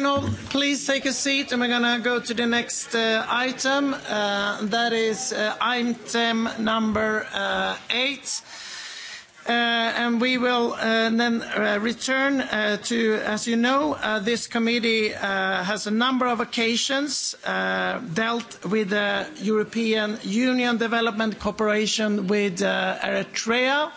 can all please take a seat and we're going to go to the next uh, item. Uh, that is uh, item number uh, eight. Uh, and we will uh, then uh, return uh, to, as you know, uh, this committee uh, has a number of occasions uh, dealt with the European Union Development Cooperation with uh, Eritrea.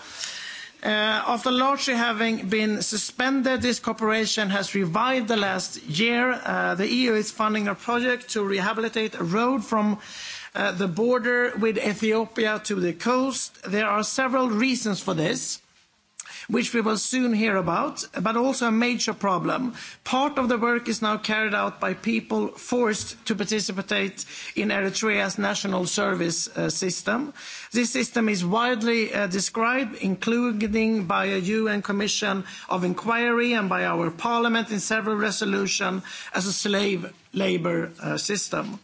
Uh, after largely having been suspended, this cooperation has revived the last year. Uh, the EU is funding a project to rehabilitate a road from uh, the border with Ethiopia to the coast. There are several reasons for this which we will soon hear about, but also a major problem. Part of the work is now carried out by people forced to participate in Eritrea's national service uh, system. This system is widely uh, described, including by a UN Commission of Inquiry and by our Parliament in several resolutions, as a slave labour uh, system.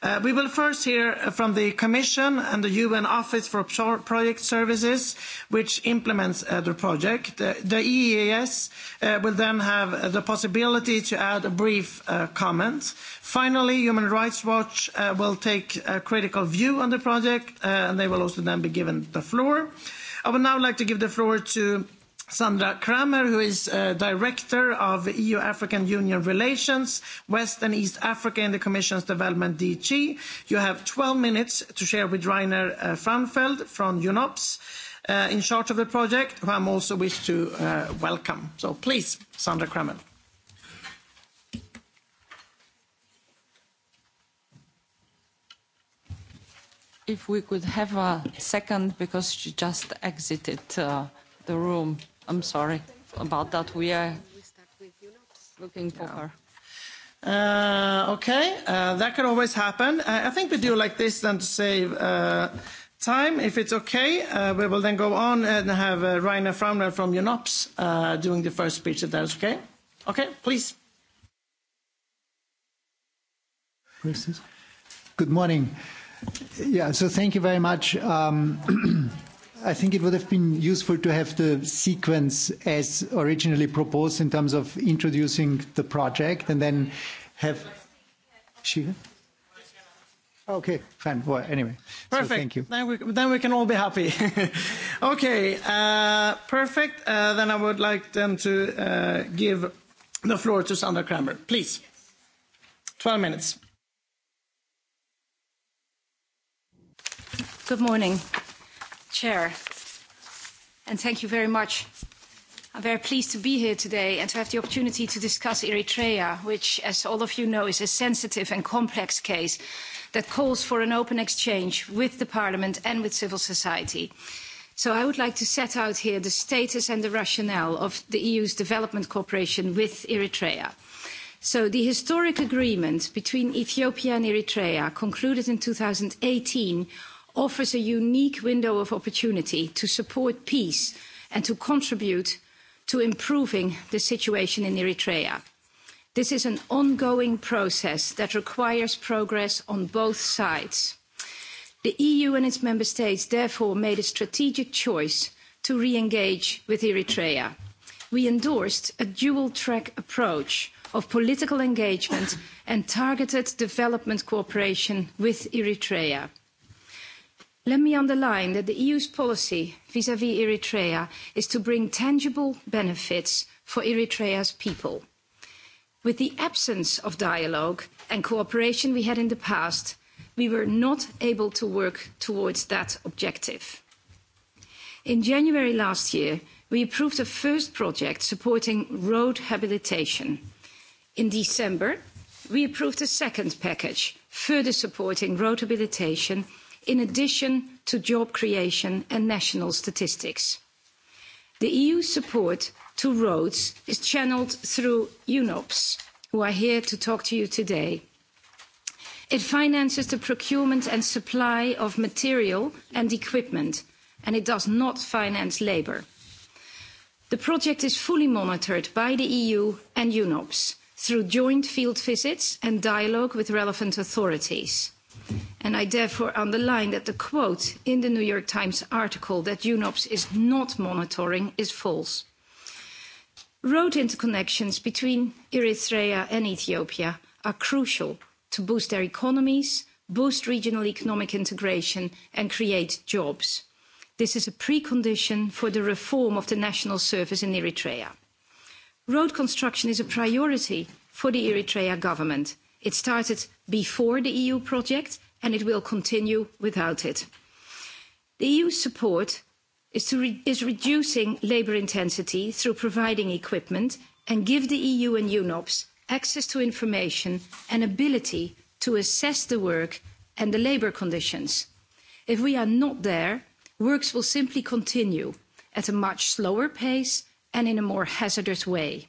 Uh, we will first hear uh, from the Commission and the UN Office for Project Services, which implements uh, the project. E e uh, the EEAS will then have uh, the possibility to add a brief comment. Finally, Human Rights Watch will take a critical view on the project, and they will also then be given the floor. I would now like to give the floor to Sandra Kramer, who is uh, Director of EU African Union Relations, West and East Africa in the Commission's Development DG. You have 12 minutes to share with Rainer uh, Franfeld from UNOPS uh, in charge of the project, who I also wish to uh, welcome. So please, Sandra Kramer. If we could have a second, because she just exited uh, the room. I'm sorry about that. We are looking for her. Uh, okay, uh, that can always happen. Uh, I think we do like this then to save uh, time. If it's okay, uh, we will then go on and have uh, Rainer Framner from UNOPS uh, doing the first speech, if that's okay. Okay, please. Good morning. Yeah, so thank you very much. Um, I think it would have been useful to have the sequence as originally proposed in terms of introducing the project and then have. She? Okay, fine. Well, anyway. Perfect. So thank you. Then we, then we can all be happy. okay, uh, perfect. Uh, then I would like them to uh, give the floor to Sandra Kramer, please. 12 minutes. Good morning. Chair, and thank you very much. I'm very pleased to be here today and to have the opportunity to discuss Eritrea, which, as all of you know, is a sensitive and complex case that calls for an open exchange with the Parliament and with civil society. So I would like to set out here the status and the rationale of the EU's development cooperation with Eritrea. So the historic agreement between Ethiopia and Eritrea, concluded in 2018, offers a unique window of opportunity to support peace and to contribute to improving the situation in Eritrea. This is an ongoing process that requires progress on both sides. The EU and its member states therefore made a strategic choice to re-engage with Eritrea. We endorsed a dual-track approach of political engagement and targeted development cooperation with Eritrea. Let me underline that the EU's policy vis-à-vis Eritrea is to bring tangible benefits for Eritrea's people. With the absence of dialogue and cooperation we had in the past, we were not able to work towards that objective. In January last year, we approved a first project supporting road rehabilitation. In December, we approved a second package, further supporting road rehabilitation in addition to job creation and national statistics. The EU support to roads is channeled through UNOPS, who are here to talk to you today. It finances the procurement and supply of material and equipment, and it does not finance labour. The project is fully monitored by the EU and UNOPS through joint field visits and dialogue with relevant authorities and I therefore underline that the quote in the New York Times article that UNOPS is not monitoring is false. Road interconnections between Eritrea and Ethiopia are crucial to boost their economies, boost regional economic integration, and create jobs. This is a precondition for the reform of the national service in Eritrea. Road construction is a priority for the Eritrea government. It started before the EU project and it will continue without it. The EU support is, re is reducing labour intensity through providing equipment and give the EU and UNOPS access to information and ability to assess the work and the labour conditions. If we are not there, works will simply continue at a much slower pace and in a more hazardous way.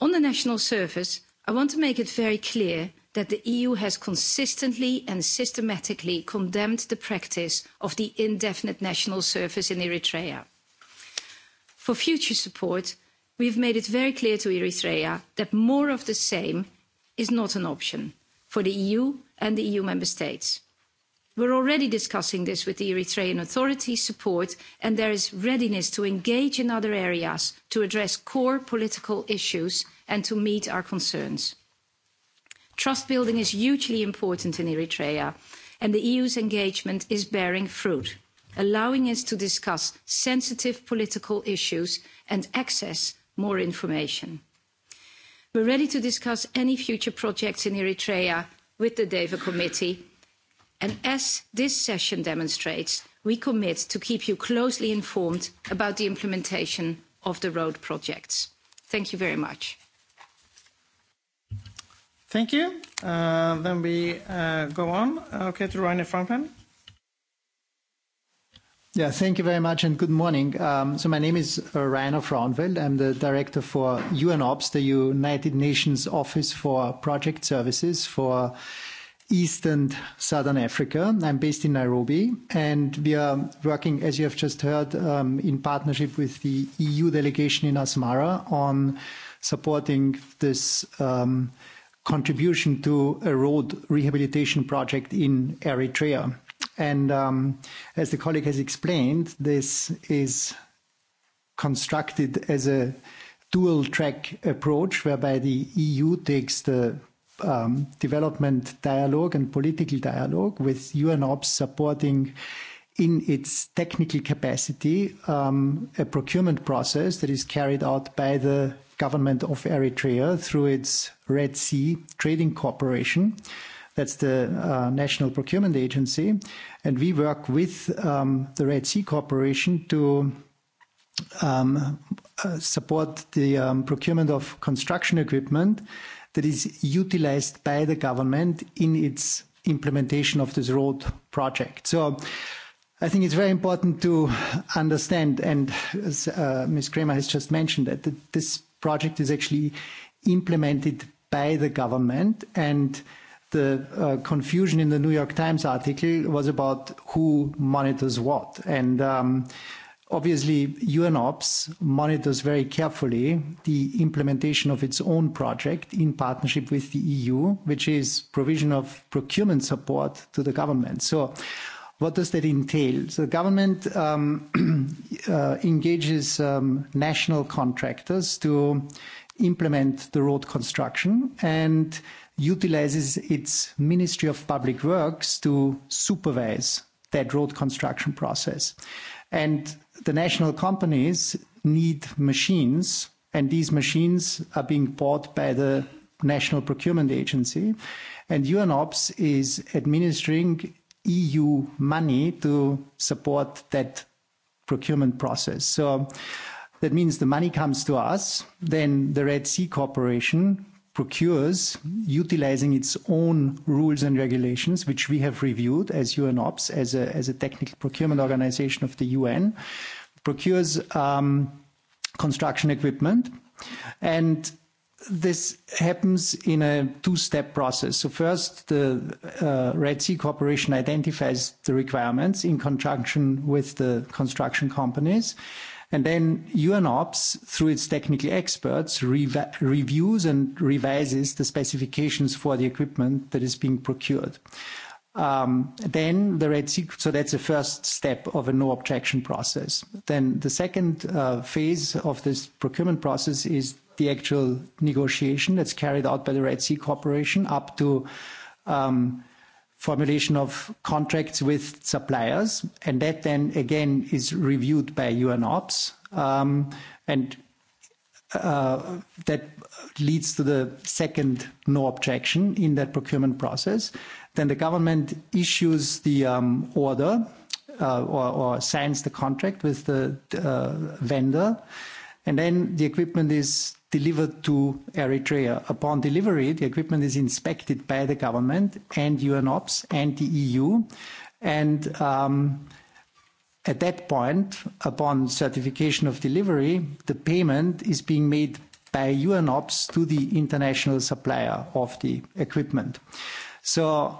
On the national surface, I want to make it very clear that the eu has consistently and systematically condemned the practice of the indefinite national service in eritrea. for future support we have made it very clear to eritrea that more of the same is not an option for the eu and the eu member states. we're already discussing this with the eritrean authorities' support and there is readiness to engage in other areas to address core political issues and to meet our concerns. Trust building is hugely important in Eritrea, and the EU's engagement is bearing fruit, allowing us to discuss sensitive political issues and access more information. We're ready to discuss any future projects in Eritrea with the DEVA Committee, and as this session demonstrates, we commit to keep you closely informed about the implementation of the road projects. Thank you very much. Thank you. Uh, then we uh, go on. Okay, to Rainer Franklin. Yeah, thank you very much and good morning. Um, so my name is uh, Rainer Frauenfeld. I'm the director for UNOPS, the United Nations Office for Project Services for East and Southern Africa. I'm based in Nairobi, and we are working, as you have just heard, um, in partnership with the EU delegation in Asmara on supporting this um, – contribution to a road rehabilitation project in Eritrea. And um, as the colleague has explained, this is constructed as a dual track approach whereby the EU takes the um, development dialogue and political dialogue with UNOPS supporting in its technical capacity um, a procurement process that is carried out by the government of Eritrea through its Red Sea Trading Corporation. That's the uh, National Procurement Agency. And we work with um, the Red Sea Corporation to um, uh, support the um, procurement of construction equipment that is utilized by the government in its implementation of this road project. So I think it's very important to understand, and as uh, Ms. Kramer has just mentioned, that this project is actually implemented by the government and the uh, confusion in the New York Times article was about who monitors what. And um, obviously, UNOPS monitors very carefully the implementation of its own project in partnership with the EU, which is provision of procurement support to the government. So what does that entail? So the government um, uh, engages um, national contractors to implement the road construction and utilizes its Ministry of Public Works to supervise that road construction process. And the national companies need machines, and these machines are being bought by the National Procurement Agency. And UNOPS is administering EU money to support that procurement process. So That means the money comes to us, then the Red Sea Corporation procures, utilizing its own rules and regulations, which we have reviewed as UNOPS, as a, as a technical procurement organization of the UN, procures um, construction equipment. And this happens in a two-step process. So first, the uh, Red Sea Corporation identifies the requirements in conjunction with the construction companies. And then UNOPS, through its technical experts, rev reviews and revises the specifications for the equipment that is being procured. Um, then the Red Sea, so that's the first step of a no objection process. Then the second uh, phase of this procurement process is the actual negotiation that's carried out by the Red Sea Corporation up to um, formulation of contracts with suppliers, and that then again is reviewed by UNOPS. Um, and uh, that leads to the second no objection in that procurement process. Then the government issues the um, order uh, or, or signs the contract with the uh, vendor, and then the equipment is delivered to Eritrea. Upon delivery, the equipment is inspected by the government and UNOPS and the EU. And um, at that point, upon certification of delivery, the payment is being made by UNOPS to the international supplier of the equipment. So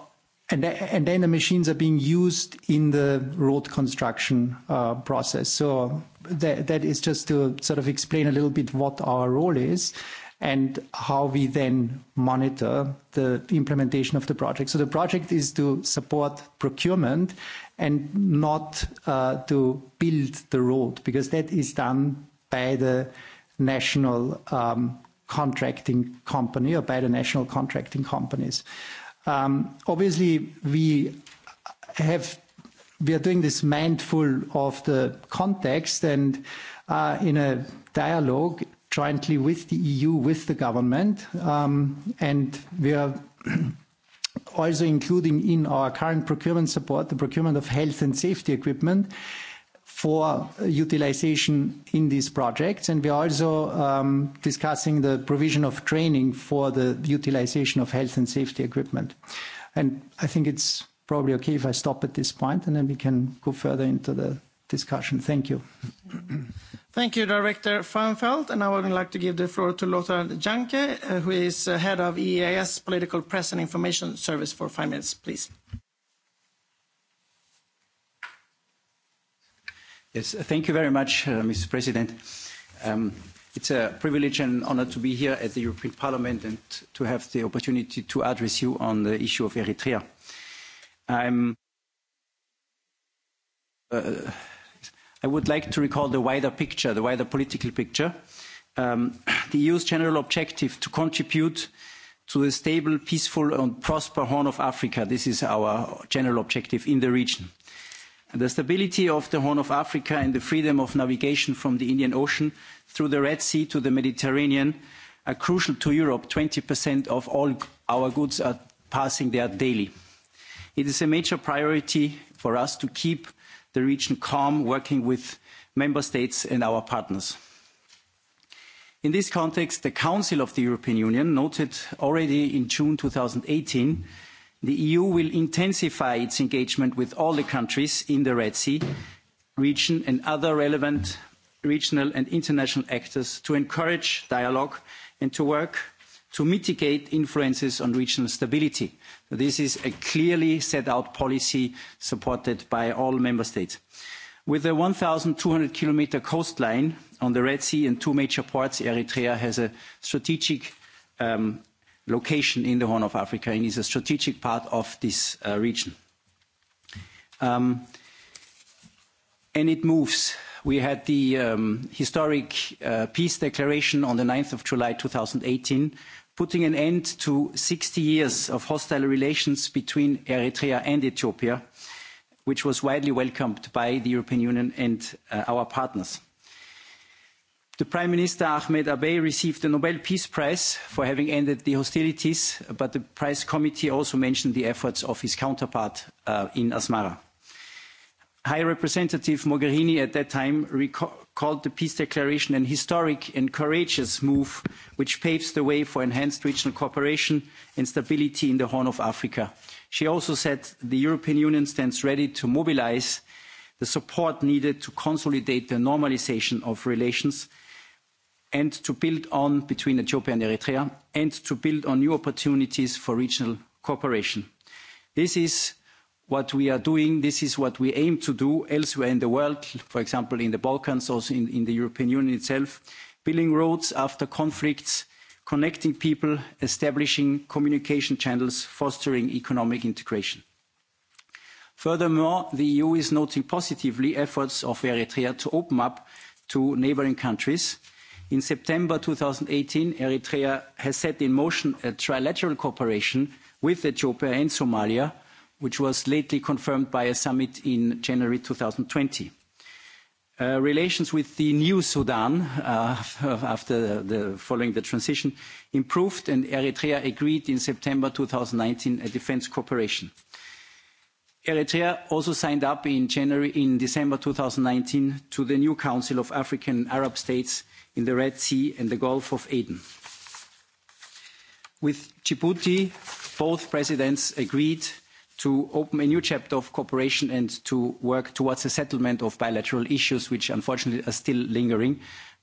And, then the machines are being used in the road construction uh, process. So that, that is just to sort of explain a little bit what our role is and how we then monitor the implementation of the project. So the project is to support procurement and not uh, to build the road because that is done by the national um, contracting company or by the national contracting companies. Uh, Um, obviously, we have we are doing this mindful of the context and uh, in a dialogue jointly with the EU, with the government, um, and we are also including in our current procurement support the procurement of health and safety equipment for utilization in these projects. And we are also um, discussing the provision of training for the utilization of health and safety equipment. And I think it's probably okay if I stop at this point, and then we can go further into the discussion. Thank you. Thank you, Director Farnfeld. And I would like to give the floor to Lothar Janke, uh, who is uh, head of EAS Political Press and Information Service for five minutes, please. Yes, thank you very much, uh, Mr. President. Um, it's a privilege and honor to be here at the European Parliament and to have the opportunity to address you on the issue of Eritrea. I'm, uh, I would like to recall the wider picture, the wider political picture. Um, the EU's general objective to contribute to a stable, peaceful and prosper Horn of Africa. This is our general objective in the region The stability of the Horn of Africa and the freedom of navigation from the Indian Ocean through the Red Sea to the Mediterranean are crucial to Europe. 20% of all our goods are passing there daily. It is a major priority for us to keep the region calm, working with member states and our partners. In this context, the Council of the European Union noted already in June 2018 the eu will intensify its engagement with all the countries in the red sea region and other relevant regional and international actors to encourage dialogue and to work to mitigate influences on regional stability. this is a clearly set out policy supported by all member states. with a one two hundred kilometre coastline on the red sea and two major ports eritrea has a strategic um, location in the Horn of Africa and is a strategic part of this uh, region. Um, and it moves. We had the um, historic uh, peace declaration on the 9th of July 2018, putting an end to 60 years of hostile relations between Eritrea and Ethiopia, which was widely welcomed by the European Union and uh, our partners prime minister ahmed abey received the nobel peace prize for having ended the hostilities but the prize committee also mentioned the efforts of his counterpart uh, in asmara. high representative mogherini at that time called the peace declaration an historic and courageous move which paves the way for enhanced regional cooperation and stability in the horn of africa. she also said the european union stands ready to mobilise the support needed to consolidate the normalisation of relations and to build on between Ethiopia and Eritrea, and to build on new opportunities for regional cooperation. This is what we are doing. This is what we aim to do elsewhere in the world, for example, in the Balkans, also in, the European Union itself, building roads after conflicts, connecting people, establishing communication channels, fostering economic integration. Furthermore, the EU is noting positively efforts of Eritrea to open up to neighbouring countries In September 2018, Eritrea has set in motion a trilateral cooperation with Ethiopia and Somalia, which was lately confirmed by a summit in January 2020. twenty. Uh, relations with the new Sudan uh, after the, following the transition improved and Eritrea agreed in September 2019 a defence cooperation. Eritrea also signed up in January in December 2019 to the new Council of African Arab States in the Red Sea and the Gulf of Aden. With Djibouti, both presidents agreed to open a new chapter of cooperation and to work towards a settlement of bilateral issues which unfortunately are still lingering.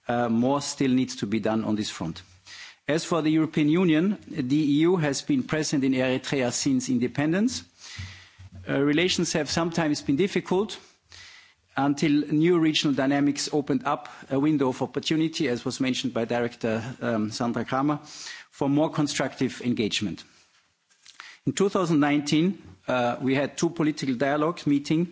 Uh, more still needs to be done on this front. As for the European Union, the EU has been present in Eritrea since independence. Uh, relations have sometimes been difficult, until new regional dynamics opened up a window of opportunity, as was mentioned by Director um, Sandra Kramer, for more constructive engagement. In 2019, uh, we had two political dialogue meetings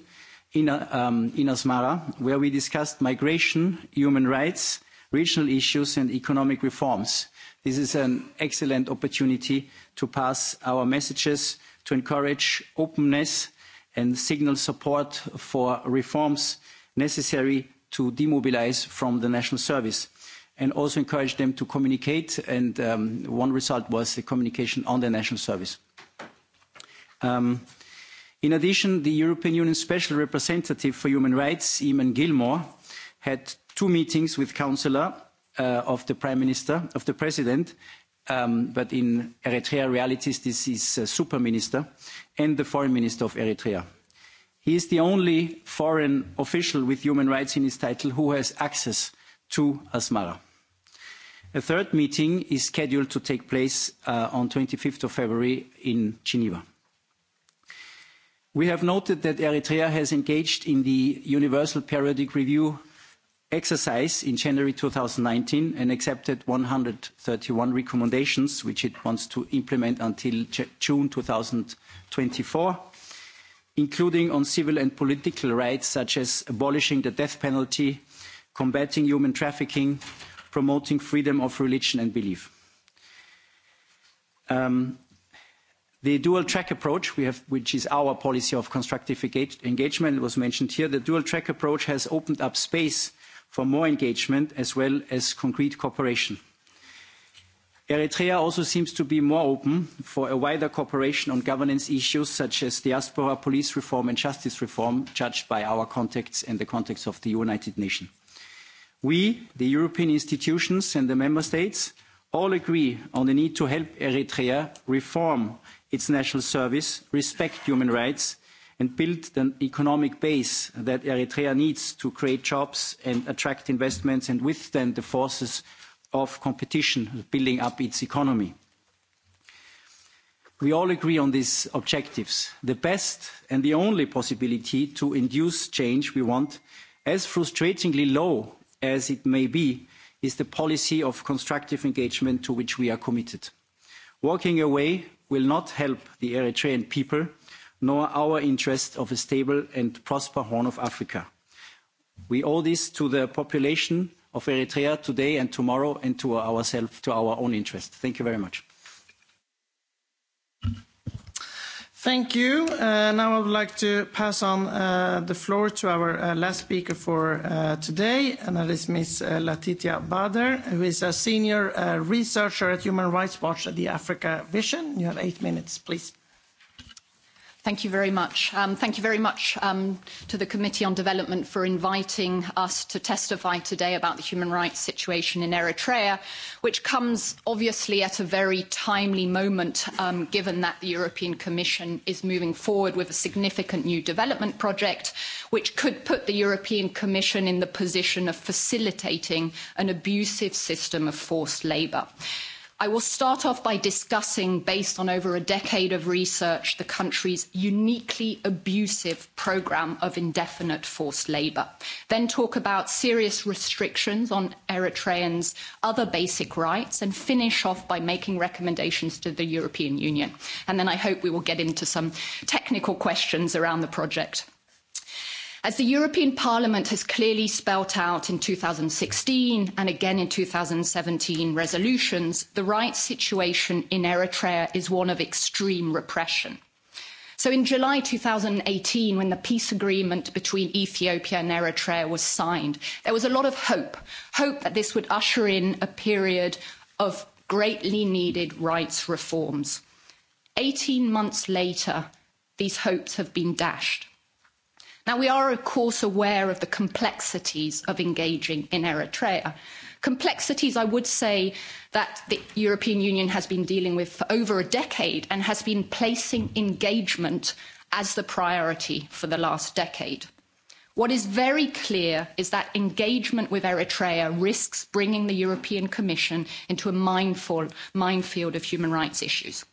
um, in Asmara, where we discussed migration, human rights, regional issues, and economic reforms. This is an excellent opportunity to pass our messages, to encourage openness, and signal support for reforms necessary to demobilise from the national service and also encourage them to communicate and um, one result was the communication on the national service. Um, in addition, the European Union Special Representative for Human Rights, Eamon Gilmore, had two meetings with Councillor uh, of the Prime Minister, of the President, Um, but in Eritrea realities, this is uh, super minister and the foreign minister of Eritrea. He is the only foreign official with human rights in his title who has access to Asmara. A third meeting is scheduled to take place uh, on 25th of February in Geneva. We have noted that Eritrea has engaged in the Universal Periodic Review exercise in January 2019 and accepted 131 recommendations, which it wants to implement until June 2024, including on civil and political rights such as abolishing the death penalty, combating human trafficking, promoting freedom of religion and belief. Um, the dual track approach, we have, which is our policy of constructive engagement, was mentioned here. The dual track approach has opened up space for more engagement as well as concrete cooperation. Eritrea also seems to be more open for a wider cooperation on governance issues such as diaspora police reform and justice reform, judged by our contacts in the context of the United Nations. We, the European institutions and the Member States, all agree on the need to help Eritrea reform its national service, respect human rights, and build the economic base that Eritrea needs to create jobs and attract investments and withstand the forces of competition building up its economy. We all agree on these objectives. The best and the only possibility to induce change we want, as frustratingly low as it may be, is the policy of constructive engagement to which we are committed. Walking away will not help the Eritrean people nor our interest of a stable and prosperous Horn of Africa. We owe this to the population of Eritrea today and tomorrow and to ourselves, to our own interest. Thank you very much. Thank you. Uh, now I would like to pass on uh, the floor to our uh, last speaker for uh, today, and that is Ms. Uh, Latitia Bader, who is a senior uh, researcher at Human Rights Watch at the Africa Vision. You have eight minutes, please. Thank you very much. Um, thank you very much um, to the Committee on Development for inviting us to testify today about the human rights situation in Eritrea, which comes obviously at a very timely moment, um, given that the European Commission is moving forward with a significant new development project, which could put the European Commission in the position of facilitating an abusive system of forced labour i will start off by discussing based on over a decade of research the country's uniquely abusive programme of indefinite forced labour then talk about serious restrictions on eritreans' other basic rights and finish off by making recommendations to the european union and then i hope we will get into some technical questions around the project as the european parliament has clearly spelt out in two thousand and sixteen and again in two thousand and seventeen resolutions the rights situation in eritrea is one of extreme repression. so in july two thousand and eighteen when the peace agreement between ethiopia and eritrea was signed there was a lot of hope hope that this would usher in a period of greatly needed rights reforms. eighteen months later these hopes have been dashed. Now, we are, of course, aware of the complexities of engaging in Eritrea. Complexities, I would say, that the European Union has been dealing with for over a decade and has been placing engagement as the priority for the last decade. What is very clear is that engagement with Eritrea risks bringing the European Commission into a minefield of human rights issues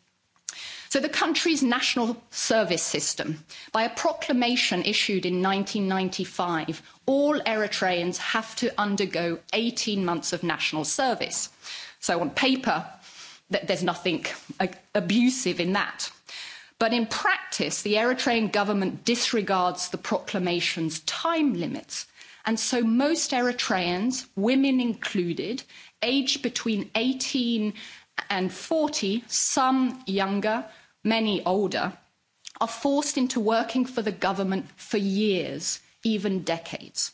so the country's national service system by a proclamation issued in one thousand nine hundred and ninety five all eritreans have to undergo eighteen months of national service so on paper there's nothing abusive in that but in practice the eritrean government disregards the proclamation's time limits and so most eritreans women included aged between eighteen and forty some younger many older, are forced into working for the government for years, even decades.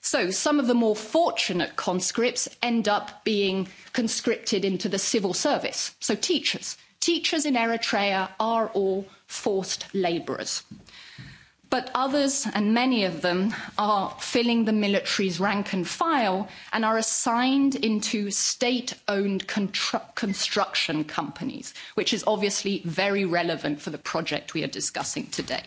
So some of the more fortunate conscripts end up being conscripted into the civil service. So teachers. Teachers in Eritrea are all forced labourers but others and many of them are filling the military's rank and file and are assigned into state owned construction companies which is obviously very relevant for the project we are discussing today.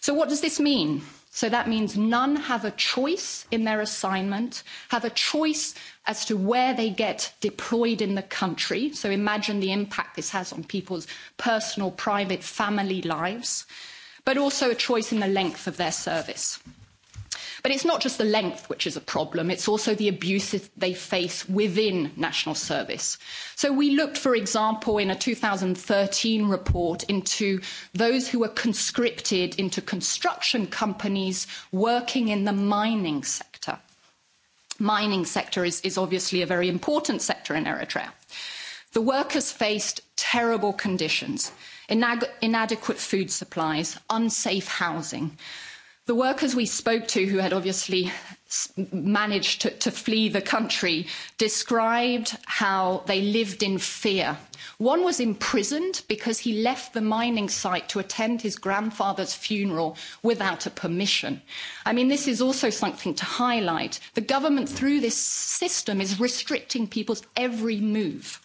so what does this mean? So that means none have a choice in their assignment, have a choice as to where they get deployed in the country. So imagine the impact this has on people's personal, private, family lives. Uh, but also a choice in the length of their service. But it's not just the length which is a problem, it's also the abuses they face within national service. So we looked, for example, in a 2013 report into those who were conscripted into construction companies working in the mining sector. Mining sector is, is obviously a very important sector in Eritrea. The workers faced terrible conditions inag- inadequate food supplies, unsafe housing. The workers we spoke to, who had obviously managed to, to flee the country, described how they lived in fear. One was imprisoned because he left the mining site to attend his grandfather's funeral without a permission. I mean, this is also something to highlight. The government, through this system, is restricting people's every move.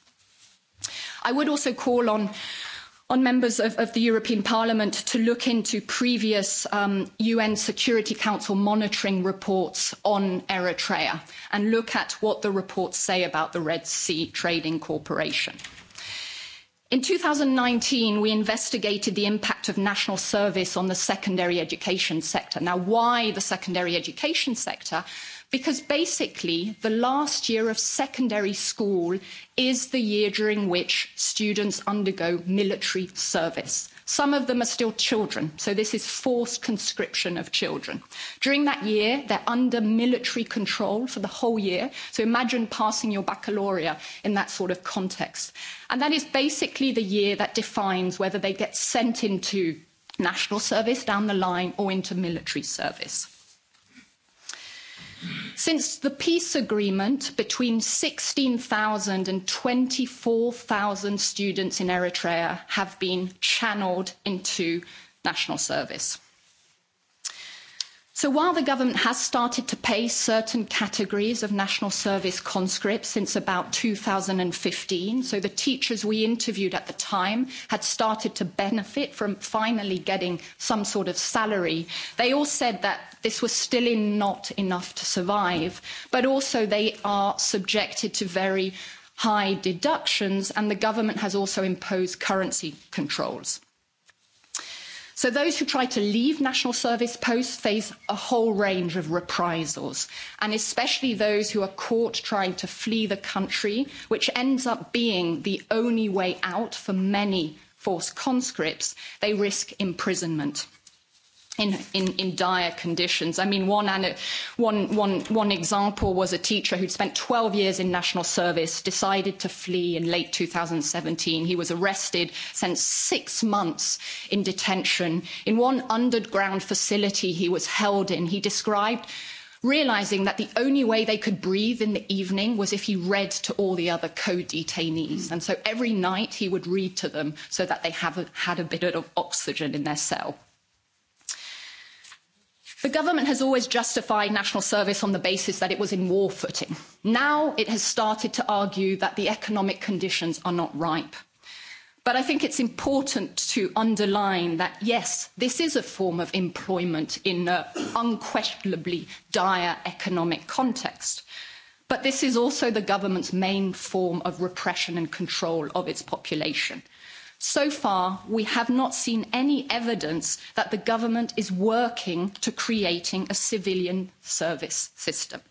I would also call on on members of, of, the European Parliament to look into previous um, UN Security Council monitoring reports on Eritrea and look at what the reports say about the Red Sea Trading Corporation. In 2019, we investigated the impact of national service on the secondary education sector. Now, why the secondary education sector? because basically the last year of secondary school is the year during which students undergo military service. Some of them are still children, so this is forced conscription of children. During that year, they're under military control for the whole year. So imagine passing your baccalaureate in that sort of context. And that is basically the year that defines whether they get sent into national service down the line or into military service. Since the peace agreement, between 16,000 and 24,000 students in Eritrea have been channeled into national service so while the government has started to pay certain categories of national service conscripts since about two thousand and fifteen so the teachers we interviewed at the time had started to benefit from finally getting some sort of salary they all said that this was still not enough to survive but also they are subjected to very high deductions and the government has also imposed currency controls so those who try to leave national service posts face a whole range of reprisals and especially those who are caught trying to flee the country which ends up being the only way out for many forced conscripts they risk imprisonment in, in, in dire conditions. I mean, one, one, one, one example was a teacher who'd spent 12 years in national service, decided to flee in late 2017. He was arrested, sent six months in detention. In one underground facility he was held in, he described realizing that the only way they could breathe in the evening was if he read to all the other co-detainees. And so every night he would read to them so that they have a, had a bit of oxygen in their cell. The government has always justified national service on the basis that it was in war footing. Now it has started to argue that the economic conditions are not ripe. But I think it's important to underline that, yes, this is a form of employment in an unquestionably dire economic context. But this is also the government's main form of repression and control of its population so far we have not seen any evidence that the government is working to creating a civilian service system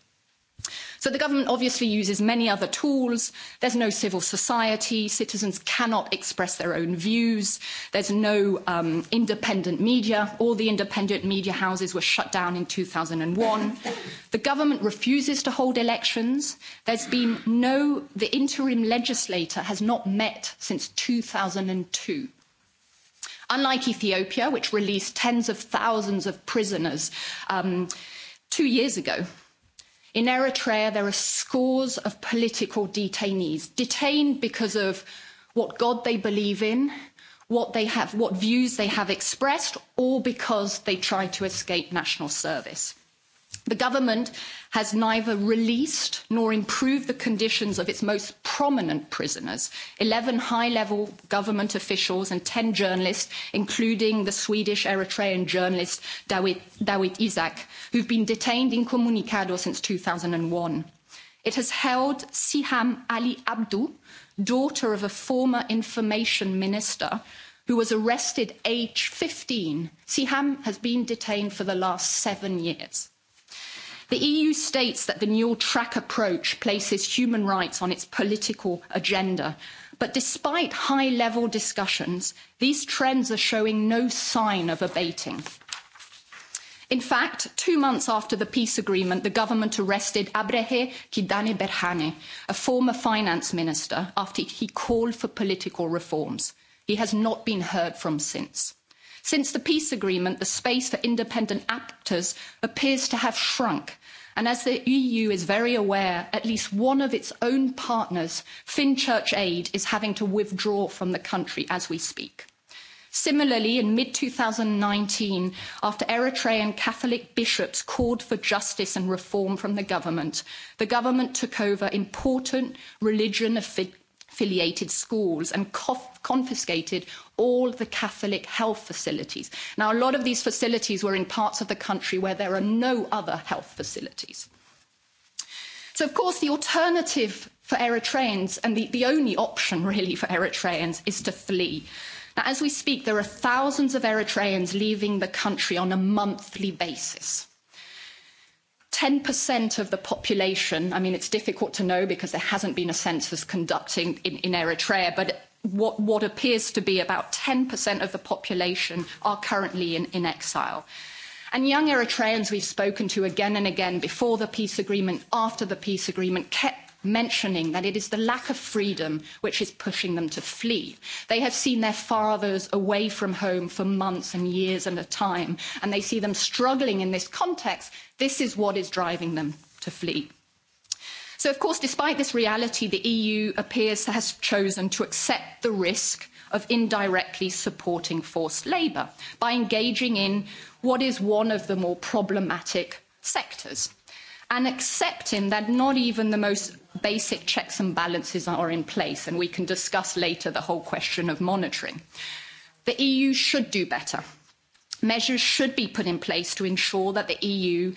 so the government obviously uses many other tools there's no civil society citizens cannot express their own views there's no um, independent media all the independent media houses were shut down in 2001 the government refuses to hold elections there's been no the interim legislator has not met since 2002 unlike ethiopia which released tens of thousands of prisoners um, two years ago in eritrea there are scores of political detainees detained because of what god they believe in what they have what views they have expressed or because they tried to escape national service the government has neither released nor improved the conditions of its most prominent prisoners eleven high level government officials and ten journalists including the swedish eritrean journalist dawit isaak who've been detained incommunicado since. two thousand and one it has held siham ali abdu daughter of a former information minister who was arrested aged fifteen siham has been detained for the last seven years the eu states that the new track approach places human rights on its political agenda but despite high level discussions these trends are showing no sign of abating. in fact two months after the peace agreement the government arrested abrehe kidane berhane a former finance minister after he called for political reforms. he has not been heard from since since the peace agreement the space for independent actors appears to have shrunk and as the eu is very aware at least one of its own partners finchurch aid is having to withdraw from the country as we speak. similarly in mid two thousand and nineteen after eritrean catholic bishops called for justice and reform from the government the government took over important religion affiliated schools and confiscated all the Catholic health facilities. Now, a lot of these facilities were in parts of the country where there are no other health facilities. So, of course, the alternative for Eritreans, and the, the only option really for Eritreans, is to flee. Now, as we speak, there are thousands of Eritreans leaving the country on a monthly basis. 10% of the population, I mean, it's difficult to know because there hasn't been a census conducted in, in Eritrea, but what, what appears to be about 10% of the population are currently in, in exile. And young Eritreans we've spoken to again and again before the peace agreement, after the peace agreement, kept mentioning that it is the lack of freedom which is pushing them to flee. They have seen their fathers away from home for months and years at a time, and they see them struggling in this context. This is what is driving them to flee. So, of course, despite this reality, the EU appears to have chosen to accept the risk of indirectly supporting forced labour by engaging in what is one of the more problematic sectors and accepting that not even the most basic checks and balances are in place, and we can discuss later the whole question of monitoring. The EU should do better. Measures should be put in place to ensure that the EU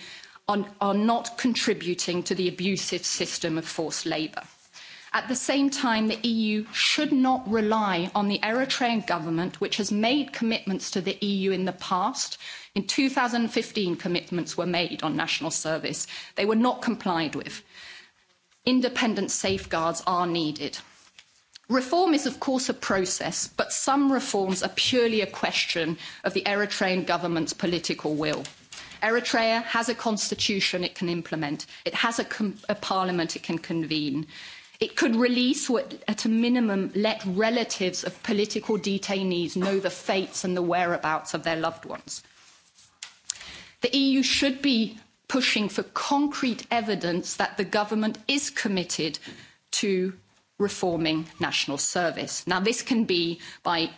are, are not contributing to the abusive system of forced labour. At the same time, the EU should not rely on the Eritrean government, which has made commitments to the EU in the past. In 2015, commitments were made on national service. They were not complied with independent safeguards are needed. Reform is, of course, a process, but some reforms are purely a question of the Eritrean government's political will. Eritrea has a constitution it can implement. It has a, a parliament it can convene. It could release, or at a minimum, let relatives of political detainees know the fates and the whereabouts of their loved ones. The EU should be pushing for concrete evidence that the government is committed to reforming national service. Now, this can be by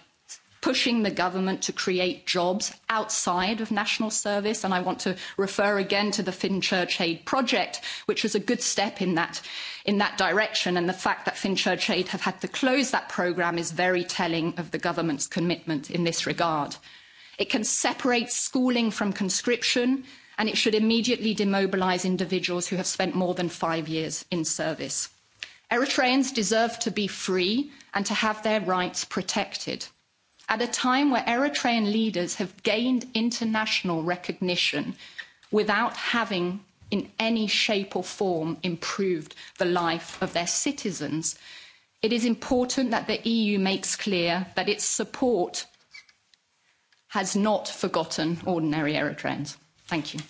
pushing the government to create jobs outside of national service. And I want to refer again to the Finchurch Aid project, which was a good step in that, in that direction. And the fact that Finchurch Aid have had to close that programme is very telling of the government's commitment in this regard. It can separate schooling from conscription and it should immediately demobilise individuals who have spent more than five years in service. Eritreans deserve to be free and to have their rights protected. At a time where Eritrean leaders have gained international recognition without having in any shape or form improved the life of their citizens, it is important that the EU makes clear that its support has not forgotten ordinary Eritreans. Thank you.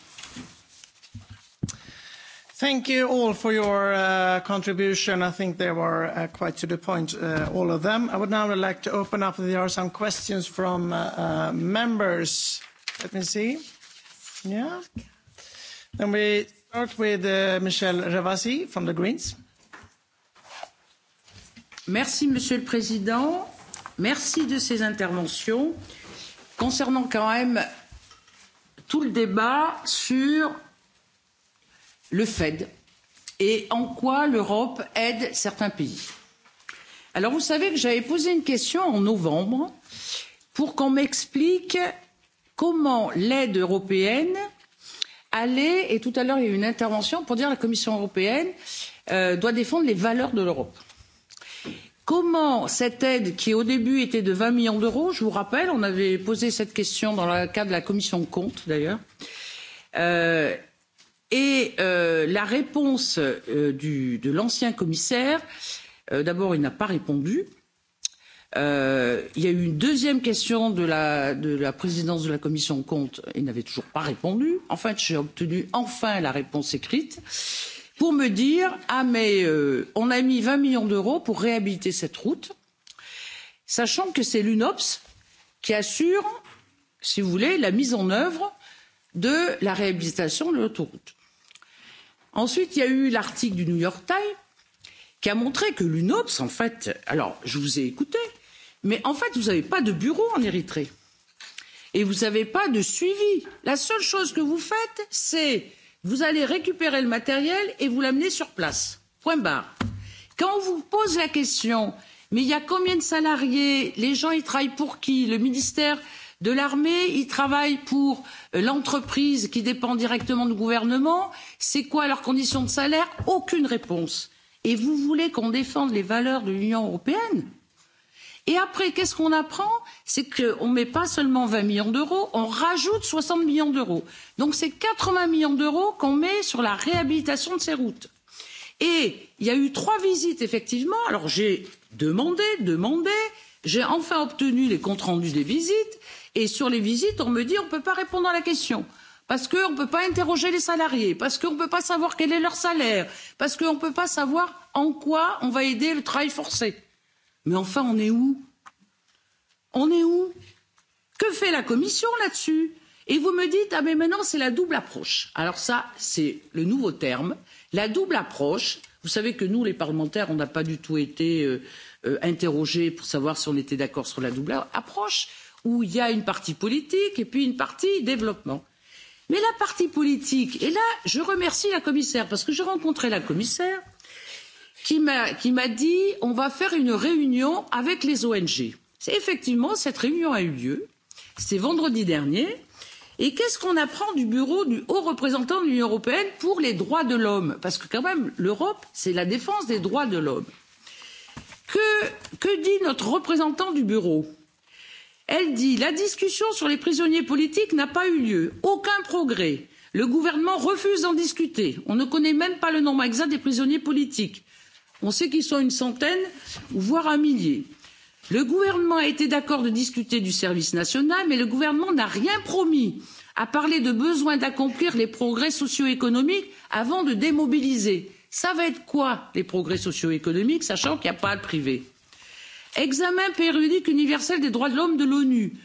Thank you all for your uh, contribution. I think they were uh, quite to the point, uh, all of them. I would now like to open up. There are some questions from uh, uh, members. Let me see. Yeah. Then we start with uh, Michel Ravasi from the Greens. Merci, Monsieur le Président. Merci de ces interventions. Concernant quand même tout le débat sur le Fed et en quoi l'Europe aide certains pays. Alors vous savez que j'avais posé une question en novembre pour qu'on m'explique comment l'aide européenne allait et tout à l'heure il y a eu une intervention pour dire que la Commission européenne euh, doit défendre les valeurs de l'Europe comment cette aide qui au début était de vingt millions d'euros je vous rappelle on avait posé cette question dans le cadre de la commission des comptes d'ailleurs euh, et euh, la réponse euh, du, de l'ancien commissaire euh, d'abord il n'a pas répondu euh, il y a eu une deuxième question de la, de la présidence de la commission des comptes il n'avait toujours pas répondu En fait, j'ai obtenu enfin la réponse écrite et pour me dire ah mais euh, on a mis vingt millions d'euros pour réhabiliter cette route sachant que c'est l'unops qui assure si vous voulez la mise en œuvre de la réhabilitation de l'autoroute. ensuite il y a eu l'article du new york times qui a montré que l'unops en fait alors je vous ai écouté mais en fait vous n'avez pas de bureau en érythrée et vous n'avez pas de suivi. la seule chose que vous faites c'est euh, vous allez récupérer le matériel et vous l'amenez sur place. Point barre. Quand on vous pose la question mais il y a combien de salariés Les gens, ils travaillent pour qui Le ministère de l'armée, ils travaillent pour euh, l'entreprise qui dépend directement du gouvernement. C'est quoi leurs conditions de salaire Aucune réponse. Et vous voulez qu'on défende les valeurs de l'Union européenne et après, qu'est-ce qu'on apprend C'est qu'on ne met pas seulement 20 millions d'euros, on rajoute 60 millions d'euros. Donc c'est 80 millions d'euros qu'on met sur la réhabilitation de ces routes. Et il y a eu trois visites, effectivement. Alors j'ai demandé, demandé, j'ai enfin obtenu les comptes rendus des visites. Et sur les visites, on me dit on ne peut pas répondre à la question parce qu'on ne peut pas interroger les salariés, parce qu'on ne peut pas savoir quel est leur salaire, parce qu'on ne peut pas savoir en quoi on va aider le travail forcé. Mais enfin, on est où On est où Que fait la Commission là-dessus Et vous me dites, ah mais maintenant c'est la double approche. Alors ça, c'est le nouveau terme. La double approche, vous savez que nous, les parlementaires, on n'a pas du tout été euh, euh, interrogés pour savoir si on était d'accord sur la double approche, où il y a une partie politique et puis une partie développement. Mais la partie politique, et là, je remercie la commissaire, parce que j'ai rencontré la commissaire, qui m'a dit on va faire une réunion avec les ONG. effectivement cette réunion a eu lieu, c'était vendredi dernier. Et qu'est-ce qu'on apprend du bureau du haut représentant de l'Union européenne pour les droits de l'homme Parce que quand même, l'Europe, c'est la défense des droits de l'homme. Que, que dit notre représentant du bureau Elle dit la discussion sur les prisonniers politiques n'a pas eu lieu, aucun progrès. Le gouvernement refuse d'en discuter. On ne connaît même pas le nombre exact des prisonniers politiques on sait qu'ils sont une centaine voire un millier. le gouvernement a été d'accord de discuter du service national mais le gouvernement n'a rien promis à parler de besoin d'accomplir les progrès socio économiques avant de démobiliser. ça va être quoi les progrès socio économiques sachant qu'il n'y a pas le privé? examen périodique universel des droits de l'homme de l'onu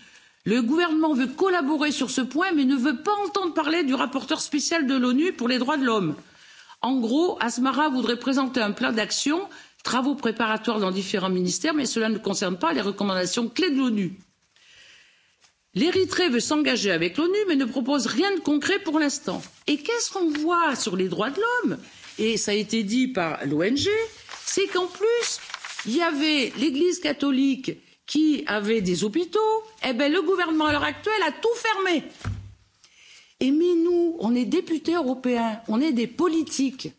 le gouvernement veut collaborer sur ce point mais ne veut pas entendre parler du rapporteur spécial de l'onu pour les droits de l'homme. En gros, Asmara voudrait présenter un plan d'action, travaux préparatoires dans différents ministères, mais cela ne concerne pas les recommandations clés de l'ONU. L'Érythrée veut s'engager avec l'ONU, mais ne propose rien de concret pour l'instant. Et qu'est-ce qu'on voit sur les droits de l'homme Et ça a été dit par l'ONG, c'est qu'en plus, il y avait l'Église catholique qui avait des hôpitaux. et eh bien, le gouvernement à l'heure actuelle a tout fermé. Et mais nous, on est députés européens, on est des politiques.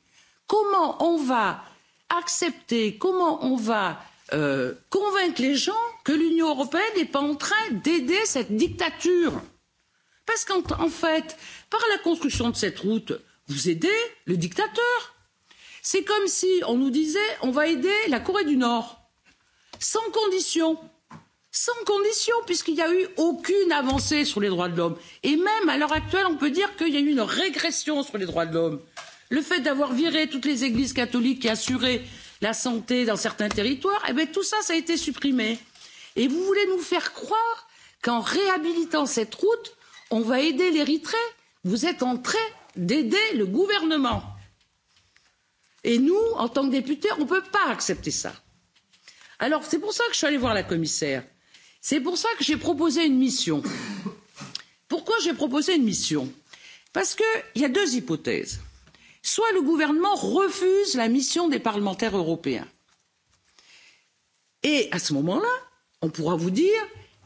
Comment on va accepter, comment on va euh, convaincre les gens que l'Union européenne n'est pas en train d'aider cette dictature Parce qu'en en fait, par la construction de cette route, vous aidez le dictateur. C'est comme si on nous disait on va aider la Corée du Nord, sans condition sans condition puisqu'il n'y a eu aucune avancée sur les droits de l'homme et même à l'heure actuelle on peut dire qu'il y a eu une régression sur les droits de l'homme. le fait d'avoir viré toutes les églises catholiques qui assuraient la santé dans certains territoires eh bien, tout ça, ça a été supprimé. et vous voulez nous faire croire qu'en réhabilitant cette route on va aider l'érythrée? vous êtes en train d'aider le gouvernement. et nous en tant que députés on ne peut pas accepter ça. alors c'est pour ça que je suis allée voir la commissaire c'est pour cela que j'ai proposé une mission. pourquoi j'ai proposé une mission? parce qu'il y a deux hypothèses soit le gouvernement refuse la mission des parlementaires européens et à ce moment là on pourra vous dire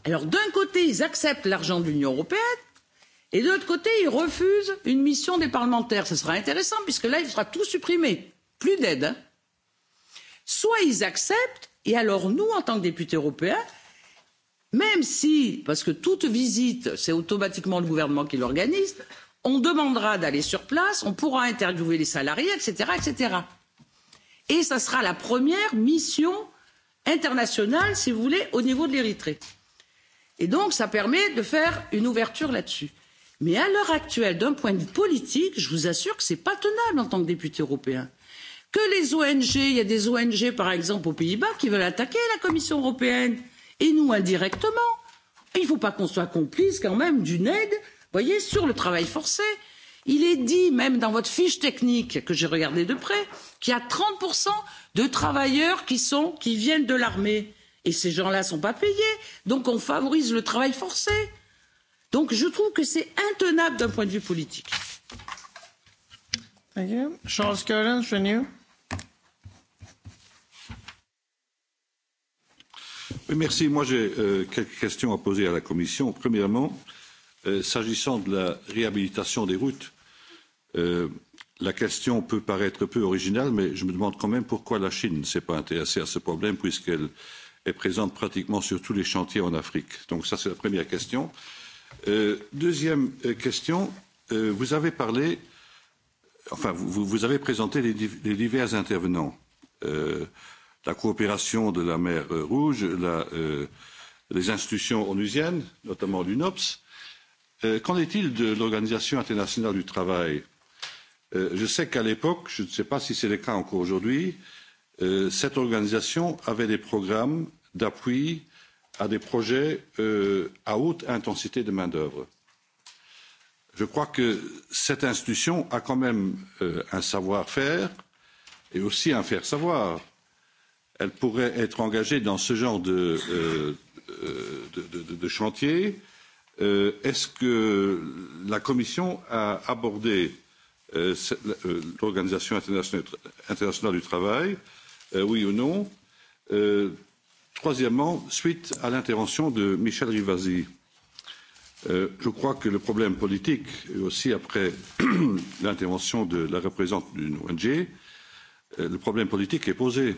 alors d'un côté ils acceptent l'argent de l'union européenne et de l'autre côté ils refusent une mission des parlementaires ce sera intéressant puisque là il sera tout supprimé plus d'aide. Hein. soit ils acceptent et alors nous en tant que députés européens même si parce que toute visite c'est automatiquement le gouvernement qui l'organise on demandera d'aller sur place on pourra interviewer les salariés etc. etc. et ce sera la première mission internationale si vous voulez au niveau de l'érythrée. et donc ça permet de faire une ouverture là dessus. mais à l'heure actuelle d'un point de vue politique je vous assure que ce n'est pas tenable en tant que député européen que les ong il y a des ong par exemple aux pays bas qui veulent attaquer la commission européenne et nous indirectement. Il ne faut pas qu'on soit complice quand même d'une aide, voyez, sur le travail forcé. Il est dit, même dans votre fiche technique que j'ai regardée de près, qu'il y a 30% de travailleurs qui, sont, qui viennent de l'armée. Et ces gens-là ne sont pas payés. Donc on favorise le travail forcé. Donc je trouve que c'est intenable d'un point de vue politique. Thank you. Charles Curtin, Renew. Merci. Moi, j'ai euh, quelques questions à poser à la Commission. Premièrement, euh, s'agissant de la réhabilitation des routes, euh, la question peut paraître peu originale, mais je me demande quand même pourquoi la Chine ne s'est pas intéressée à ce problème, puisqu'elle est présente pratiquement sur tous les chantiers en Afrique. Donc ça, c'est la première question. Euh, deuxième euh, question, euh, vous avez parlé, enfin, vous, vous avez présenté les, les divers intervenants. Euh, la coopération de la mer Rouge, la, euh, les institutions onusiennes, notamment l'UNOPS. Euh, qu'en est-il de l'Organisation internationale du travail euh, Je sais qu'à l'époque, je ne sais pas si c'est le cas encore aujourd'hui, euh, cette organisation avait des programmes d'appui à des projets euh, à haute intensité de main-d'œuvre. Je crois que cette institution a quand même euh, un savoir-faire et aussi un faire-savoir elle pourrait être engagée dans ce genre de, euh, euh de, de, de chantier. Euh, Est-ce que la Commission a abordé euh, euh l'Organisation internationale, internationale du travail, euh, oui ou non euh, Troisièmement, suite à l'intervention de Michel Rivasi, euh, je crois que le problème politique, et aussi après l'intervention de la représentante d'une ONG, euh, le problème politique est posé. Euh,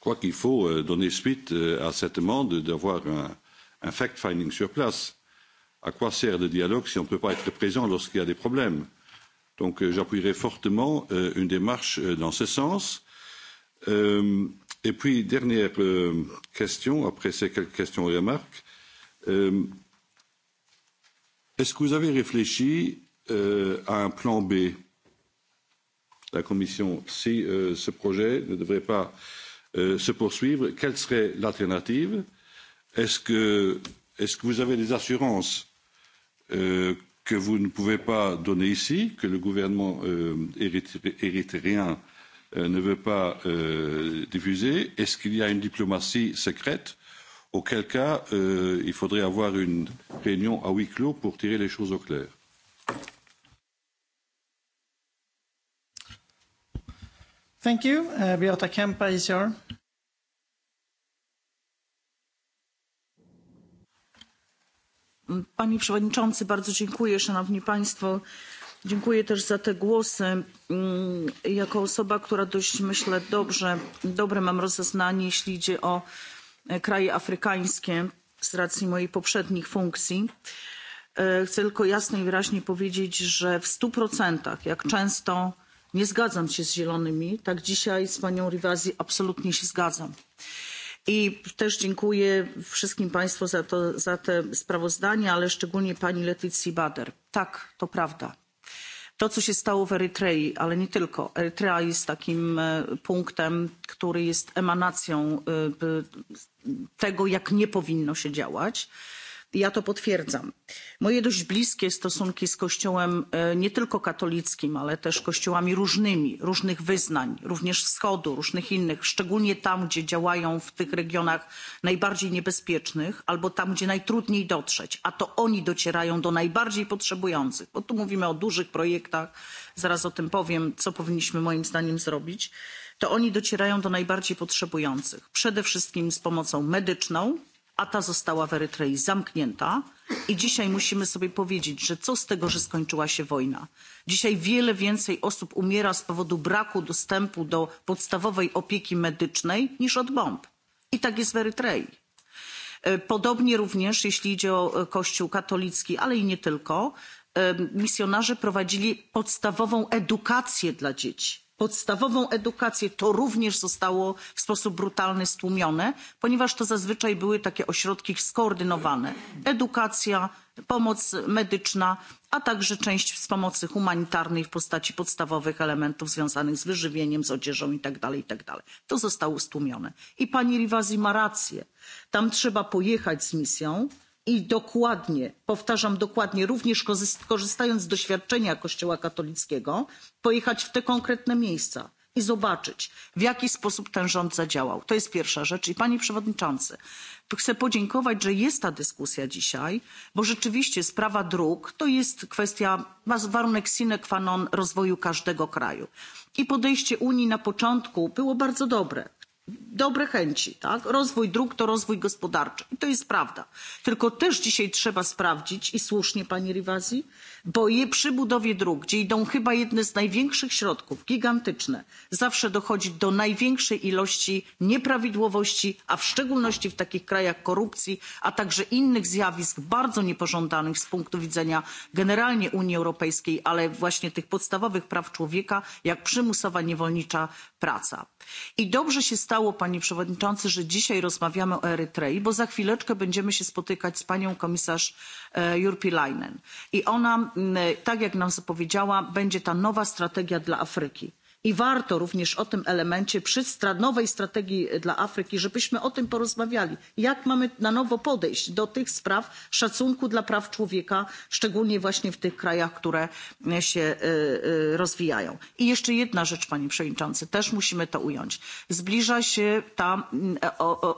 crois qu'il faut euh, donner suite euh, à cette demande d'avoir un, un fact-finding sur place. À quoi sert le dialogue si on ne peut pas être présent lorsqu'il y a des problèmes Donc euh, j'appuierai fortement une démarche dans ce sens. Et puis, dernière question, après ces quelques questions et remarques. Est-ce que vous avez réfléchi à un plan B la Commission si ce projet ne devrait pas Euh, se poursuivre, quelle serait l'alternative Est-ce que, est que vous avez des assurances euh, que vous ne pouvez pas donner ici, que le gouvernement euh, érythréen euh, ne veut pas euh, diffuser Est-ce qu'il y a une diplomatie secrète Auquel cas, euh, il faudrait avoir une réunion à huis clos pour tirer les choses au clair. Thank you. Eh, Beata Kempa, ECR. Panie Przewodniczący, bardzo dziękuję. Szanowni Państwo, dziękuję też za te głosy. Mm, jako osoba, która dość myślę dobrze, dobre mam rozeznanie, jeśli idzie o e, kraje afrykańskie z racji moich poprzednich funkcji. E, chcę tylko jasno i wyraźnie powiedzieć, że w stu procentach, jak często nie zgadzam się z zielonymi tak dzisiaj z panią rivasi absolutnie się zgadzam i też dziękuję wszystkim państwu za, to, za te sprawozdania ale szczególnie pani Letycji bader. tak to prawda to co się stało w erytrei ale nie tylko erytrea jest takim e, punktem który jest emanacją e, tego jak nie powinno się działać ja to potwierdzam. moje dość bliskie stosunki z kościołem e, nie tylko katolickim ale też kościołami różnymi różnych wyznań również wschodu różnych innych szczególnie tam gdzie działają w tych regionach najbardziej niebezpiecznych albo tam gdzie najtrudniej dotrzeć a to oni docierają do najbardziej potrzebujących bo tu mówimy o dużych projektach zaraz o tym powiem co powinniśmy moim zdaniem zrobić to oni docierają do najbardziej potrzebujących przede wszystkim z pomocą medyczną a ta została w erytrei zamknięta i dzisiaj musimy sobie powiedzieć że co z tego że skończyła się wojna? dzisiaj wiele więcej osób umiera z powodu braku dostępu do podstawowej opieki medycznej niż od bomb i tak jest w erytrei. E, podobnie również jeśli idzie o e, kościół katolicki ale i nie tylko e, misjonarze prowadzili podstawową edukację dla dzieci podstawową edukację to również zostało w sposób brutalny stłumione ponieważ to zazwyczaj były takie ośrodki skoordynowane edukacja pomoc medyczna a także część z pomocy humanitarnej w postaci podstawowych elementów związanych z wyżywieniem z odzieżą itd. itd. to zostało stłumione. i pani rivasi ma rację tam trzeba pojechać z misją i dokładnie powtarzam dokładnie również korzystając z doświadczenia kościoła katolickiego pojechać w te konkretne miejsca i zobaczyć w jaki sposób ten rząd zadziałał. to jest pierwsza rzecz. i panie przewodniczący chcę podziękować że jest ta dyskusja dzisiaj bo rzeczywiście sprawa dróg to jest kwestia warunek sine qua non rozwoju każdego kraju i podejście unii na początku było bardzo dobre dobre chęci, tak? Rozwój dróg to rozwój gospodarczy. I to jest prawda. Tylko też dzisiaj trzeba sprawdzić i słusznie Pani Rivasi, bo przy budowie dróg gdzie idą chyba jedne z największych środków gigantyczne zawsze dochodzi do największej ilości nieprawidłowości a w szczególności w takich krajach korupcji a także innych zjawisk bardzo niepożądanych z punktu widzenia generalnie unii europejskiej ale właśnie tych podstawowych praw człowieka jak przymusowa niewolnicza praca. i dobrze się stało panie przewodniczący że dzisiaj rozmawiamy o erytrei bo za chwileczkę będziemy się spotykać z panią komisarz e, jyrki i ona tak jak nam zapowiedziała będzie ta nowa strategia dla afryki i warto również o tym elemencie przy nowej strategii dla afryki żebyśmy o tym porozmawiali jak mamy na nowo podejść do tych spraw szacunku dla praw człowieka szczególnie właśnie w tych krajach które się rozwijają. i jeszcze jedna rzecz panie przewodniczący też musimy to ująć zbliża się ta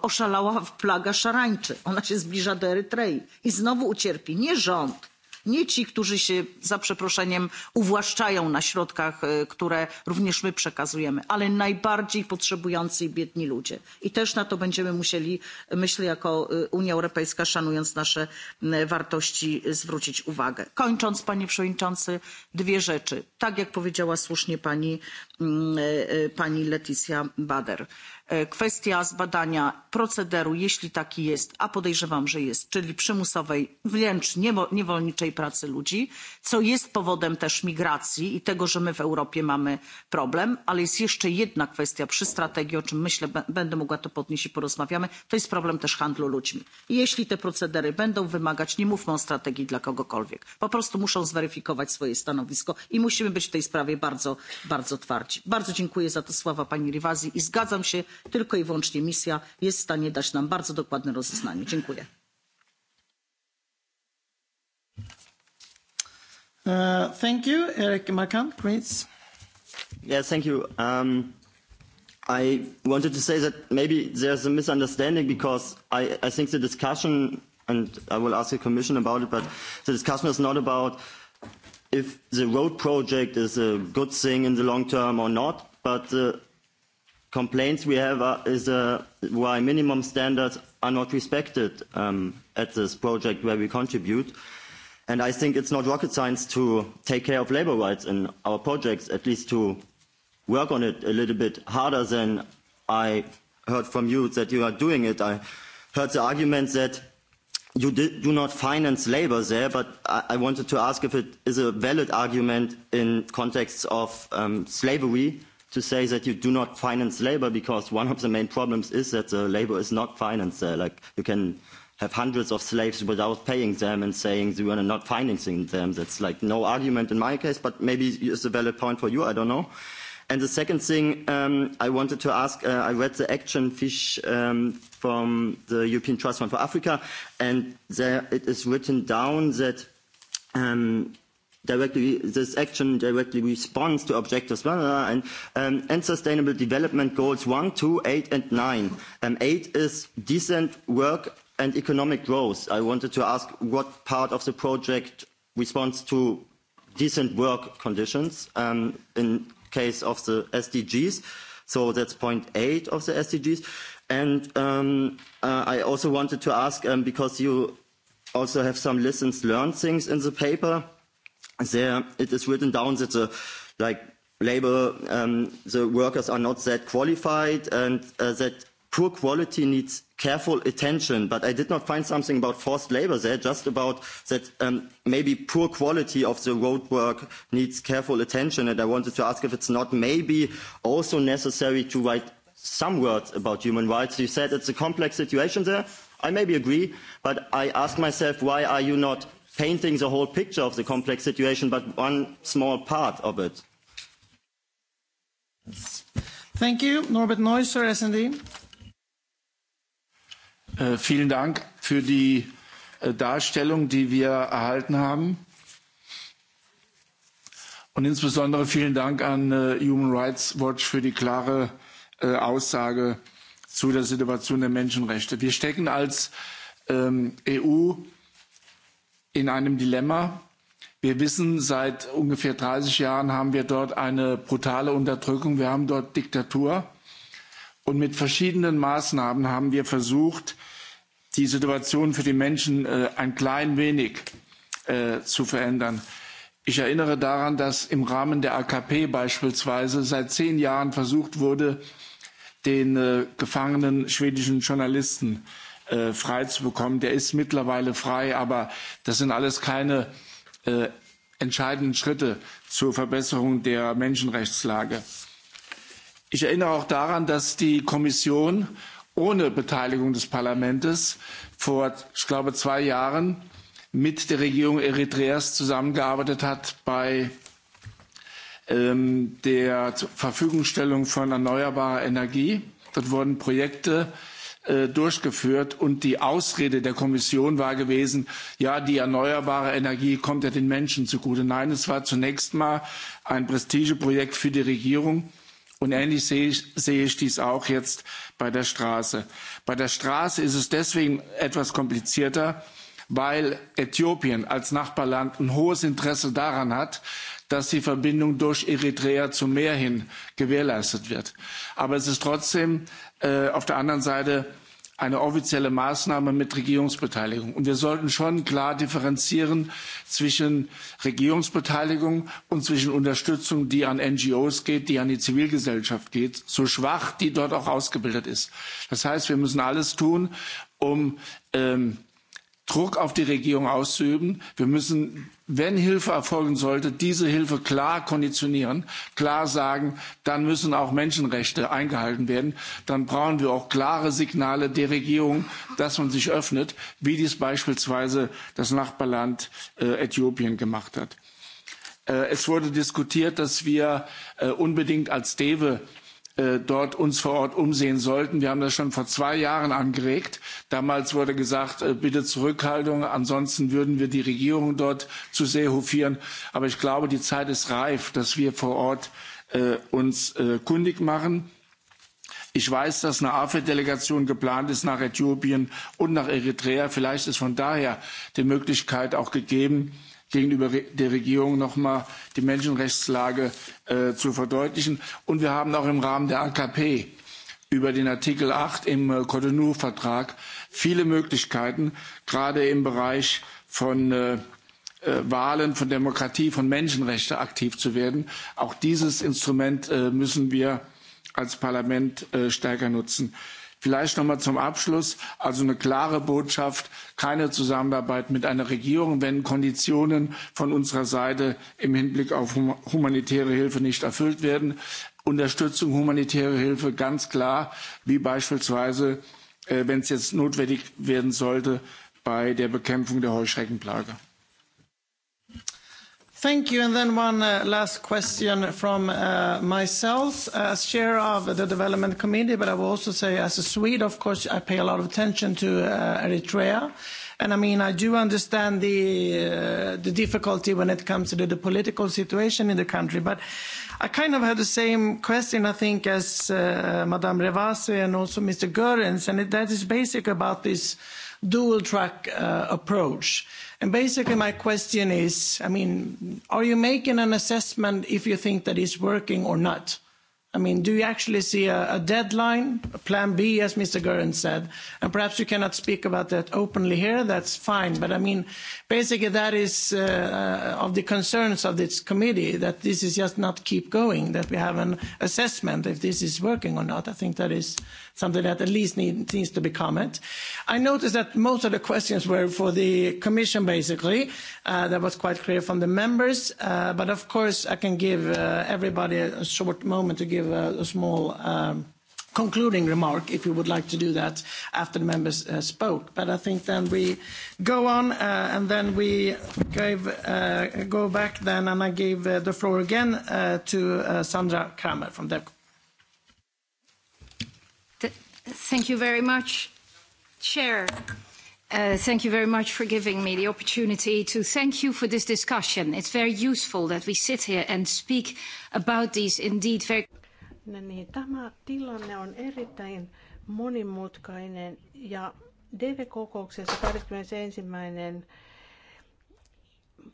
oszalała plaga szarańczy ona się zbliża do erytrei i znowu ucierpi nie rząd nie ci którzy się za przeproszeniem uwłaszczają na środkach e, które również my przekazujemy ale najbardziej potrzebujący i biedni ludzie i też na to będziemy musieli myślę jako e, unia europejska szanując nasze wartości zwrócić uwagę. kończąc panie przewodniczący dwie rzeczy tak jak powiedziała słusznie pani e, leticia bader E, kwestia zbadania procederu jeśli taki jest a podejrzewam że jest czyli przymusowej wręcz niewolniczej pracy ludzi co jest powodem też migracji i tego że my w europie mamy problem ale jest jeszcze jedna kwestia przy strategii o czym myślę będę mogła to podnieść i porozmawiamy to jest problem też handlu ludźmi jeśli te procedery będą wymagać nie mówmy o strategii dla kogokolwiek po prostu muszą zweryfikować swoje stanowisko i musimy być w tej sprawie bardzo bardzo twardzi. bardzo dziękuję za te słowa pani rivasi i zgadzam się tylko i wyłącznie misja jest w stanie dać nam bardzo dokładne rozeznanie. dziękuję. Uh, thank you, Eric Makan, please. Yeah, thank you. Um, I wanted to say that maybe there's a misunderstanding because I, I think the discussion, and I will ask the Commission about it, but the discussion is not about if the road project is a good thing in the long term or not, but the uh, complaints we have are, is uh, why minimum standards are not respected um, at this project where we contribute. And I think it's not rocket science to take care of labor rights in our projects, at least to work on it a little bit harder than I heard from you that you are doing it. I heard the argument that you do not finance labor there, but I, I wanted to ask if it is a valid argument in contexts of um, slavery to say that you do not finance labor because one of the main problems is that uh, labor is not financed there. Like you can have hundreds of slaves without paying them and saying you are not financing them. That's like no argument in my case, but maybe it's a valid point for you. I don't know. And the second thing um, I wanted to ask, uh, I read the Action Fish um, from the European Trust Fund for Africa, and there it is written down that um, directly this action directly responds to objectives blah, blah, blah, and, um, and sustainable development goals one, two, eight, and nine. Um, eight is decent work and economic growth. I wanted to ask what part of the project responds to decent work conditions um, in case of the SDGs. So that's point eight of the SDGs. And um, uh, I also wanted to ask, um, because you also have some lessons learned things in the paper, there it is written down that the like labor um, the workers are not that qualified and uh, that poor quality needs careful attention but i did not find something about forced labor there just about that um, maybe poor quality of the road work needs careful attention and i wanted to ask if it's not maybe also necessary to write some words about human rights you said it's a complex situation there i maybe agree but i ask myself why are you not painting the whole picture of the complex situation, but one small part of it. Thank you. Norbert Neusser, SD. Äh, vielen Dank für die äh, Darstellung, die wir erhalten haben. Und insbesondere vielen Dank an äh, Human Rights Watch für die klare äh, Aussage zu der Situation der Menschenrechte. Wir stecken als ähm, EU in einem Dilemma. Wir wissen, seit ungefähr 30 Jahren haben wir dort eine brutale Unterdrückung. Wir haben dort Diktatur. Und mit verschiedenen Maßnahmen haben wir versucht, die Situation für die Menschen äh, ein klein wenig äh, zu verändern. Ich erinnere daran, dass im Rahmen der AKP beispielsweise seit zehn Jahren versucht wurde, den äh, gefangenen schwedischen Journalisten äh, frei zu bekommen. Der ist mittlerweile frei, aber das sind alles keine äh, entscheidenden Schritte zur Verbesserung der Menschenrechtslage. Ich erinnere auch daran, dass die Kommission ohne Beteiligung des Parlaments vor, ich glaube, zwei Jahren mit der Regierung Eritreas zusammengearbeitet hat bei ähm, der Verfügungstellung von erneuerbarer Energie. Dort wurden Projekte Äh, durchgeführt. Und die Ausrede der Kommission war gewesen, ja, die erneuerbare Energie kommt ja den Menschen zugute. Nein, es war zunächst mal ein Prestigeprojekt für die Regierung. Und ähnlich sehe ich, sehe ich dies auch jetzt bei der Straße. Bei der Straße ist es deswegen etwas komplizierter, weil Äthiopien als Nachbarland ein hohes Interesse daran hat, dass die Verbindung durch Eritrea zum Meer hin gewährleistet wird. Aber es ist trotzdem äh, auf der anderen Seite eine offizielle Maßnahme mit Regierungsbeteiligung. Und wir sollten schon klar differenzieren zwischen Regierungsbeteiligung und zwischen Unterstützung, die an NGOs geht, die an die Zivilgesellschaft geht, so schwach die dort auch ausgebildet ist. Das heißt, wir müssen alles tun, um ähm, Druck auf die Regierung auszuüben. Wir müssen, wenn Hilfe erfolgen sollte, diese Hilfe klar konditionieren, klar sagen, dann müssen auch Menschenrechte eingehalten werden. Dann brauchen wir auch klare Signale der Regierung, dass man sich öffnet, wie dies beispielsweise das Nachbarland äh, Äthiopien gemacht hat. Äh, es wurde diskutiert, dass wir äh, unbedingt als DEWE Äh, dort uns vor Ort umsehen sollten. Wir haben das schon vor zwei Jahren angeregt. Damals wurde gesagt, äh, bitte Zurückhaltung, ansonsten würden wir die Regierung dort zu sehr hofieren. Aber ich glaube, die Zeit ist reif, dass wir vor Ort äh, uns äh, kundig machen. Ich weiß, dass eine AFE-Delegation geplant ist nach Äthiopien und nach Eritrea. Vielleicht ist von daher die Möglichkeit auch gegeben, äh, gegenüber der Regierung nochmal die Menschenrechtslage äh, zu verdeutlichen. Und wir haben auch im Rahmen der AKP über den Artikel 8 im äh, Cotonou-Vertrag viele Möglichkeiten, gerade im Bereich von äh, äh, Wahlen, von Demokratie, von Menschenrechten aktiv zu werden. Auch dieses Instrument äh, müssen wir als Parlament äh, stärker nutzen. Vielleicht nochmal zum Abschluss. Also eine klare Botschaft, keine Zusammenarbeit mit einer Regierung, wenn Konditionen von unserer Seite im Hinblick auf hum humanitäre Hilfe nicht erfüllt werden. Unterstützung humanitäre Hilfe ganz klar, wie beispielsweise, äh, wenn es jetzt notwendig werden sollte, bei der Bekämpfung der Heuschreckenplage. Thank you. And then one uh, last question from uh, myself as chair of the development committee, but I will also say as a Swede, of course, I pay a lot of attention to uh, Eritrea. And I mean, I do understand the, the difficulty when it comes to the, political situation in the country, but I kind of had the same question, I think, as Madame Rivasi and also Mr. Goerens, and that is basically about this dual track approach. And basically, my question is, I mean, are you making an assessment if you think that it's working or not? I mean, do you actually see a, a deadline, a plan B, as Mr. Gurren said? And perhaps you cannot speak about that openly here. That's fine. But I mean, basically, that is uh, uh, of the concerns of this committee that this is just not keep going, that we have an assessment if this is working or not. I think that is something that at least need, needs to be commented. I noticed that most of the questions were for the Commission, basically. Uh, that was quite clear from the members. Uh, but of course, I can give uh, everybody a short moment to give a, a small um, concluding remark, if you would like to do that after the members uh, spoke. But I think then we go on, uh, and then we gave, uh, go back then, and I give uh, the floor again uh, to uh, Sandra Kramer from DevCo. Thank you very much, Chair. Uh, thank you very much for giving me the opportunity to thank you for this discussion. It's very useful that we sit here and speak about these indeed very... No niin, tämä tilanne on erittäin monimutkainen ja DV-kokouksessa 21.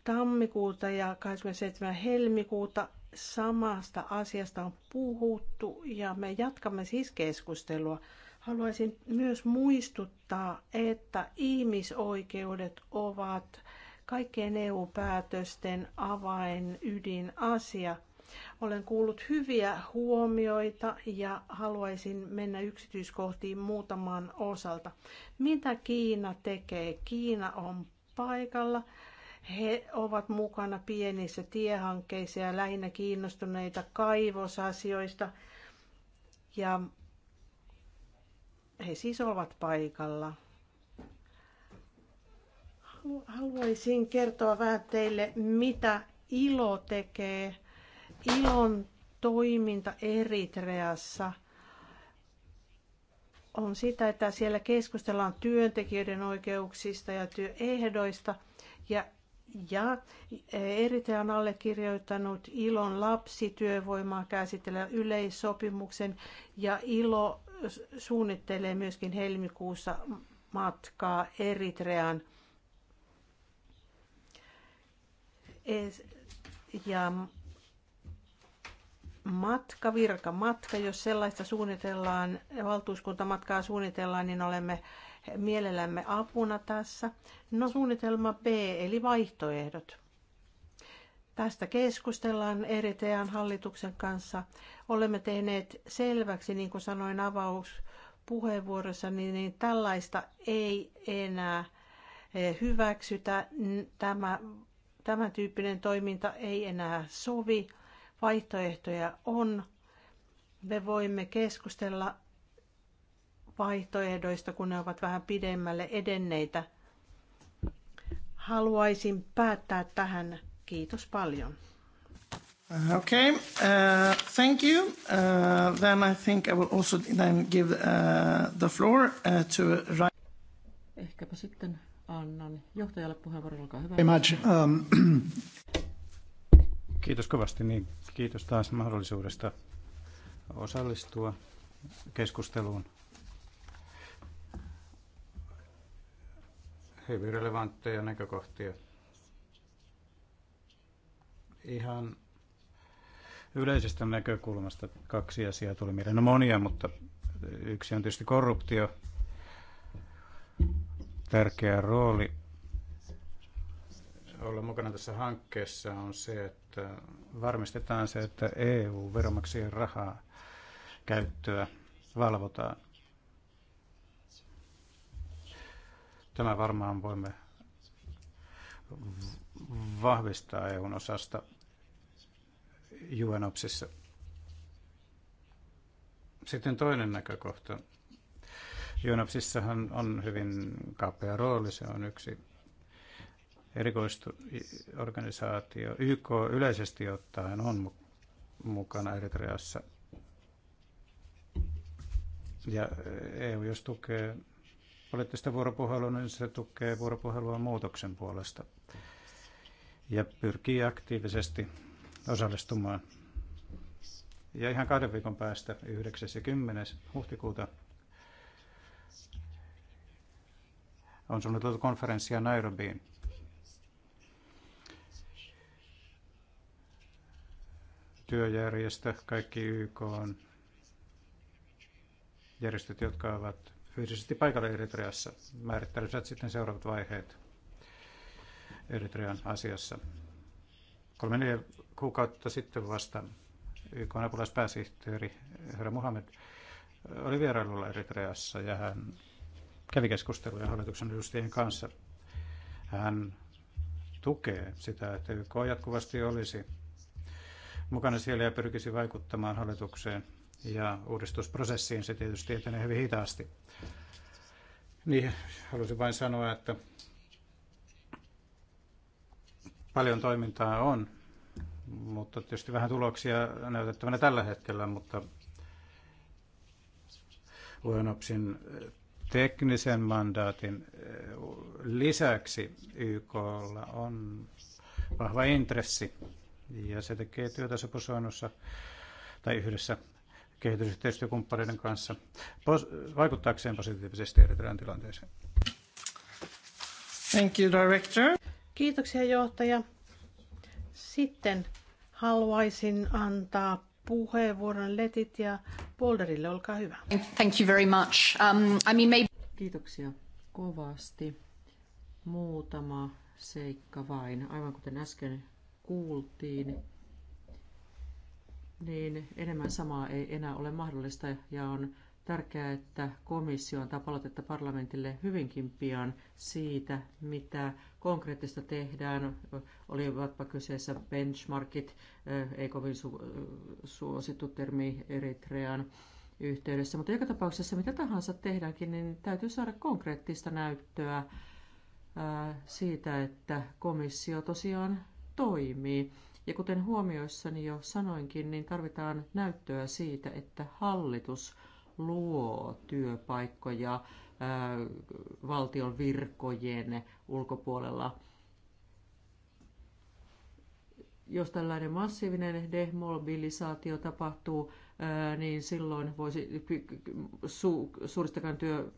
tammikuuta ja 27. helmikuuta samasta asiasta on puhuttu ja me jatkamme siis keskustelua. Haluaisin myös muistuttaa, että ihmisoikeudet ovat kaikkien EU-päätösten avain, ydin asia. Olen kuullut hyviä huomioita ja haluaisin mennä yksityiskohtiin muutaman osalta. Mitä Kiina tekee? Kiina on paikalla he ovat mukana pienissä tiehankkeissa ja lähinnä kiinnostuneita kaivosasioista. Ja he siis ovat paikalla. Haluaisin kertoa vähän teille, mitä ILO tekee. ILON toiminta Eritreassa on sitä, että siellä keskustellaan työntekijöiden oikeuksista ja työehdoista. Ja ja e, Eritea on allekirjoittanut ilon lapsityövoimaa käsitellä yleissopimuksen ja ilo suunnittelee myöskin helmikuussa matkaa Eritrean e, ja matka, virka, matka, jos sellaista suunnitellaan, valtuuskuntamatkaa suunnitellaan, niin olemme mielellämme apuna tässä. No suunnitelma B eli vaihtoehdot. Tästä keskustellaan Eritean hallituksen kanssa. Olemme tehneet selväksi, niin kuin sanoin avauspuheenvuorossa, niin, niin tällaista ei enää eh, hyväksytä. Tämä, tämän tyyppinen toiminta ei enää sovi. Vaihtoehtoja on. Me voimme keskustella vaihtoehdoista, kun ne ovat vähän pidemmälle edenneitä. Haluaisin päättää tähän. Kiitos paljon. Uh, okay, uh, thank you. Uh, then I think I will also then give uh, the floor uh, to Ryan. Ehkäpä sitten annan johtajalle puheenvuoron, olkaa hyvä. Um, Kiitos kovasti, niin kiitos taas mahdollisuudesta osallistua keskusteluun hyvin relevantteja näkökohtia. Ihan yleisestä näkökulmasta kaksi asiaa tuli mieleen. No monia, mutta yksi on tietysti korruptio. Tärkeä rooli olla mukana tässä hankkeessa on se, että varmistetaan se, että EU-veromaksien rahaa käyttöä valvotaan. Tämä varmaan voimme vahvistaa EUn osasta UNOPSissa. Sitten toinen näkökohta. UNOPSissahan on hyvin kapea rooli, se on yksi erikoistuorganisaatio. YK yleisesti ottaen on mukana Eritreassa. Ja EU jos tukee poliittista vuoropuhelua, niin se tukee vuoropuhelua muutoksen puolesta ja pyrkii aktiivisesti osallistumaan. Ja ihan kahden viikon päästä 9. ja 10. huhtikuuta on suunniteltu konferenssia Nairobiin. Työjärjestö, kaikki YK on järjestöt, jotka ovat fyysisesti paikalle Eritreassa määrittelisivät sitten seuraavat vaiheet Eritrean asiassa. Kolme neljä kuukautta sitten vasta YK apulaispääsihteeri herra Muhammed oli vierailulla Eritreassa ja hän kävi keskusteluja hallituksen edustajien kanssa. Hän tukee sitä, että YK jatkuvasti olisi mukana siellä ja pyrkisi vaikuttamaan hallitukseen – ja uudistusprosessiin se tietysti etenee hyvin hitaasti. Niin, halusin vain sanoa, että paljon toimintaa on, mutta tietysti vähän tuloksia näytettävänä tällä hetkellä, mutta UNOPSin teknisen mandaatin eh, lisäksi YKlla on vahva intressi ja se tekee työtä sopusoinnussa tai yhdessä kehitysyhteistyökumppaneiden kanssa vaikuttaakseen positiivisesti Eritrean tilanteeseen. Thank you, Director. Kiitoksia johtaja. Sitten haluaisin antaa puheenvuoron Letit ja Boulderille. Olkaa hyvä. Thank you very much. Um, I mean, maybe... Kiitoksia kovasti. Muutama seikka vain. Aivan kuten äsken kuultiin, niin enemmän samaa ei enää ole mahdollista ja on tärkeää, että komissio antaa palautetta parlamentille hyvinkin pian siitä, mitä konkreettista tehdään, olivatpa kyseessä benchmarkit, ei kovin su- suosittu termi Eritrean yhteydessä, mutta joka tapauksessa mitä tahansa tehdäänkin, niin täytyy saada konkreettista näyttöä siitä, että komissio tosiaan toimii. Ja kuten huomioissani jo sanoinkin, niin tarvitaan näyttöä siitä, että hallitus luo työpaikkoja ää, valtion virkojen ulkopuolella. Jos tällainen massiivinen demobilisaatio tapahtuu, ää, niin silloin voisi su, suuristakaan työ,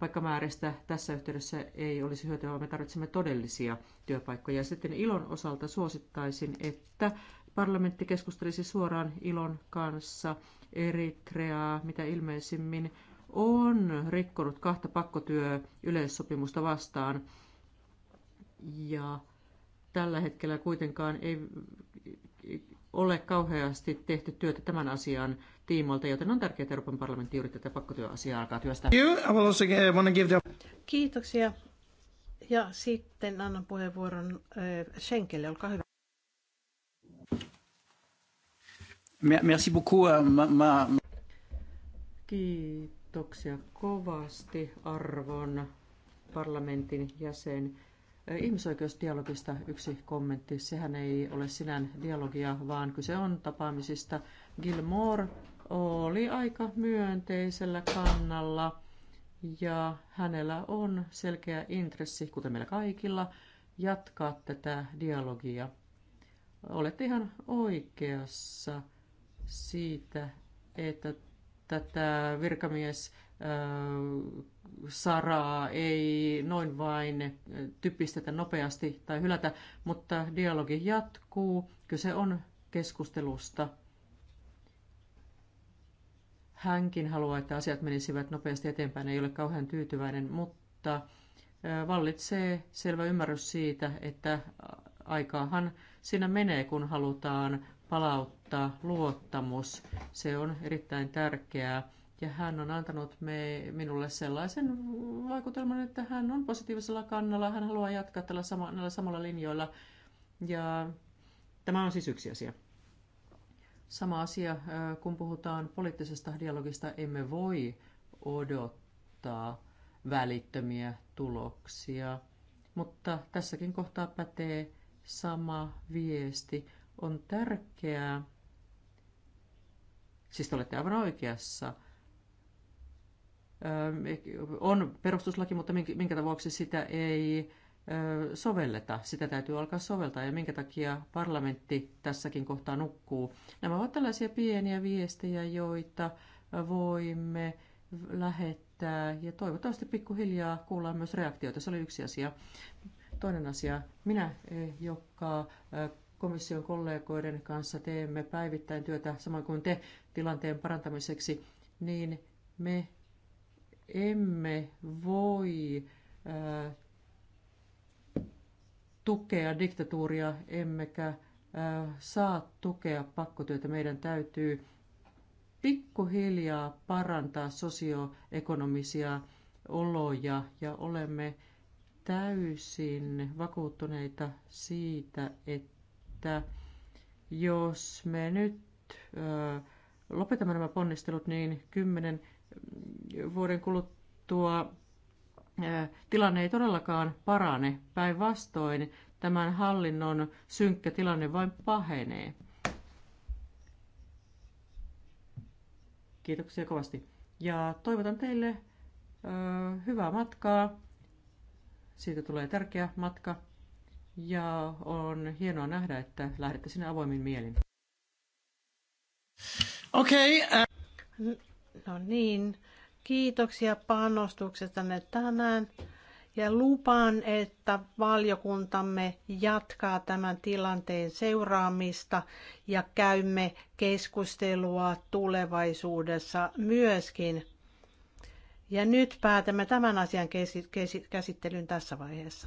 työpaikkamääristä tässä yhteydessä ei olisi hyötyä, vaan me tarvitsemme todellisia työpaikkoja. Sitten Ilon osalta suosittaisin, että parlamentti keskustelisi suoraan Ilon kanssa. Eritreaa mitä ilmeisimmin on rikkonut kahta yleissopimusta vastaan. Ja tällä hetkellä kuitenkaan ei ole kauheasti tehty työtä tämän asian tiimoilta, joten on tärkeää, että Euroopan parlamentti juuri tätä pakkotyöasiaa alkaa työstää. Kiitoksia. Ja sitten annan puheenvuoron eh, Schenkelle, olkaa hyvä. Merci beaucoup. Euh, ma, ma... Kiitoksia kovasti arvon parlamentin jäsen. Ihmisoikeusdialogista yksi kommentti. Sehän ei ole sinään dialogia, vaan kyse on tapaamisista. Gilmore oli aika myönteisellä kannalla ja hänellä on selkeä intressi, kuten meillä kaikilla, jatkaa tätä dialogia. Olette ihan oikeassa siitä, että tätä virkamies saraa ei noin vain typistetä nopeasti tai hylätä, mutta dialogi jatkuu. Kyse on keskustelusta. Hänkin haluaa, että asiat menisivät nopeasti eteenpäin, ei ole kauhean tyytyväinen, mutta vallitsee selvä ymmärrys siitä, että aikaahan siinä menee, kun halutaan palauttaa luottamus. Se on erittäin tärkeää ja hän on antanut me, minulle sellaisen vaikutelman, että hän on positiivisella kannalla, hän haluaa jatkaa tällä sama, näillä samalla linjoilla. Ja tämä on siis yksi asia. Sama asia, kun puhutaan poliittisesta dialogista, emme voi odottaa välittömiä tuloksia. Mutta tässäkin kohtaa pätee sama viesti. On tärkeää, siis te olette aivan oikeassa – on perustuslaki, mutta minkä vuoksi sitä ei sovelleta. Sitä täytyy alkaa soveltaa ja minkä takia parlamentti tässäkin kohtaa nukkuu. Nämä ovat tällaisia pieniä viestejä, joita voimme lähettää ja toivottavasti pikkuhiljaa kuullaan myös reaktioita. Se oli yksi asia. Toinen asia, minä, e, joka komission kollegoiden kanssa teemme päivittäin työtä, samoin kuin te, tilanteen parantamiseksi, niin me emme voi äh, tukea diktatuuria, emmekä äh, saa tukea pakkotyötä. Meidän täytyy pikkuhiljaa parantaa sosioekonomisia oloja ja olemme täysin vakuuttuneita siitä, että jos me nyt äh, lopetamme nämä ponnistelut, niin kymmenen vuoden kuluttua tilanne ei todellakaan parane. Päinvastoin tämän hallinnon synkkä tilanne vain pahenee. Kiitoksia kovasti. Ja toivotan teille ö, hyvää matkaa. Siitä tulee tärkeä matka. Ja on hienoa nähdä, että lähdette sinne avoimin mielin. Okei. Okay, uh... No niin, kiitoksia panostuksestanne tänään ja lupaan, että valiokuntamme jatkaa tämän tilanteen seuraamista ja käymme keskustelua tulevaisuudessa myöskin. Ja nyt päätämme tämän asian käsittelyn tässä vaiheessa.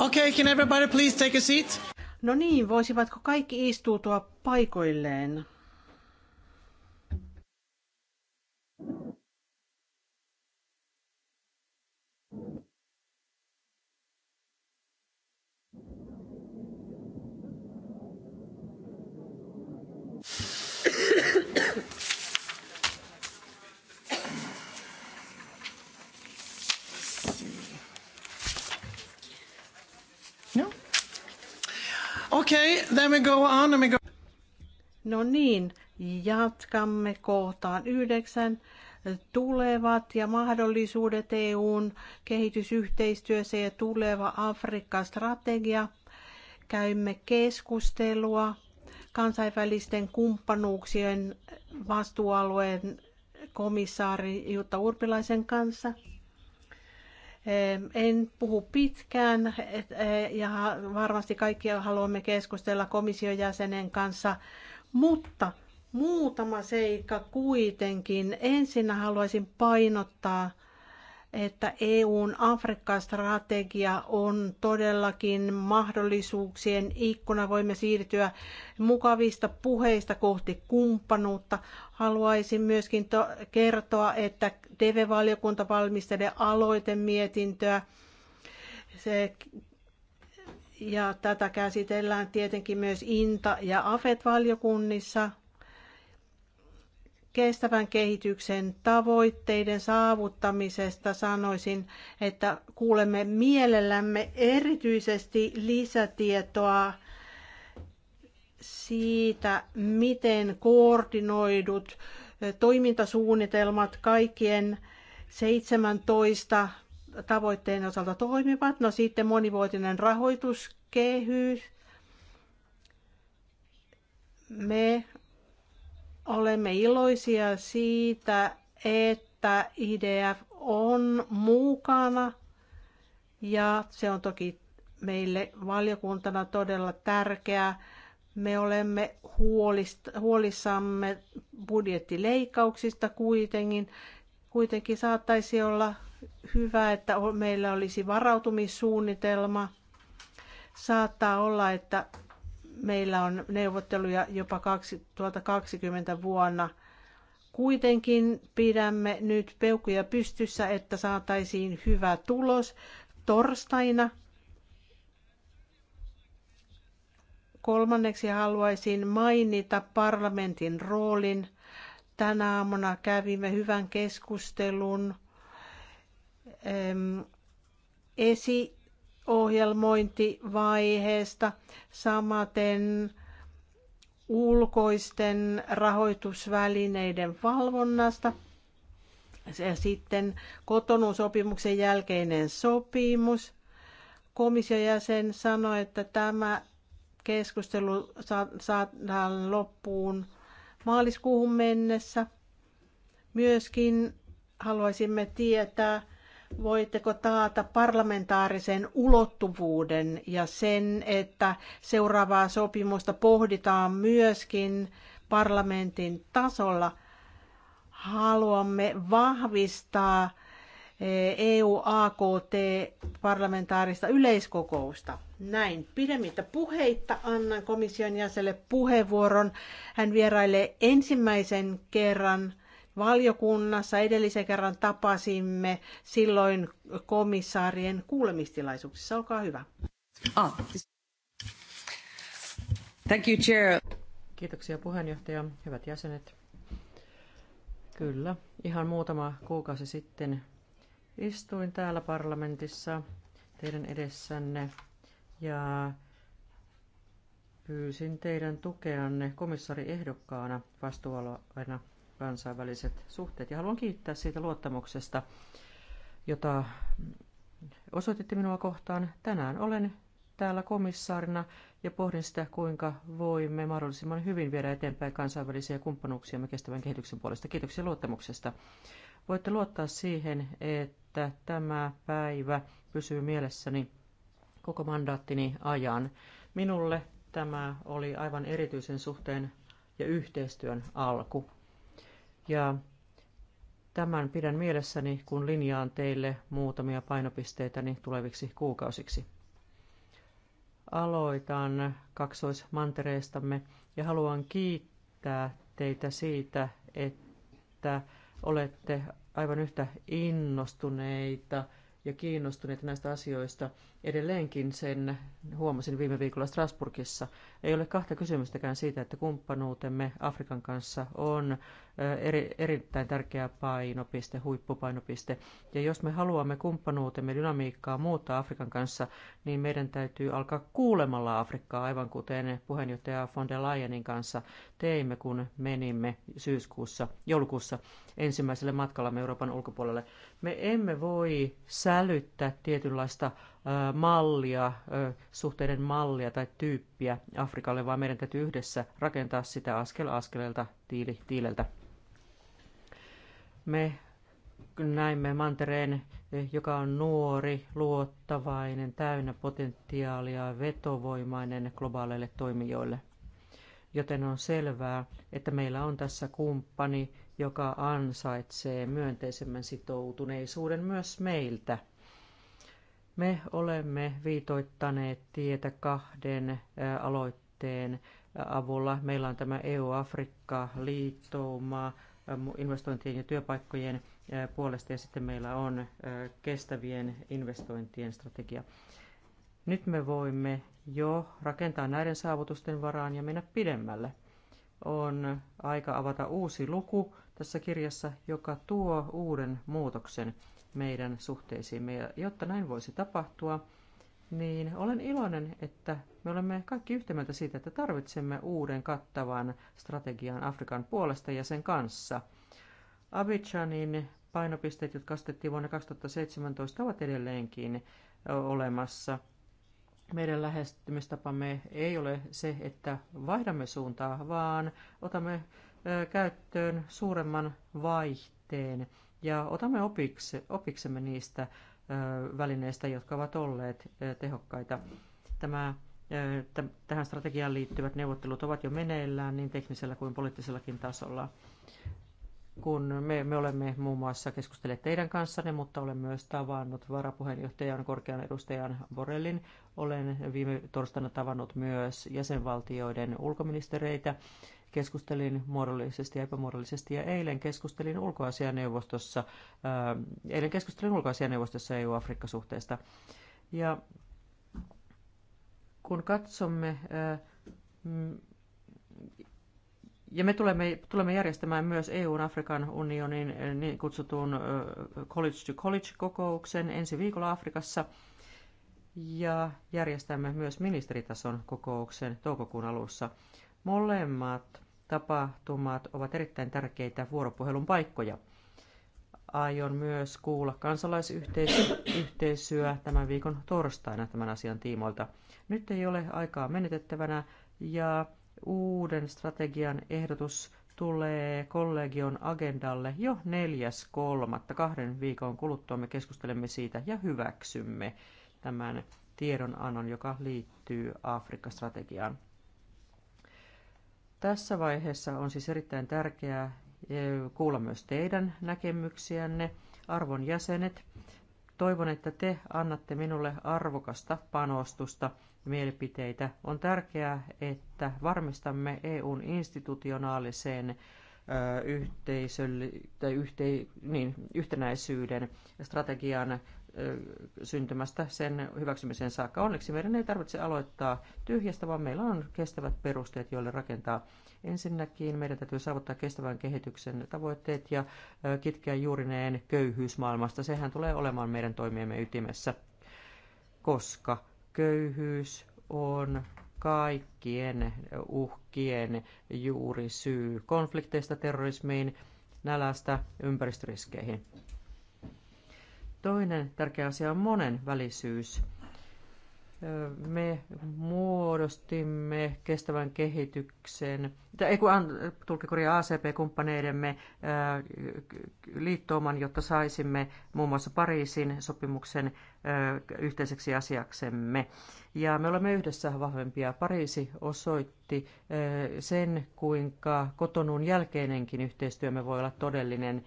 Okay, can everybody please take a seat? No niin, voisivatko kaikki istuutua paikoilleen? let me go on, let me go. No niin, jatkamme kohtaan yhdeksän. Tulevat ja mahdollisuudet EUn kehitysyhteistyössä ja tuleva Afrikka-strategia. Käymme keskustelua kansainvälisten kumppanuuksien vastuualueen komissaari Jutta Urpilaisen kanssa. En puhu pitkään e, ja varmasti kaikki haluamme keskustella komission jäsenen kanssa, mutta muutama seikka kuitenkin. Ensin haluaisin painottaa että EUn Afrikka-strategia on todellakin mahdollisuuksien ikkuna. Voimme siirtyä mukavista puheista kohti kumppanuutta. Haluaisin myöskin kertoa, että TV-valiokunta valmistelee aloitemietintöä. Se ja tätä käsitellään tietenkin myös INTA- ja AFET-valiokunnissa kestävän kehityksen tavoitteiden saavuttamisesta sanoisin, että kuulemme mielellämme erityisesti lisätietoa siitä, miten koordinoidut toimintasuunnitelmat kaikkien 17 tavoitteen osalta toimivat. No sitten monivuotinen rahoituskehys. Me Olemme iloisia siitä, että IDF on mukana ja se on toki meille valiokuntana todella tärkeää. Me olemme huolissamme budjettileikkauksista kuitenkin. Kuitenkin saattaisi olla hyvä, että meillä olisi varautumissuunnitelma. Saattaa olla, että meillä on neuvotteluja jopa 2020 vuonna. Kuitenkin pidämme nyt peukkuja pystyssä, että saataisiin hyvä tulos torstaina. Kolmanneksi haluaisin mainita parlamentin roolin. Tänä aamuna kävimme hyvän keskustelun esi- ohjelmointivaiheesta, samaten ulkoisten rahoitusvälineiden valvonnasta ja sitten kotonun sopimuksen jälkeinen sopimus. Komission jäsen sanoi, että tämä keskustelu saadaan loppuun maaliskuuhun mennessä. Myöskin haluaisimme tietää, Voitteko taata parlamentaarisen ulottuvuuden ja sen, että seuraavaa sopimusta pohditaan myöskin parlamentin tasolla? Haluamme vahvistaa EU-AKT-parlamentaarista eh, e yleiskokousta. Näin pidemmittä puheitta annan komission jäselle puheenvuoron. Hän vierailee ensimmäisen kerran – valiokunnassa edellisen kerran tapasimme silloin komissaarien kuulemistilaisuuksissa. Olkaa hyvä. Ah. Thank you, Chair. Kiitoksia puheenjohtaja, hyvät jäsenet. Kyllä, ihan muutama kuukausi sitten istuin täällä parlamentissa teidän edessänne ja pyysin teidän tukeanne komissaariehdokkaana vastuualueena kansainväliset suhteet. Ja haluan kiittää siitä luottamuksesta, jota osoititte minua kohtaan. Tänään olen täällä komissaarina ja pohdin sitä, kuinka voimme mahdollisimman hyvin viedä eteenpäin kansainvälisiä me kestävän kehityksen puolesta. Kiitoksia luottamuksesta. Voitte luottaa siihen, että tämä päivä pysyy mielessäni koko mandaattini ajan. Minulle tämä oli aivan erityisen suhteen ja yhteistyön alku ja tämän pidän mielessäni, kun linjaan teille muutamia painopisteitäni niin tuleviksi kuukausiksi. Aloitan kaksoismantereestamme ja haluan kiittää teitä siitä, että olette aivan yhtä innostuneita ja kiinnostuneita näistä asioista Edelleenkin sen huomasin viime viikolla Strasburgissa. Ei ole kahta kysymystäkään siitä, että kumppanuutemme Afrikan kanssa on eri, erittäin tärkeä painopiste, huippupainopiste. Ja jos me haluamme kumppanuutemme dynamiikkaa muuttaa Afrikan kanssa, niin meidän täytyy alkaa kuulemalla Afrikkaa, aivan kuten puheenjohtaja von der Leyenin kanssa teimme, kun menimme syyskuussa, joulukuussa ensimmäiselle matkallamme Euroopan ulkopuolelle. Me emme voi sälyttää tietynlaista mallia, suhteiden mallia tai tyyppiä Afrikalle, vaan meidän täytyy yhdessä rakentaa sitä askel askeleelta tiili, tiileltä. Me näimme mantereen, e, joka on nuori, luottavainen, täynnä potentiaalia, vetovoimainen globaaleille toimijoille. Joten on selvää, että meillä on tässä kumppani, joka ansaitsee myönteisemmän sitoutuneisuuden myös meiltä – me olemme viitoittaneet tietä kahden aloitteen avulla. Meillä on tämä EU-Afrikka-liittouma investointien ja työpaikkojen puolesta ja sitten meillä on kestävien investointien strategia. Nyt me voimme jo rakentaa näiden saavutusten varaan ja mennä pidemmälle. On aika avata uusi luku tässä kirjassa, joka tuo uuden muutoksen meidän suhteisiimme. jotta näin voisi tapahtua, niin olen iloinen, että me olemme kaikki yhtä mieltä siitä, että tarvitsemme uuden kattavan strategian Afrikan puolesta ja sen kanssa. Abidjanin painopisteet, jotka asetettiin vuonna 2017, ovat edelleenkin olemassa. Meidän lähestymistapamme ei ole se, että vaihdamme suuntaa, vaan otamme käyttöön suuremman vaihteen ja otamme opikse, opiksemme niistä välineistä, jotka ovat olleet tehokkaita. Tämä, tähän strategiaan liittyvät neuvottelut ovat jo meneillään niin teknisellä kuin poliittisellakin tasolla. Kun me, me olemme muun muassa keskustelleet teidän kanssanne, mutta olen myös tavannut varapuheenjohtajan korkean edustajan Borellin. Olen viime torstaina tavannut myös jäsenvaltioiden ulkoministereitä Keskustelin muodollisesti ja epämuodollisesti ja eilen keskustelin ulkoasianeuvostossa, ää, eilen keskustelin ulkoasianeuvostossa EU-Afrikka-suhteesta. Ja kun katsomme, ää, ja me tulemme, tulemme järjestämään myös EUn Afrikan unionin niin kutsutun College to College-kokouksen ensi viikolla Afrikassa. Ja järjestämme myös ministeritason kokouksen toukokuun alussa. Molemmat tapahtumat ovat erittäin tärkeitä vuoropuhelun paikkoja. Aion myös kuulla kansalaisyhteisöä tämän viikon torstaina tämän asian tiimoilta. Nyt ei ole aikaa menetettävänä ja uuden strategian ehdotus tulee kollegion agendalle jo 4.3. Kahden viikon kuluttua me keskustelemme siitä ja hyväksymme tämän tiedonannon, joka liittyy Afrikka-strategiaan. Tässä vaiheessa on siis erittäin tärkeää eh, kuulla myös teidän näkemyksiänne, arvon jäsenet. Toivon, että te annatte minulle arvokasta panostusta mielipiteitä. On tärkeää, että varmistamme EUn institutionaaliseen eh, yhteisölli- tai yhte- niin, yhtenäisyyden strategian syntymästä sen hyväksymiseen saakka. Onneksi meidän ei tarvitse aloittaa tyhjästä, vaan meillä on kestävät perusteet, joille rakentaa. Ensinnäkin meidän täytyy saavuttaa kestävän kehityksen tavoitteet ja kitkeä juurineen köyhyys maailmasta. Sehän tulee olemaan meidän toimiemme ytimessä, koska köyhyys on kaikkien uhkien juuri syy konflikteista terrorismiin, nälästä ympäristöriskeihin. Toinen tärkeä asia on monen välisyys. Me muodostimme kestävän kehityksen, tai ei kun tulkikorja ACP-kumppaneidemme liittooman, jotta saisimme muun muassa Pariisin sopimuksen yhteiseksi asiaksemme. Ja me olemme yhdessä vahvempia. Pariisi osoitti sen, kuinka kotonun jälkeinenkin yhteistyömme voi olla todellinen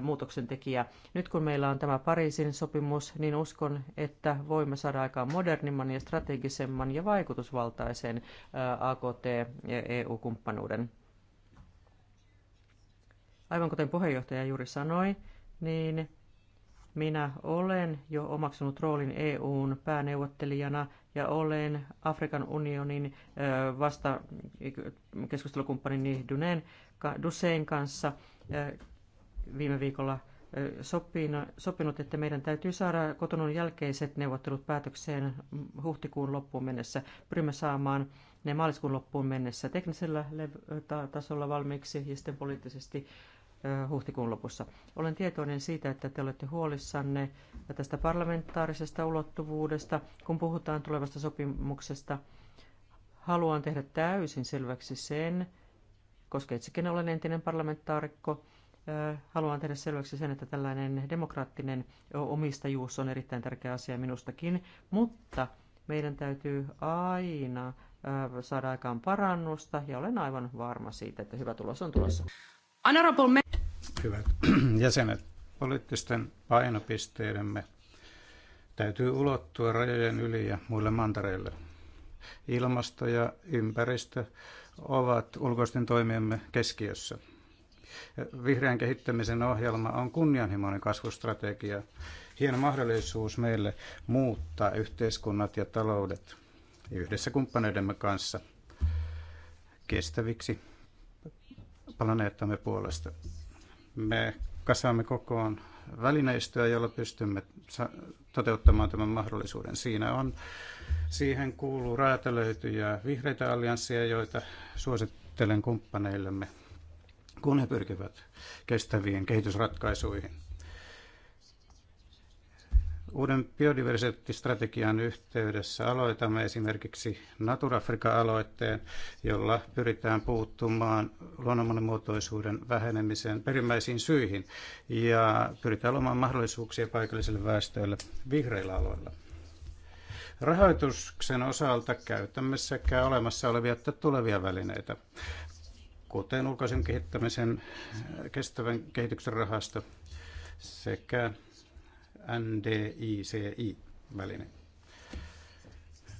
muutoksen tekijä. Nyt kun meillä on tämä Pariisin sopimus, niin uskon, että voimme saada aikaan modernimman ja strategisemman ja vaikutusvaltaisen AKT-EU-kumppanuuden. Aivan kuten puheenjohtaja juuri sanoi, niin minä olen jo omaksunut roolin EUn pääneuvottelijana ja olen Afrikan unionin vasta keskustelukumppanini Duneen, Dusein kanssa viime viikolla sopinut, että meidän täytyy saada kotonun jälkeiset neuvottelut päätökseen huhtikuun loppuun mennessä. Pyrimme saamaan ne maaliskuun loppuun mennessä teknisellä tasolla valmiiksi ja sitten poliittisesti huhtikuun lopussa. Olen tietoinen siitä, että te olette huolissanne tästä parlamentaarisesta ulottuvuudesta, kun puhutaan tulevasta sopimuksesta. Haluan tehdä täysin selväksi sen, koska itsekin olen entinen parlamentaarikko, haluan tehdä selväksi sen, että tällainen demokraattinen omistajuus on erittäin tärkeä asia minustakin, mutta meidän täytyy aina saada aikaan parannusta ja olen aivan varma siitä, että hyvä tulos on tulossa. Honorable... Hyvät jäsenet, poliittisten painopisteidemme täytyy ulottua rajojen yli ja muille mantereille. Ilmasto ja ympäristö ovat ulkoisten toimiemme keskiössä. Vihreän kehittämisen ohjelma on kunnianhimoinen kasvustrategia, hieno mahdollisuus meille muuttaa yhteiskunnat ja taloudet yhdessä kumppaneidemme kanssa kestäviksi planeettamme puolesta. Me kasaamme kokoon välineistöä, jolla pystymme toteuttamaan tämän mahdollisuuden. Siinä on, siihen kuuluu räätälöityjä vihreitä alliansseja, joita suosittelen kumppaneillemme, kun he pyrkivät kestäviin kehitysratkaisuihin. Uuden biodiversiteettistrategian yhteydessä aloitamme esimerkiksi Naturafrika-aloitteen, jolla pyritään puuttumaan luonnon monimuotoisuuden vähenemisen perimmäisiin syihin ja pyritään luomaan mahdollisuuksia paikallisille väestöille vihreillä aloilla. Rahoituksen osalta käytämme sekä olemassa olevia että tulevia välineitä, kuten ulkoisen kehittämisen kestävän kehityksen rahasto sekä NDICI-väline.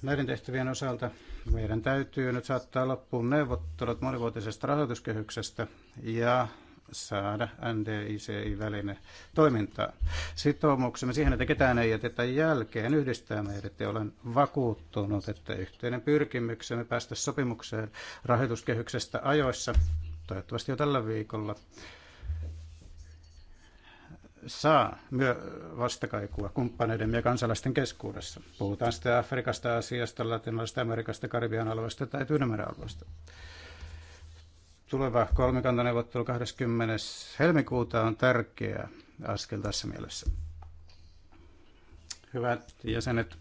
Näiden tehtävien osalta meidän täytyy nyt saattaa loppuun neuvottelut monivuotisesta rahoituskehyksestä ja saada NDICI-väline toimintaa. Sitoumuksemme siihen, että ketään ei jätetä jälkeen, yhdistää meidät ja olen vakuuttunut, että yhteinen pyrkimyksemme päästä sopimukseen rahoituskehyksestä ajoissa, toivottavasti jo tällä viikolla, saa myö vastakaikua kumppaneiden ja kansalaisten keskuudessa. Puhutaan sitten Afrikasta, Aasiasta, Latinalaisesta Amerikasta, Karibian alueesta tai Tyynemeren alueesta. Tuleva kolmikantaneuvottelu 20. helmikuuta on tärkeä askel tässä mielessä. Hyvät jäsenet,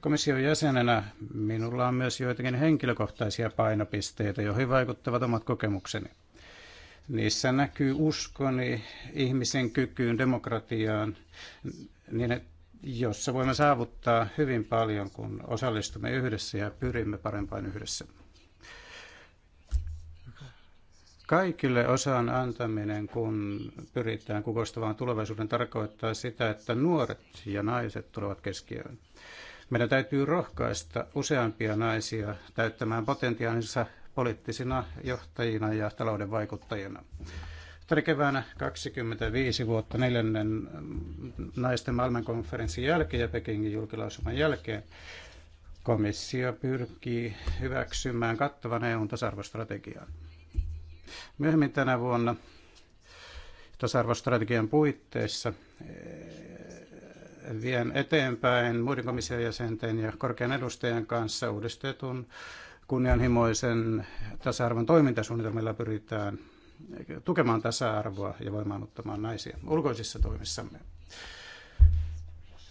komission jäsenenä minulla on myös joitakin henkilökohtaisia painopisteitä, joihin vaikuttavat omat kokemukseni – Niissä näkyy uskoni ihmisen kykyyn, demokratiaan, niin jossa voimme saavuttaa hyvin paljon, kun osallistumme yhdessä ja pyrimme parempaan yhdessä. Kaikille osaan antaminen, kun pyritään kukoistavaan tulevaisuuden, tarkoittaa sitä, että nuoret ja naiset tulevat keskiöön. Meidän täytyy rohkaista useampia naisia täyttämään potentiaalinsa poliittisina johtajina ja talouden vaikuttajina. Tänä keväänä 25 vuotta neljännen naisten maailmankonferenssin jälkeen ja Pekingin julkilausuman jälkeen komissio pyrkii hyväksymään kattavan EUn tasa-arvostrategian. Myöhemmin tänä vuonna tasa-arvostrategian puitteissa eh, vien eteenpäin muiden komission jäsenten ja korkean edustajan kanssa uudistetun kunnianhimoisen tasa-arvon toimintasuunnitelmilla pyritään tukemaan tasa-arvoa ja voimaanottamaan naisia ulkoisissa toimissamme.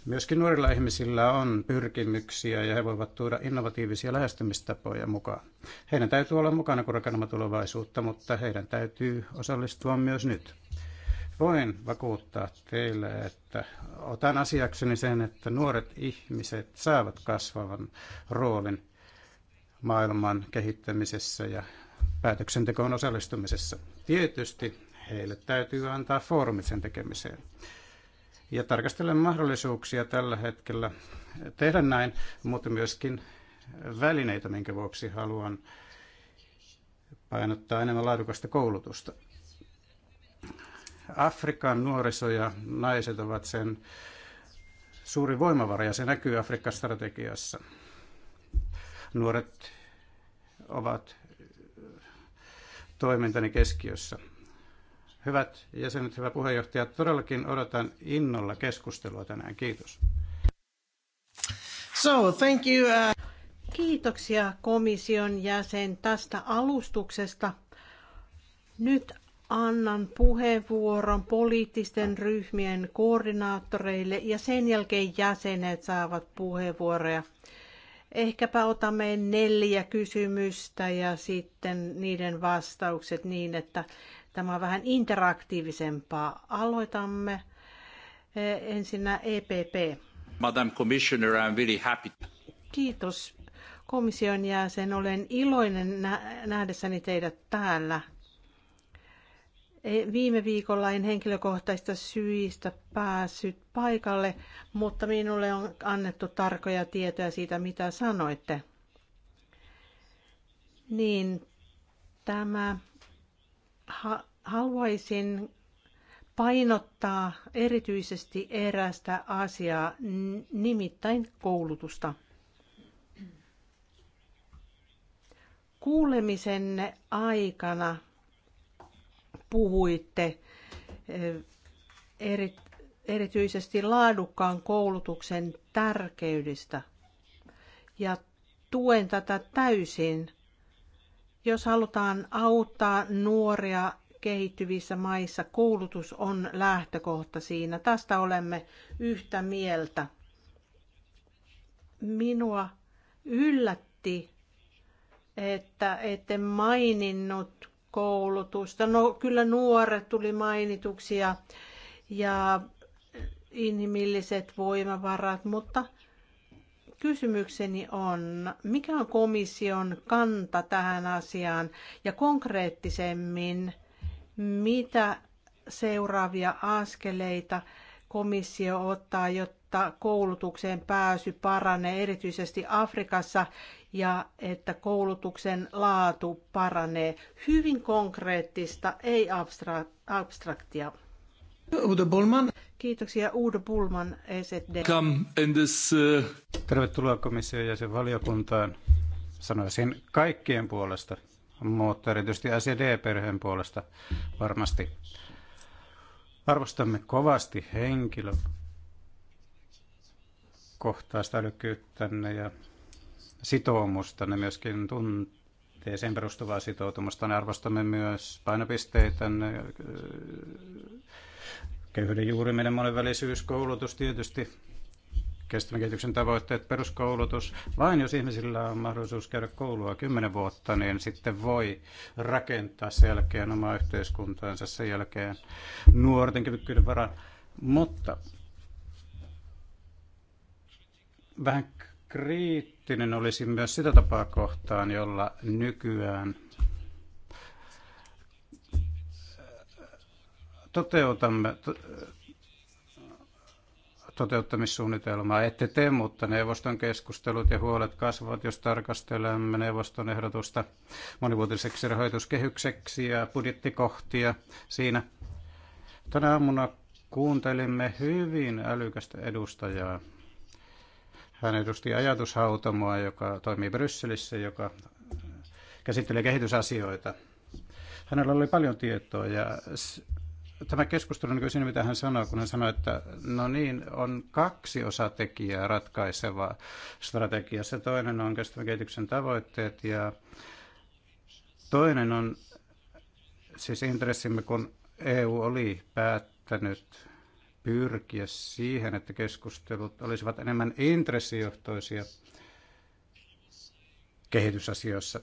Myöskin nuorilla ihmisillä on pyrkimyksiä ja he voivat tuoda innovatiivisia lähestymistapoja mukaan. Heidän täytyy olla mukana, kun rakennamme tulevaisuutta, mutta heidän täytyy osallistua myös nyt. Voin vakuuttaa teille, että otan asiakseni sen, että nuoret ihmiset saavat kasvavan roolin maailman kehittämisessä ja päätöksentekoon osallistumisessa. Tietysti heille täytyy antaa foorumi sen tekemiseen. Ja tarkastelen mahdollisuuksia tällä hetkellä tehdä näin, mutta myöskin välineitä, minkä vuoksi haluan painottaa enemmän laadukasta koulutusta. Afrikan nuoriso ja naiset ovat sen suuri voimavara ja se näkyy Afrikan strategiassa Nuoret ovat toimintani keskiössä. Hyvät jäsenet, hyvä puheenjohtaja, todellakin odotan innolla keskustelua tänään. Kiitos. So, thank you. Uh, Kiitoksia komission jäsen tästä alustuksesta. Nyt annan puheenvuoron poliittisten ryhmien koordinaattoreille ja sen jälkeen jäsenet saavat puheenvuoroja. Ehkäpä otamme neljä kysymystä ja sitten niiden vastaukset niin, että tämä on vähän interaktiivisempaa. Aloitamme eh, ensinnä EPP. Madam Commissioner, I'm very happy. Kiitos komission jäsen. Olen iloinen nähdessäni teidät täällä viime viikolla en henkilökohtaista syistä päässyt paikalle, mutta minulle on annettu tarkoja tietoja siitä, mitä sanoitte. Niin tämä ha- haluaisin painottaa erityisesti erästä asiaa, nimittäin koulutusta. Kuulemisenne aikana – puhuitte, eh, eri, erityisesti laadukkaan koulutuksen tärkeydestä. Ja tuen tätä täysin. Jos halutaan auttaa nuoria kehittyvissä maissa, koulutus on lähtökohta siinä. Tästä olemme yhtä mieltä. Minua yllätti, että ette maininnut koulutusta. No kyllä nuoret tuli mainituksi ja, ja inhimilliset voimavarat, mutta kysymykseni on, mikä on komission kanta tähän asiaan ja konkreettisemmin, mitä seuraavia askeleita komissio ottaa, jotta koulutukseen pääsy paranee erityisesti Afrikassa ja että koulutuksen laatu paranee. Hyvin konkreettista, ei abstra- abstraktia. Udo Bulman. Kiitoksia Uudo Bulman ESD. this, uh... Tervetuloa komission jäsenvaliokuntaan. Sanoisin kaikkien puolesta, mutta erityisesti SED-perheen puolesta varmasti. Arvostamme kovasti henkilökohtaista älykkyyttänne ja sitoumusta, ne myöskin tuntee sen perustuvaa sitoutumusta. Ne arvostamme myös painopisteitä, äh, köyhyyden juuriminen, monenvälisyys, koulutus tietysti, kestävän kehityksen tavoitteet, peruskoulutus. Vain jos ihmisillä on mahdollisuus käydä koulua kymmenen vuotta, niin sitten voi rakentaa sen jälkeen omaa yhteiskuntaansa sen jälkeen nuorten kyvykkyyden varaan. Mutta vähän kriittisesti kriittinen olisi myös sitä tapaa kohtaan, jolla nykyään äh, toteutamme äh, toteuttamissuunnitelmaa ette tee, mutta neuvoston keskustelut ja huolet kasvavat, jos tarkastelemme neuvoston ehdotusta monivuotiseksi rahoituskehykseksi ja budjettikohtia siinä. Tänä aamuna kuuntelimme hyvin älykästä edustajaa hän edusti ajatushautomoa, joka toimii Brysselissä, joka käsittelee kehitysasioita. Hänellä oli paljon tietoa ja tämä keskustelu niin siinä, mitä hän sanoi, kun hän sanoi, että no niin, on kaksi osatekijää ratkaisevaa strategiassa. Toinen on kestävän kehityksen tavoitteet ja toinen on siis intressimme, kun EU oli päättänyt pyrkiä siihen, että keskustelut olisivat enemmän intressijohtoisia kehitysasioissa.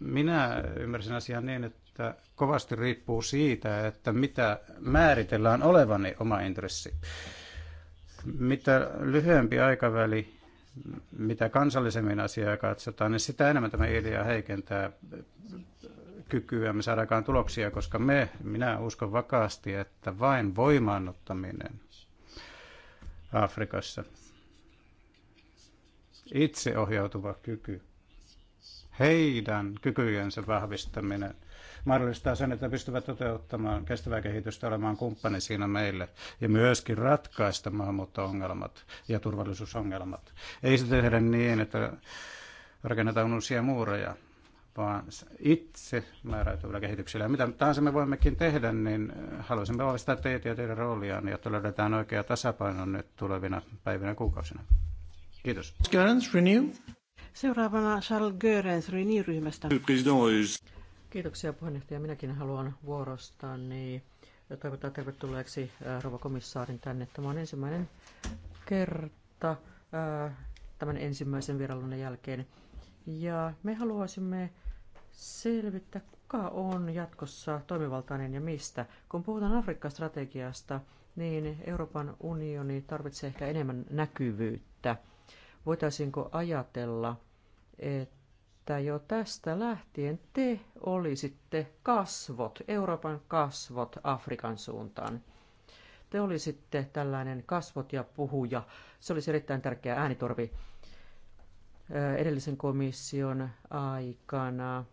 Minä ymmärsin asian niin, että kovasti riippuu siitä, että mitä määritellään olevani niin oma intressi. Mitä lyhyempi aikaväli, mitä kansallisemmin asiaa katsotaan, niin sitä enemmän tämä idea heikentää me saadaan tuloksia, koska me, minä uskon vakaasti, että vain voimaannuttaminen Afrikassa, itseohjautuva kyky, heidän kykyjensä vahvistaminen mahdollistaa sen, että pystyvät toteuttamaan kestävää kehitystä, olemaan kumppani siinä meille ja myöskin ratkaista maahanmuutto-ongelmat ja turvallisuusongelmat. Ei se tehdä niin, että rakennetaan uusia muureja vaan itse määräytyvällä kehityksellä. Ja mitä tahansa me voimmekin tehdä, niin äh, haluaisimme vahvistaa teitä ja teidän roolianne, jotta löydetään oikea tasapaino nyt tulevina päivinä ja kuukausina. Kiitos. Seuraavana Charles Görens Renew-ryhmästä. Kiitoksia puheenjohtaja. Minäkin haluan niin toivottaa tervetulleeksi äh, rouva komissaarin tänne. Tämä on ensimmäinen kerta äh, tämän ensimmäisen vierailun jälkeen. Ja me haluaisimme selvittää, kuka on jatkossa toimivaltainen ja mistä. Kun puhutaan Afrikka-strategiasta, niin Euroopan unioni tarvitsee ehkä enemmän näkyvyyttä. Voitaisiinko ajatella, että jo tästä lähtien te olisitte kasvot, Euroopan kasvot Afrikan suuntaan? Te olisitte tällainen kasvot ja puhuja. Se olisi erittäin tärkeä äänitorvi edellisen komission aikana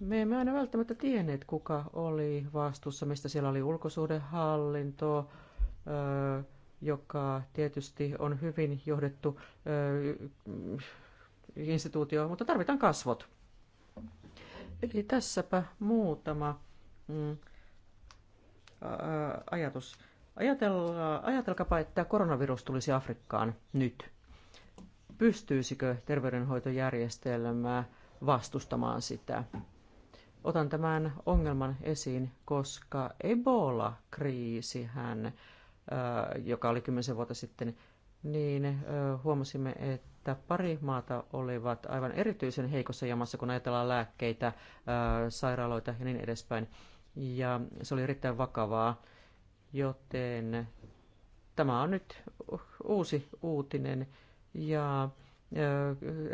me emme aina välttämättä tienneet, kuka oli vastuussa. mistä siellä oli ulkosuhdehallinto, joka tietysti on hyvin johdettu instituutio, mutta tarvitaan kasvot. Eli tässäpä muutama mm, ajatus. Ajatella, ajatelkapa, että koronavirus tulisi Afrikkaan nyt. Pystyisikö terveydenhoitojärjestelmää vastustamaan sitä? otan tämän ongelman esiin, koska Ebola-kriisihän, joka oli kymmenisen vuotta sitten, niin huomasimme, että pari maata olivat aivan erityisen heikossa jamassa, kun ajatellaan lääkkeitä, sairaaloita ja niin edespäin. Ja se oli erittäin vakavaa, joten tämä on nyt uusi uutinen ja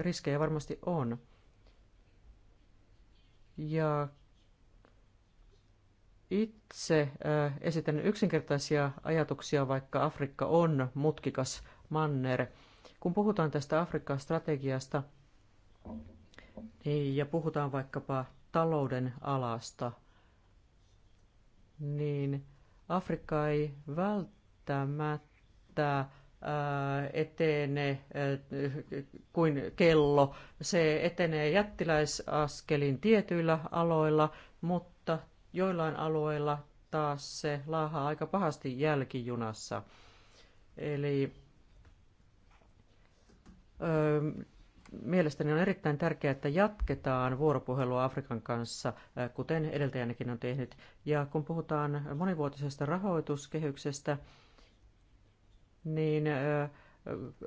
riskejä varmasti on ja itse esitän yksinkertaisia ajatuksia, vaikka Afrikka on mutkikas manner. Kun puhutaan tästä Afrikan strategiasta niin, ja puhutaan vaikkapa talouden alasta, niin Afrikka ei välttämättä Äh, etene äh, kuin kello. Se etenee jättiläisaskelin tietyillä aloilla, mutta joillain alueilla taas se laahaa aika pahasti jälkijunassa. Eli ö, mielestäni on erittäin tärkeää, että jatketaan vuoropuhelua Afrikan kanssa, kuten edeltäjänäkin on tehnyt. Ja kun puhutaan monivuotisesta rahoituskehyksestä, niin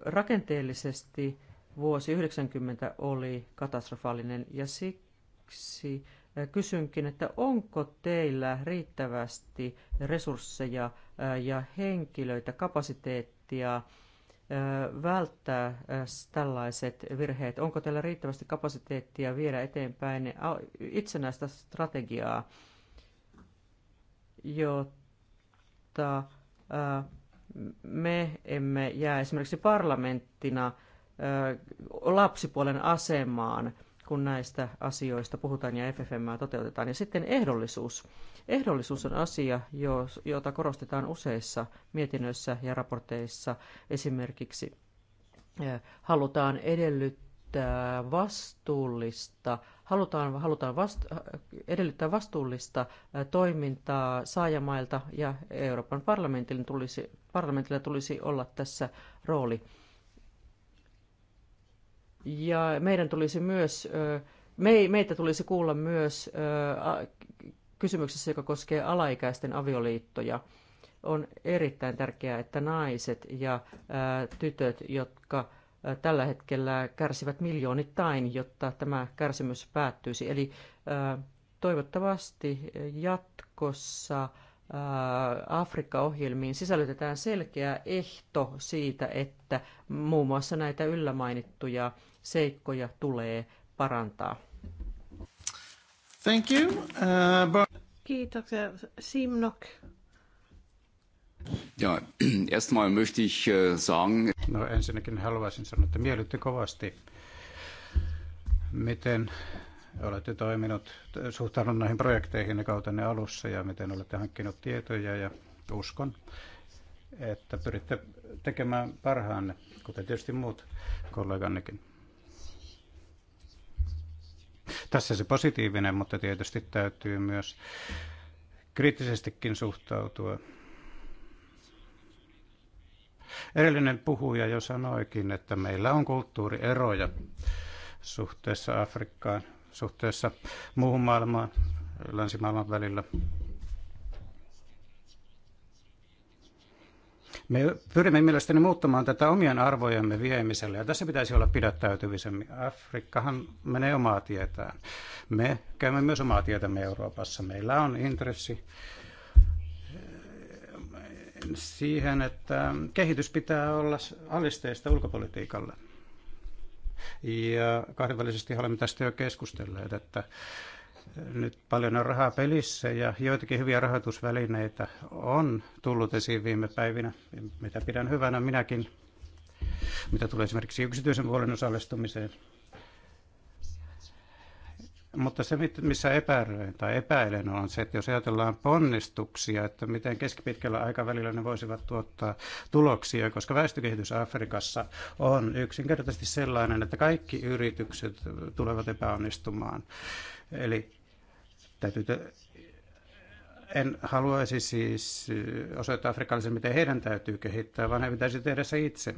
rakenteellisesti vuosi 90 oli katastrofaalinen ja siksi kysynkin, että onko teillä riittävästi resursseja ja henkilöitä, kapasiteettia välttää tällaiset virheet? Onko teillä riittävästi kapasiteettia viedä eteenpäin itsenäistä strategiaa, jotta me emme jää esimerkiksi parlamenttina lapsipuolen asemaan, kun näistä asioista puhutaan ja FFM toteutetaan. Ja sitten ehdollisuus. Ehdollisuus on asia, jota korostetaan useissa mietinnöissä ja raporteissa. Esimerkiksi halutaan edellyttää vastuullista halutaan, halutaan vastu, edellyttää vastuullista toimintaa saajamailta ja Euroopan parlamentille tulisi, parlamentille tulisi olla tässä rooli. Ja meidän tulisi myös, me, meitä tulisi kuulla myös kysymyksessä, joka koskee alaikäisten avioliittoja. On erittäin tärkeää, että naiset ja tytöt, jotka tällä hetkellä kärsivät miljoonittain, jotta tämä kärsimys päättyisi. Eli toivottavasti jatkossa Afrikka-ohjelmiin sisällytetään selkeä ehto siitä, että muun muassa näitä yllä mainittuja seikkoja tulee parantaa. Thank you. Uh, Kiitoksia. Simnok. Ja, erstmal möchte ich äh, sagen... No ensinnäkin haluaisin sanoa, että miellytti kovasti, miten olette toiminut, suhtaudun näihin projekteihin ja kautenne alussa ja miten olette hankkinut tietoja ja uskon, että pyritte tekemään parhaanne, kuten tietysti muut kollegannekin. Tässä se positiivinen, mutta tietysti täytyy myös kriittisestikin suhtautua Edellinen puhuja jo sanoikin, että meillä on kulttuurieroja suhteessa Afrikkaan, suhteessa muuhun maailmaan, länsimaailman välillä. Me pyrimme mielestäni muuttamaan tätä omien arvojemme viemisellä, ja tässä pitäisi olla pidättäytyvisemmin. Afrikkahan menee omaa tietään. Me käymme myös omaa tietämme Euroopassa. Meillä on intressi siihen, että kehitys pitää olla alisteista ulkopolitiikalle. Ja kahdenvälisesti olemme tästä jo keskustelleet, että nyt paljon on rahaa pelissä ja joitakin hyviä rahoitusvälineitä on tullut esiin viime päivinä, mitä pidän hyvänä minäkin, mitä tulee esimerkiksi yksityisen puolen osallistumiseen mutta se, missä epäröin tai epäilen, on se, että jos ajatellaan ponnistuksia, että miten keskipitkällä aikavälillä ne voisivat tuottaa tuloksia, koska väestökehitys Afrikassa on yksinkertaisesti sellainen, että kaikki yritykset tulevat epäonnistumaan. Eli täytyy en haluaisi siis osoittaa afrikkalaisille, miten heidän täytyy kehittää, vaan he pitäisi tehdä se itse.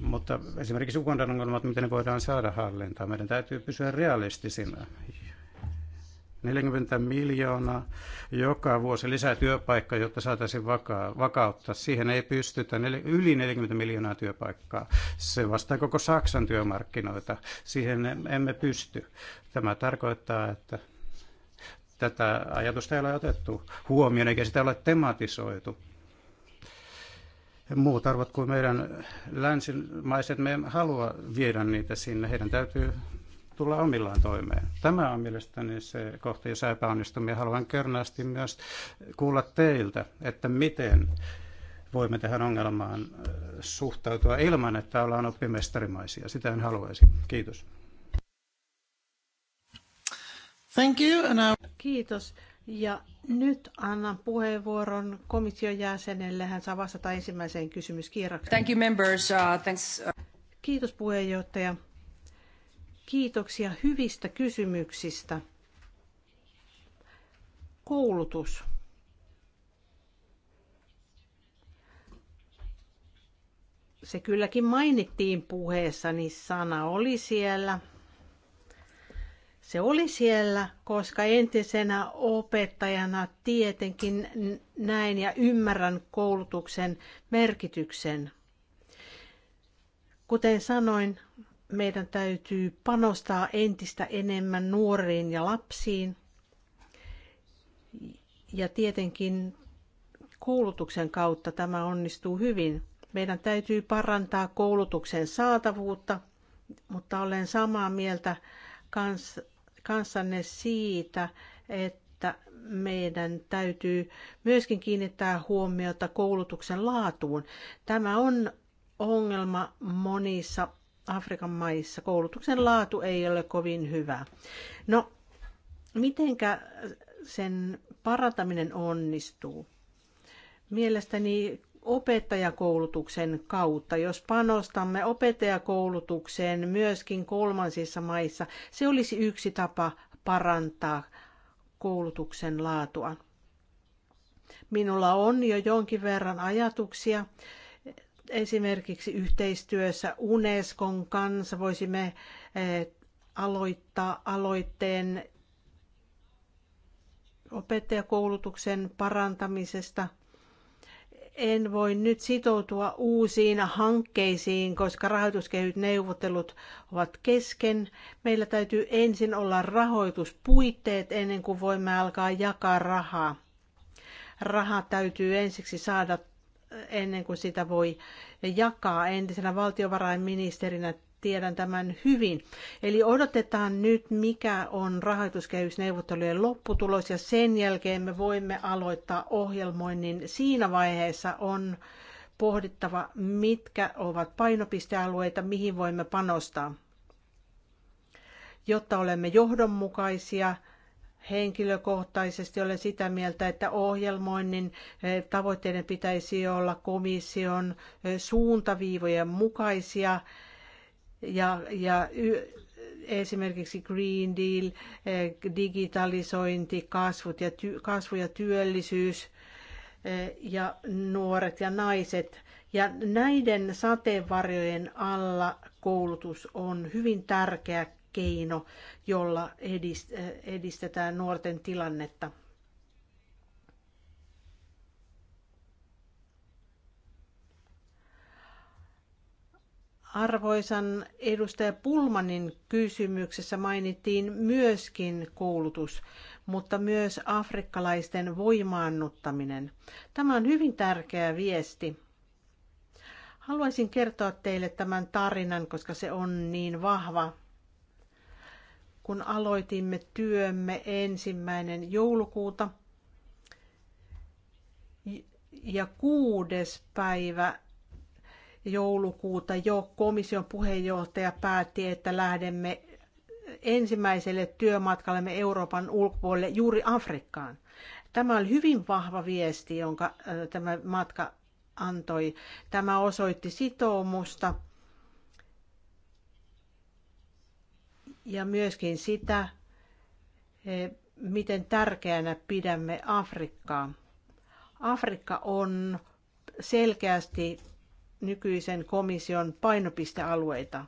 Mutta esimerkiksi Ugandan ongelmat, miten ne voidaan saada hallintaan, meidän täytyy pysyä realistisina. 40 miljoonaa joka vuosi lisää työpaikkaa, jotta saataisiin vakaa, vakautta. Siihen ei pystytä yli 40 miljoonaa työpaikkaa. Se vastaa koko Saksan työmarkkinoita. Siihen emme pysty. Tämä tarkoittaa, että tätä ajatusta ei ole otettu huomioon eikä sitä ole tematisoitu muut arvot kuin meidän länsimaiset, me emme halua viedä niitä sinne, heidän täytyy tulla omillaan toimeen. Tämä on mielestäni se kohta, jos epäonnistumme. Haluan kernaasti myös kuulla teiltä, että miten voimme tähän ongelmaan äh, suhtautua ilman, että ollaan oppimestarimaisia. Sitä en haluaisi. Kiitos. Thank you, and I... Kiitos. Ja nyt annan puheenvuoron komission jäsenelle. Hän saa vastata ensimmäiseen kysymyskierrokseen. Thank you members. Uh, thanks. Uh. Kiitos puheenjohtaja. Kiitoksia hyvistä kysymyksistä. Koulutus. Se kylläkin mainittiin puheessa, niin sana oli siellä – se oli siellä, koska entisenä opettajana tietenkin näin ja ymmärrän koulutuksen merkityksen. Kuten sanoin, meidän täytyy panostaa entistä enemmän nuoriin ja lapsiin. Ja tietenkin koulutuksen kautta tämä onnistuu hyvin. Meidän täytyy parantaa koulutuksen saatavuutta, mutta olen samaa mieltä kans kanssanne siitä, että meidän täytyy myöskin kiinnittää huomiota koulutuksen laatuun. Tämä on ongelma monissa Afrikan maissa. Koulutuksen laatu ei ole kovin hyvä. No, mitenkä sen parantaminen onnistuu? Mielestäni opettajakoulutuksen kautta. Jos panostamme opettajakoulutukseen myöskin kolmansissa maissa, se olisi yksi tapa parantaa koulutuksen laatua. Minulla on jo jonkin verran ajatuksia. Esimerkiksi yhteistyössä Unescon kanssa voisimme eh, aloittaa aloitteen opettajakoulutuksen parantamisesta – en voi nyt sitoutua uusiin hankkeisiin, koska rahoituskehysneuvottelut ovat kesken. Meillä täytyy ensin olla rahoituspuitteet ennen kuin voimme alkaa jakaa rahaa. Raha täytyy ensiksi saada ennen kuin sitä voi jakaa. Entisenä valtiovarainministerinä tiedän tämän hyvin. Eli odotetaan nyt, mikä on rahoituskehysneuvottelujen lopputulos ja sen jälkeen me voimme aloittaa ohjelmoinnin. Siinä vaiheessa on pohdittava, mitkä ovat painopistealueita, mihin voimme panostaa, jotta olemme johdonmukaisia henkilökohtaisesti olen sitä mieltä, että ohjelmoinnin eh, tavoitteiden pitäisi olla komission eh, suuntaviivojen mukaisia ja, ja y, esimerkiksi Green Deal, eh, digitalisointi, kasvut ja ty, kasvu ja työllisyys eh, ja nuoret ja naiset. Ja näiden sateenvarjojen alla koulutus on hyvin tärkeä keino, jolla eh, edistetään nuorten tilannetta. Arvoisan edustaja Pulmanin kysymyksessä mainittiin myöskin koulutus, mutta myös afrikkalaisten voimaannuttaminen. Tämä on hyvin tärkeä viesti. Haluaisin kertoa teille tämän tarinan, koska se on niin vahva. Kun aloitimme työmme ensimmäinen joulukuuta ja kuudes päivä joulukuuta jo komission puheenjohtaja päätti, että lähdemme ensimmäiselle työmatkallemme Euroopan ulkopuolelle juuri Afrikkaan. Tämä oli hyvin vahva viesti, jonka tämä matka antoi. Tämä osoitti sitoumusta ja myöskin sitä, miten tärkeänä pidämme Afrikkaa. Afrikka on selkeästi nykyisen komission painopistealueita.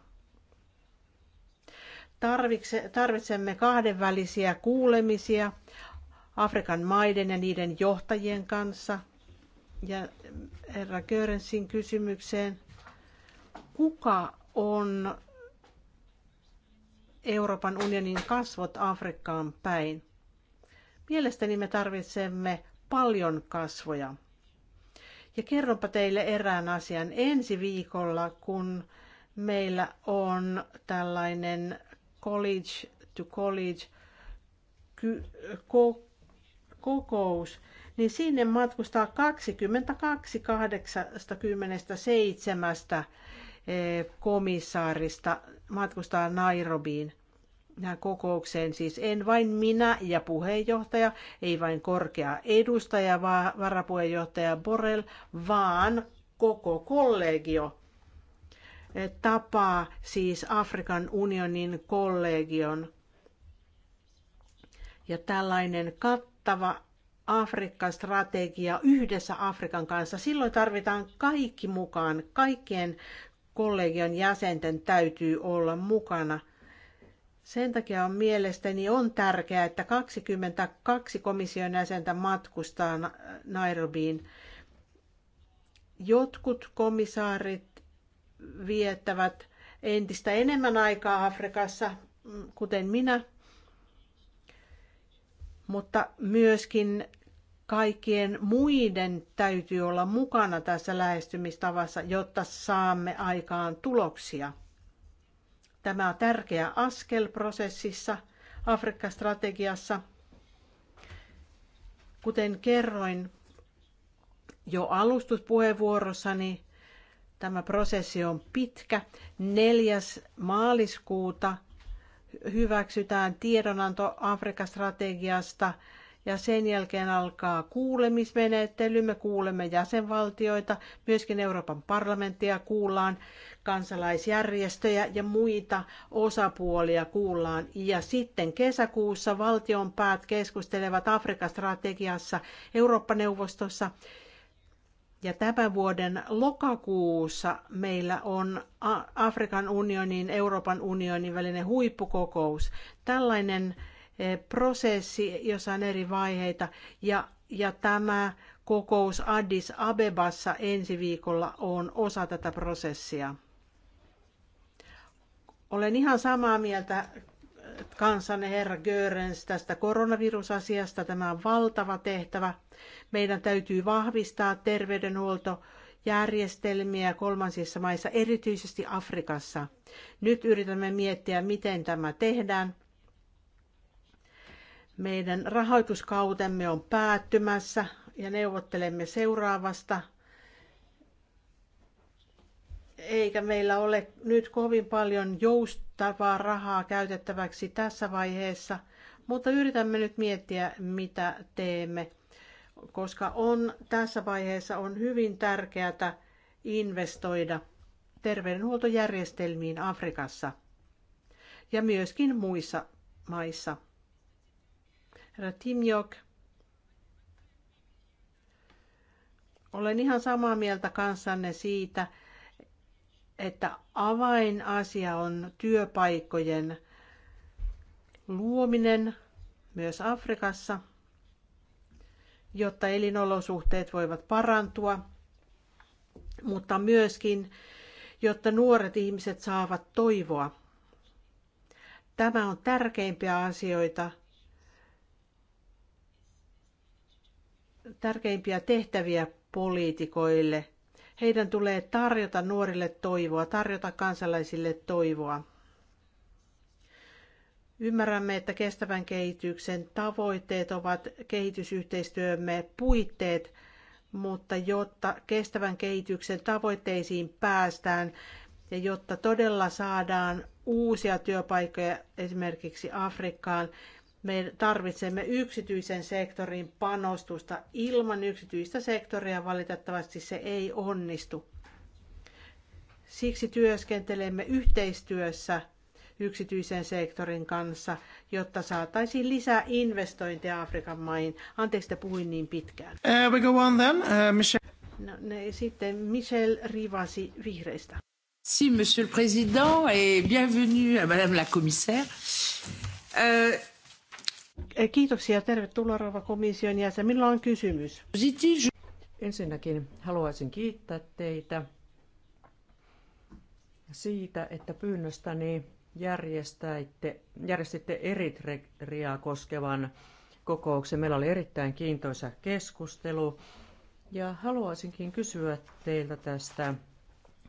Tarvitsemme kahdenvälisiä kuulemisia Afrikan maiden ja niiden johtajien kanssa. Ja herra Görensin kysymykseen, kuka on Euroopan unionin kasvot Afrikkaan päin? Mielestäni me tarvitsemme paljon kasvoja. Ja kerronpa teille erään asian. Ensi viikolla, kun meillä on tällainen college to college kokous, niin sinne matkustaa 22 87 eh, komissaarista matkustaa Nairobiin kokoukseen. Siis en vain minä ja puheenjohtaja, ei vain korkea edustaja, vaan varapuheenjohtaja Borrell, vaan koko kollegio e, tapaa siis Afrikan unionin kollegion. Ja tällainen kattava Afrikka-strategia yhdessä Afrikan kanssa, silloin tarvitaan kaikki mukaan, kaikkien kollegion jäsenten täytyy olla mukana – sen takia on mielestäni on tärkeää, että 22 komission jäsentä matkustaa Nairobiin. Jotkut komissaarit viettävät entistä enemmän aikaa Afrikassa, kuten minä, mutta myöskin kaikkien muiden täytyy olla mukana tässä lähestymistavassa, jotta saamme aikaan tuloksia. Tämä on tärkeä askel prosessissa Afrikka-strategiassa. Kuten kerroin jo alustuspuheenvuorossani, tämä prosessi on pitkä. 4. maaliskuuta hyväksytään tiedonanto Afrikka-strategiasta ja sen jälkeen alkaa kuulemismenettely. Me kuulemme jäsenvaltioita, myöskin Euroopan parlamenttia kuullaan kansalaisjärjestöjä ja muita osapuolia kuullaan. Ja sitten kesäkuussa valtion päät keskustelevat Afrikan strategiassa Eurooppa-neuvostossa. Ja tämän vuoden lokakuussa meillä on Afrikan unionin, Euroopan unionin välinen huippukokous. Tällainen e, prosessi, jossa on eri vaiheita. Ja, ja tämä kokous Addis Abebassa ensi viikolla on osa tätä prosessia. Olen ihan samaa mieltä kansanne herra Görens tästä koronavirusasiasta. Tämä on valtava tehtävä. Meidän täytyy vahvistaa terveydenhuolto järjestelmiä kolmansissa maissa, erityisesti Afrikassa. Nyt yritämme miettiä, miten tämä tehdään. Meidän rahoituskautemme on päättymässä ja neuvottelemme seuraavasta eikä meillä ole nyt kovin paljon joustavaa rahaa käytettäväksi tässä vaiheessa, mutta yritämme nyt miettiä, mitä teemme, koska on, tässä vaiheessa on hyvin tärkeää investoida terveydenhuoltojärjestelmiin Afrikassa ja myöskin muissa maissa. Ratimjok, olen ihan samaa mieltä kanssanne siitä, että avainasia on työpaikkojen luominen myös Afrikassa, jotta elinolosuhteet voivat parantua, mutta myöskin, jotta nuoret ihmiset saavat toivoa. Tämä on tärkeimpiä asioita, tärkeimpiä tehtäviä poliitikoille heidän tulee tarjota nuorille toivoa, tarjota kansalaisille toivoa. Ymmärrämme, että kestävän kehityksen tavoitteet ovat kehitysyhteistyömme puitteet, mutta jotta kestävän kehityksen tavoitteisiin päästään ja jotta todella saadaan uusia työpaikkoja esimerkiksi Afrikkaan, me tarvitsemme yksityisen sektorin panostusta. Ilman yksityistä sektoria valitettavasti se ei onnistu. Siksi työskentelemme yhteistyössä yksityisen sektorin kanssa, jotta saataisiin lisää investointeja Afrikan maihin. Anteeksi, että puhuin niin pitkään. Uh, we go on then, uh, Michel. No, ne, sitten Michel Rivasi vihreistä. Si, monsieur le président, et bienvenue à madame la commissaire. Uh, Kiitoksia ja tervetuloa Rova komission jäsen. Minulla on kysymys. Ensinnäkin haluaisin kiittää teitä siitä, että pyynnöstäni järjestitte Eritreaa koskevan kokouksen. Meillä oli erittäin kiintoisa keskustelu ja haluaisinkin kysyä teiltä tästä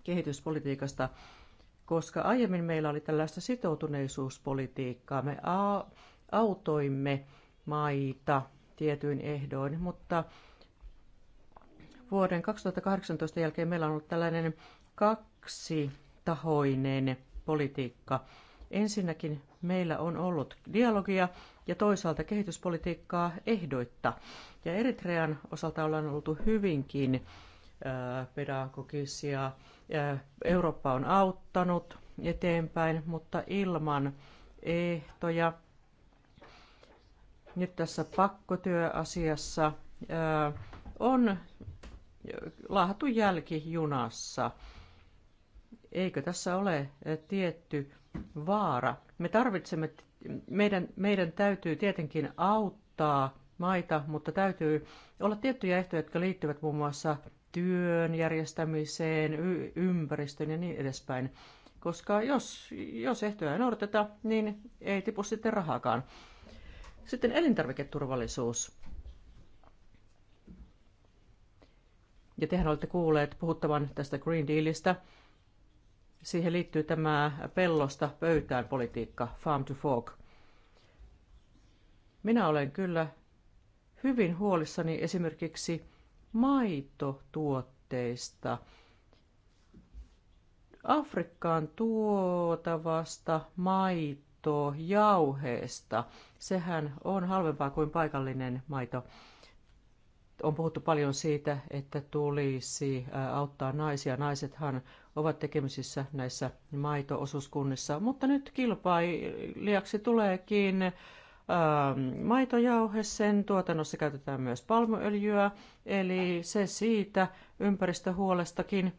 kehityspolitiikasta, koska aiemmin meillä oli tällaista sitoutuneisuuspolitiikkaa. Me autoimme maita tietyin ehdoin, mutta vuoden 2018 jälkeen meillä on ollut tällainen kaksitahoinen politiikka. Ensinnäkin meillä on ollut dialogia ja toisaalta kehityspolitiikkaa ehdoitta. Ja Eritrean osalta ollaan oltu hyvinkin pedagogisia. Eurooppa on auttanut eteenpäin, mutta ilman ehtoja nyt tässä pakkotyöasiassa on laahatu jälki junassa. Eikö tässä ole tietty vaara? Me tarvitsemme, meidän, meidän täytyy tietenkin auttaa maita, mutta täytyy olla tiettyjä ehtoja, jotka liittyvät muun muassa työn järjestämiseen, y- ympäristön ja niin edespäin. Koska jos, jos ehtoja ei noudateta, niin ei tipu sitten rahakaan. Sitten elintarviketurvallisuus. Ja tehän olette kuulleet puhuttavan tästä Green Dealista. Siihen liittyy tämä pellosta pöytään politiikka, farm to fork. Minä olen kyllä hyvin huolissani esimerkiksi maitotuotteista, Afrikkaan tuotavasta maitoa kertoo jauheesta. Sehän on halvempaa kuin paikallinen maito. On puhuttu paljon siitä, että tulisi auttaa naisia. Naisethan ovat tekemisissä näissä maitoosuuskunnissa, mutta nyt kilpailijaksi tuleekin maitojauhe, sen tuotannossa käytetään myös palmuöljyä, eli se siitä ympäristöhuolestakin.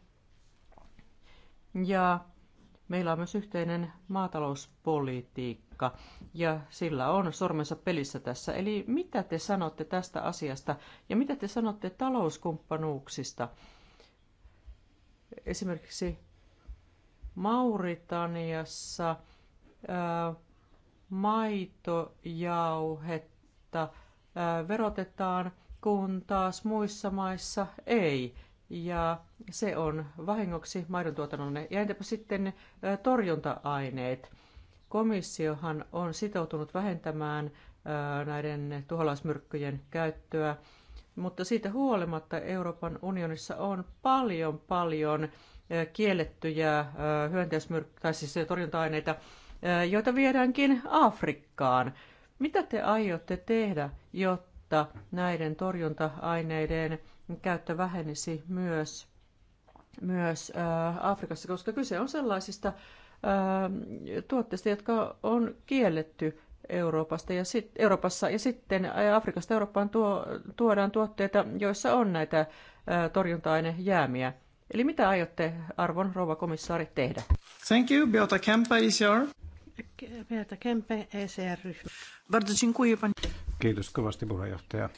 Ja Meillä on myös yhteinen maatalouspolitiikka ja sillä on sormensa pelissä tässä. Eli mitä te sanotte tästä asiasta ja mitä te sanotte talouskumppanuuksista? Esimerkiksi Mauritaniassa ää, maitojauhetta ää, verotetaan, kun taas muissa maissa ei ja se on vahingoksi maidontuotannolle. Ja entäpä sitten torjunta-aineet? Komissiohan on sitoutunut vähentämään näiden tuholaismyrkkyjen käyttöä, mutta siitä huolimatta Euroopan unionissa on paljon paljon kiellettyjä hyönteismyrkkyjä, tai siis torjunta-aineita, joita viedäänkin Afrikkaan. Mitä te aiotte tehdä, jotta näiden torjunta-aineiden käyttö vähenisi myös, myös Afrikassa, koska kyse on sellaisista tuotteista, jotka on kielletty Euroopasta ja sit, Euroopassa ja sitten Afrikasta Eurooppaan tuo, tuodaan tuotteita, joissa on näitä torjunta-ainejäämiä. Eli mitä aiotte, arvon rouva komissaari, tehdä? Thank you, Beata Kempe, ECR. Beata Kempe, ECR-ryhmä. Kiitos kovasti, puheenjohtaja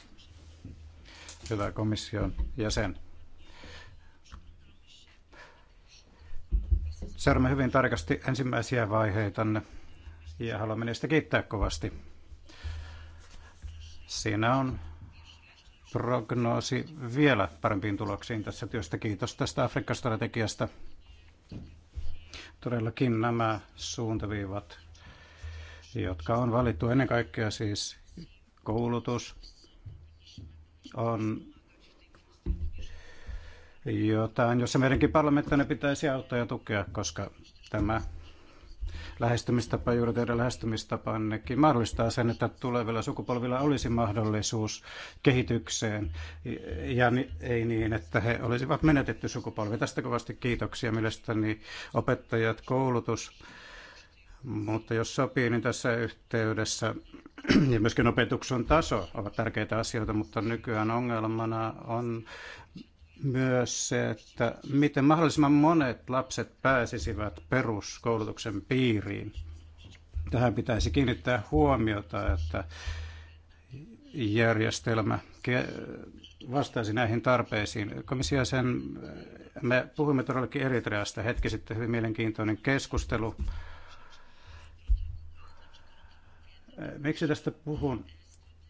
hyvä komission jäsen. Seuraamme hyvin tarkasti ensimmäisiä vaiheitanne ja haluamme niistä kiittää kovasti. Siinä on prognoosi vielä parempiin tuloksiin tässä työstä. Kiitos tästä Afrikka-strategiasta. Todellakin nämä suuntaviivat, jotka on valittu ennen kaikkea siis koulutus, on jotain, jossa meidänkin parlamenttina pitäisi auttaa ja tukea, koska tämä lähestymistapa, juuri teidän lähestymistapannekin mahdollistaa sen, että tulevilla sukupolvilla olisi mahdollisuus kehitykseen ja ei niin, että he olisivat menetetty sukupolvi. Tästä kovasti kiitoksia. Mielestäni opettajat, koulutus, mutta jos sopii, niin tässä yhteydessä ja myöskin opetuksen taso ovat tärkeitä asioita, mutta nykyään ongelmana on myös se, että miten mahdollisimman monet lapset pääsisivät peruskoulutuksen piiriin. Tähän pitäisi kiinnittää huomiota, että järjestelmä vastaisi näihin tarpeisiin. Komissio sen, me puhumme todellakin Eritreasta hetki sitten, hyvin mielenkiintoinen keskustelu Äh, miksi tästä puhun?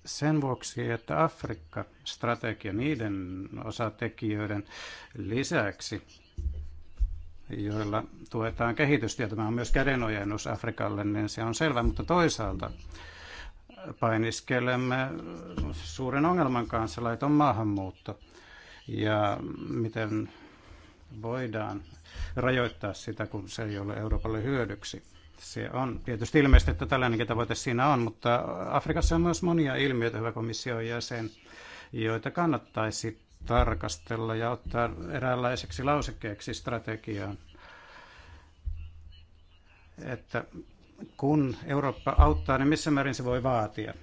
Sen vuoksi, että Afrikka-strategia niiden osatekijöiden lisäksi, joilla tuetaan kehitystä, ja tämä on myös kädenojennus Afrikalle, niin se on selvä, mutta toisaalta painiskelemme suuren ongelman kanssa, laiton maahanmuutto, ja miten voidaan rajoittaa sitä, kun se ei ole Euroopalle hyödyksi se on tietysti ilmeistä, että tällainenkin tavoite siinä on, mutta Afrikassa on myös monia ilmiöitä, hyvä komission jäsen, joita kannattaisi tarkastella ja ottaa eräänlaiseksi lausekkeeksi strategiaan. Että kun Eurooppa auttaa, niin missä määrin se voi vaatia?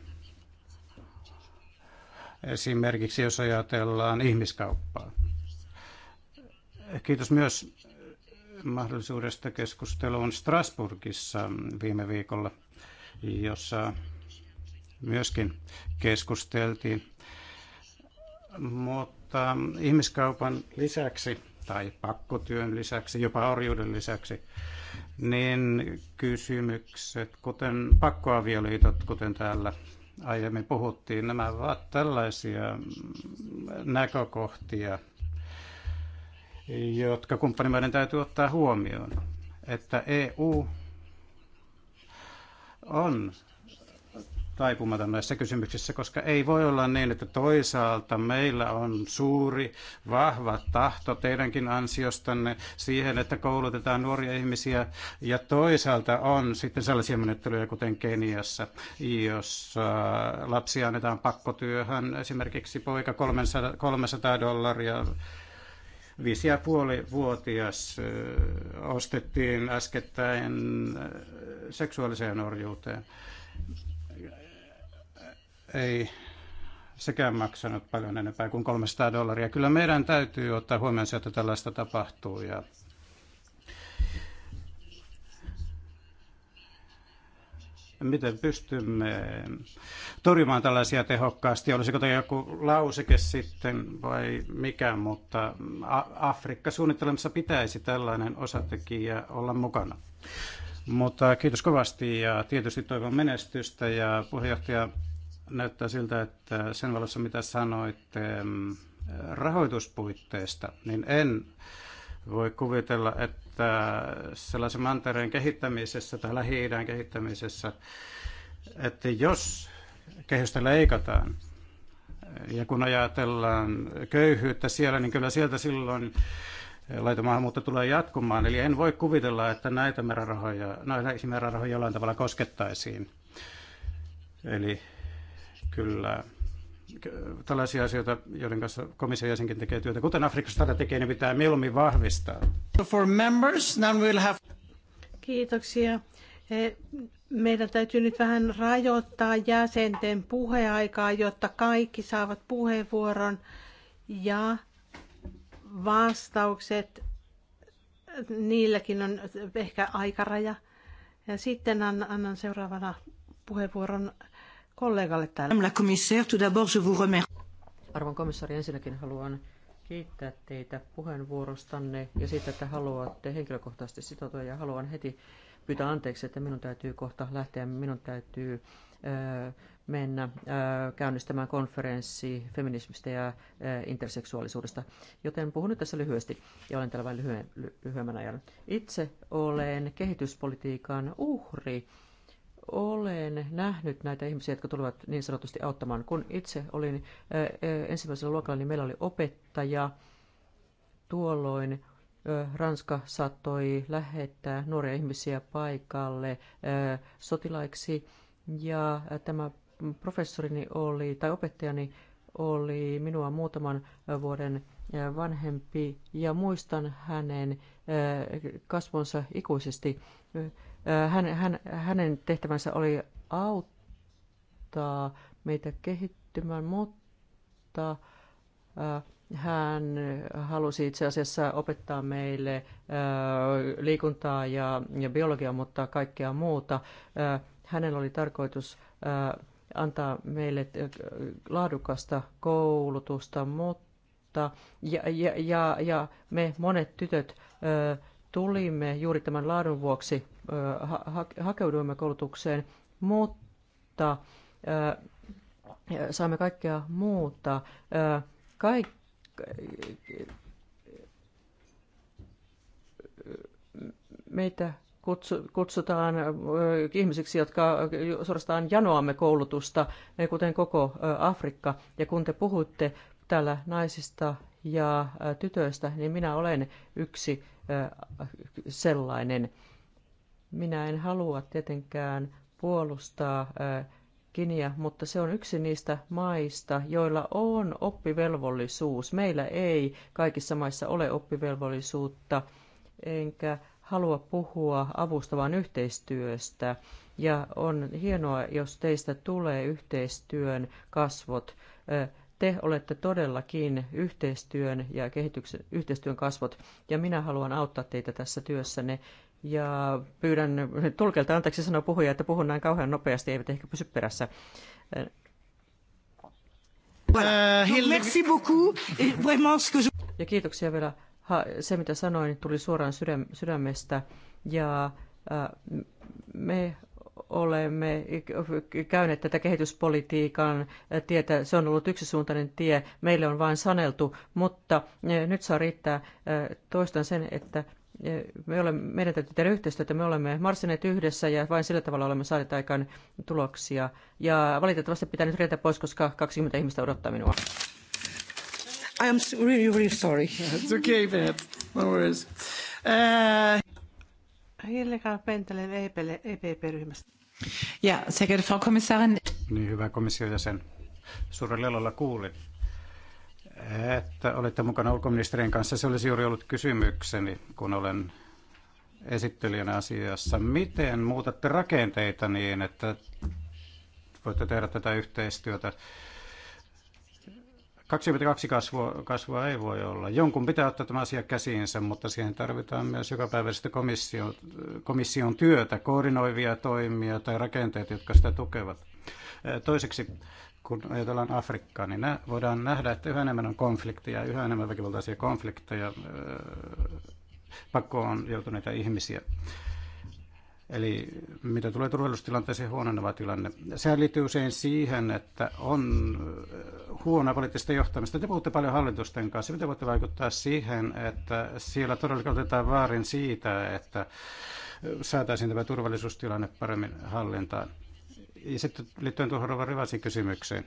Esimerkiksi jos ajatellaan ihmiskauppaa. Kiitos myös mahdollisuudesta keskusteluun Strasburgissa viime viikolla, jossa myöskin keskusteltiin. Mutta ihmiskaupan lisäksi tai pakkotyön lisäksi, jopa orjuuden lisäksi, niin kysymykset, kuten pakkoavioliitot, kuten täällä aiemmin puhuttiin, nämä ovat tällaisia näkökohtia, jotka kumppanimaiden täytyy ottaa huomioon, että EU on taipumaton näissä kysymyksissä, koska ei voi olla niin, että toisaalta meillä on suuri, vahva tahto teidänkin ansiostanne siihen, että koulutetaan nuoria ihmisiä, ja toisaalta on sitten sellaisia menettelyjä, kuten Keniassa, jos lapsia annetaan pakkotyöhön, esimerkiksi poika 300 dollaria Viisi ja puoli vuotias ostettiin äskettäin seksuaaliseen orjuuteen. Ei sekään maksanut paljon enempää kuin 300 dollaria. Kyllä meidän täytyy ottaa huomioon se, että tällaista tapahtuu ja miten pystymme torjumaan tällaisia tehokkaasti. Olisiko joku lauseke sitten vai mikä, mutta Afrikka-suunnittelemassa pitäisi tällainen osatekijä olla mukana. Mutta kiitos kovasti ja tietysti toivon menestystä ja puheenjohtaja näyttää siltä, että sen valossa mitä sanoitte mm, rahoituspuitteista, niin en voi kuvitella, että sellaisen mantereen kehittämisessä tai lähi kehittämisessä, että jos kehystä leikataan, ja kun ajatellaan köyhyyttä siellä, niin kyllä sieltä silloin laitomaahanmuutto tulee jatkumaan. Eli en voi kuvitella, että näitä määrärahoja, näitä määrärahoja jollain tavalla koskettaisiin. Eli kyllä tällaisia asioita, joiden kanssa komission jäsenkin tekee työtä. Kuten Afrikassa tätä tekee, niin pitää mieluummin vahvistaa. For members, we'll have... Kiitoksia. E, meidän täytyy nyt vähän rajoittaa jäsenten puheaikaa, jotta kaikki saavat puheenvuoron ja vastaukset. Niilläkin on ehkä aikaraja. Ja sitten annan seuraavana puheenvuoron kollegalle täällä. La commissaire, tout d'abord je vous remercie. Arvon komissaari, ensinnäkin haluan kiittää teitä puheenvuorostanne ja siitä, että haluatte henkilökohtaisesti sitoutua ja haluan heti pyytää anteeksi, että minun täytyy kohta lähteä, minun täytyy mennä käynnistämään konferenssi feminismistä ja interseksuaalisuudesta. Joten puhun nyt tässä lyhyesti ja olen täällä vain lyhyen, lyhyemmän ajan. Itse olen kehityspolitiikan uhri olen nähnyt näitä ihmisiä, jotka tulevat niin sanotusti auttamaan. Kun itse olin eh, eh, ensimmäisellä luokalla, niin meillä oli opettaja. Tuolloin eh, Ranska saattoi lähettää nuoria ihmisiä paikalle sotilaiksi. Ja tämä professorini oli, tai opettajani oli minua muutaman vuoden vanhempi ja muistan hänen kasvonsa ikuisesti. Hän, hän, hänen tehtävänsä oli auttaa meitä kehittymään, mutta äh, hän halusi itse asiassa opettaa meille äh, liikuntaa ja, ja biologiaa, mutta kaikkea muuta. Äh, hänellä oli tarkoitus antaa meille laadukasta koulutusta, mutta ja, ja, ja, ja me monet tytöt tulimme juuri tämän laadun vuoksi hakeuduimme koulutukseen, mutta saimme kaikkea muuta. Kaik, meitä kutsutaan ihmisiksi, jotka suorastaan janoamme koulutusta, kuten koko Afrikka. Ja kun te puhutte täällä naisista ja tytöistä, niin minä olen yksi sellainen. Minä en halua tietenkään puolustaa äh, Kiniä, mutta se on yksi niistä maista, joilla on oppivelvollisuus. Meillä ei kaikissa maissa ole oppivelvollisuutta, enkä halua puhua avustavan yhteistyöstä. Ja on hienoa, jos teistä tulee yhteistyön kasvot. Te olette todellakin yhteistyön ja kehityksen, yhteistyön kasvot, ja minä haluan auttaa teitä tässä työssänne. Ja pyydän tulkelta anteeksi sanoa puhuja, että puhun näin kauhean nopeasti, eivät ehkä pysy perässä. Euh, merci beaucoup. Ja kiitoksia vielä. Ha, se, mitä sanoin, tuli suoraan sydäm, sydämestä. Ja äh, me olemme käyneet tätä kehityspolitiikan tietä. Se on ollut yksisuuntainen tie. Meille on vain saneltu, mutta äh, nyt saa riittää. Äh, toistan sen, että me olemme, meidän täytyy tehdä yhteistyötä. Me olemme marssineet yhdessä ja vain sillä tavalla olemme saaneet aikaan tuloksia. Ja valitettavasti pitää nyt rientää pois, koska 20 ihmistä odottaa minua. I am really, really sorry. It's okay, Beth. No worries. Uh... Eh. Pentelen EPP-ryhmästä. E ja, sehr geehrte Frau Kommissarin. Niin, hyvä komission jäsen. Suurella lailla kuulin, että olette mukana ulkoministerin kanssa. Se olisi juuri ollut kysymykseni, kun olen esittelijänä asiassa. Miten muutatte rakenteita niin, että voitte tehdä tätä yhteistyötä? 22 kasvua, kasvua ei voi olla. Jonkun pitää ottaa tämä asia käsiinsä, mutta siihen tarvitaan myös jokapäiväistä komission, komission työtä, koordinoivia toimia tai rakenteita, jotka sitä tukevat. Toiseksi kun ajatellaan Afrikkaa, niin nä- voidaan nähdä, että yhä enemmän on konflikteja, yhä enemmän väkivaltaisia konflikteja, öö, pakoon joutuneita ihmisiä. Eli mitä tulee turvallisuustilanteeseen, huononeva tilanne. Sehän liittyy usein siihen, että on öö, huonoa poliittista johtamista. Te puhutte paljon hallitusten kanssa. Miten voitte vaikuttaa siihen, että siellä todellakin otetaan vaarin siitä, että saataisiin tämä turvallisuustilanne paremmin hallintaan? Ja sitten liittyen tuohon Rova Rivasin kysymykseen.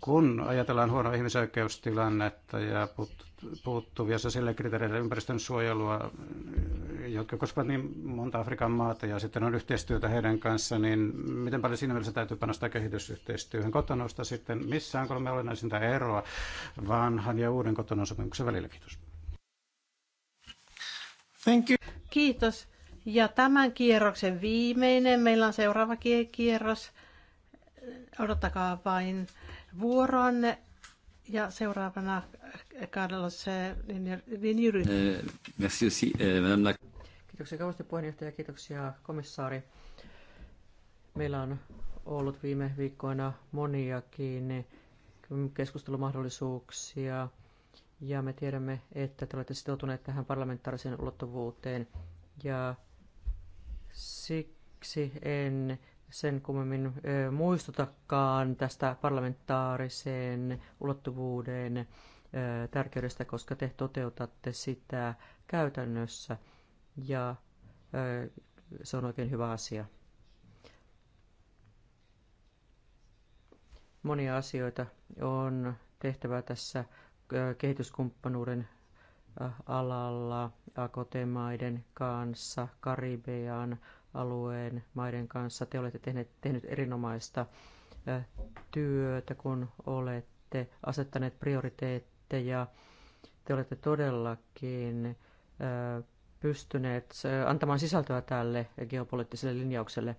Kun ajatellaan huonoa ihmisoikeustilannetta ja puuttuvia sosiaalisia kriteereitä ympäristön suojelua, jotka koskevat niin monta Afrikan maata ja sitten on yhteistyötä heidän kanssa, niin miten paljon siinä mielessä täytyy panostaa kehitysyhteistyöhön kotonosta sitten? Missä on kolme olennaisinta eroa vanhan ja uuden kotonon sopimuksen välillä? Kiitos. Thank you. Kiitos. Ja tämän kierroksen viimeinen, meillä on seuraava kierros. Odottakaa vain vuoroanne. Ja seuraavana Carlos Vinjury. Eh, eh, merci aussi, eh, madame Kiitoksia kovasti puheenjohtaja, kiitoksia komissaari. Meillä on ollut viime viikkoina moniakin keskustelumahdollisuuksia ja me tiedämme, että te olette sitoutuneet tähän parlamentaariseen ulottuvuuteen ja Siksi en sen kummemmin muistutakaan tästä parlamentaariseen ulottuvuuden tärkeydestä, koska te toteutatte sitä käytännössä ja se on oikein hyvä asia. Monia asioita on tehtävä tässä kehityskumppanuuden alalla AKT-maiden kanssa, Karibean alueen maiden kanssa. Te olette tehneet, tehneet erinomaista työtä, kun olette asettaneet prioriteetteja. Te olette todellakin pystyneet antamaan sisältöä tälle geopoliittiselle linjaukselle.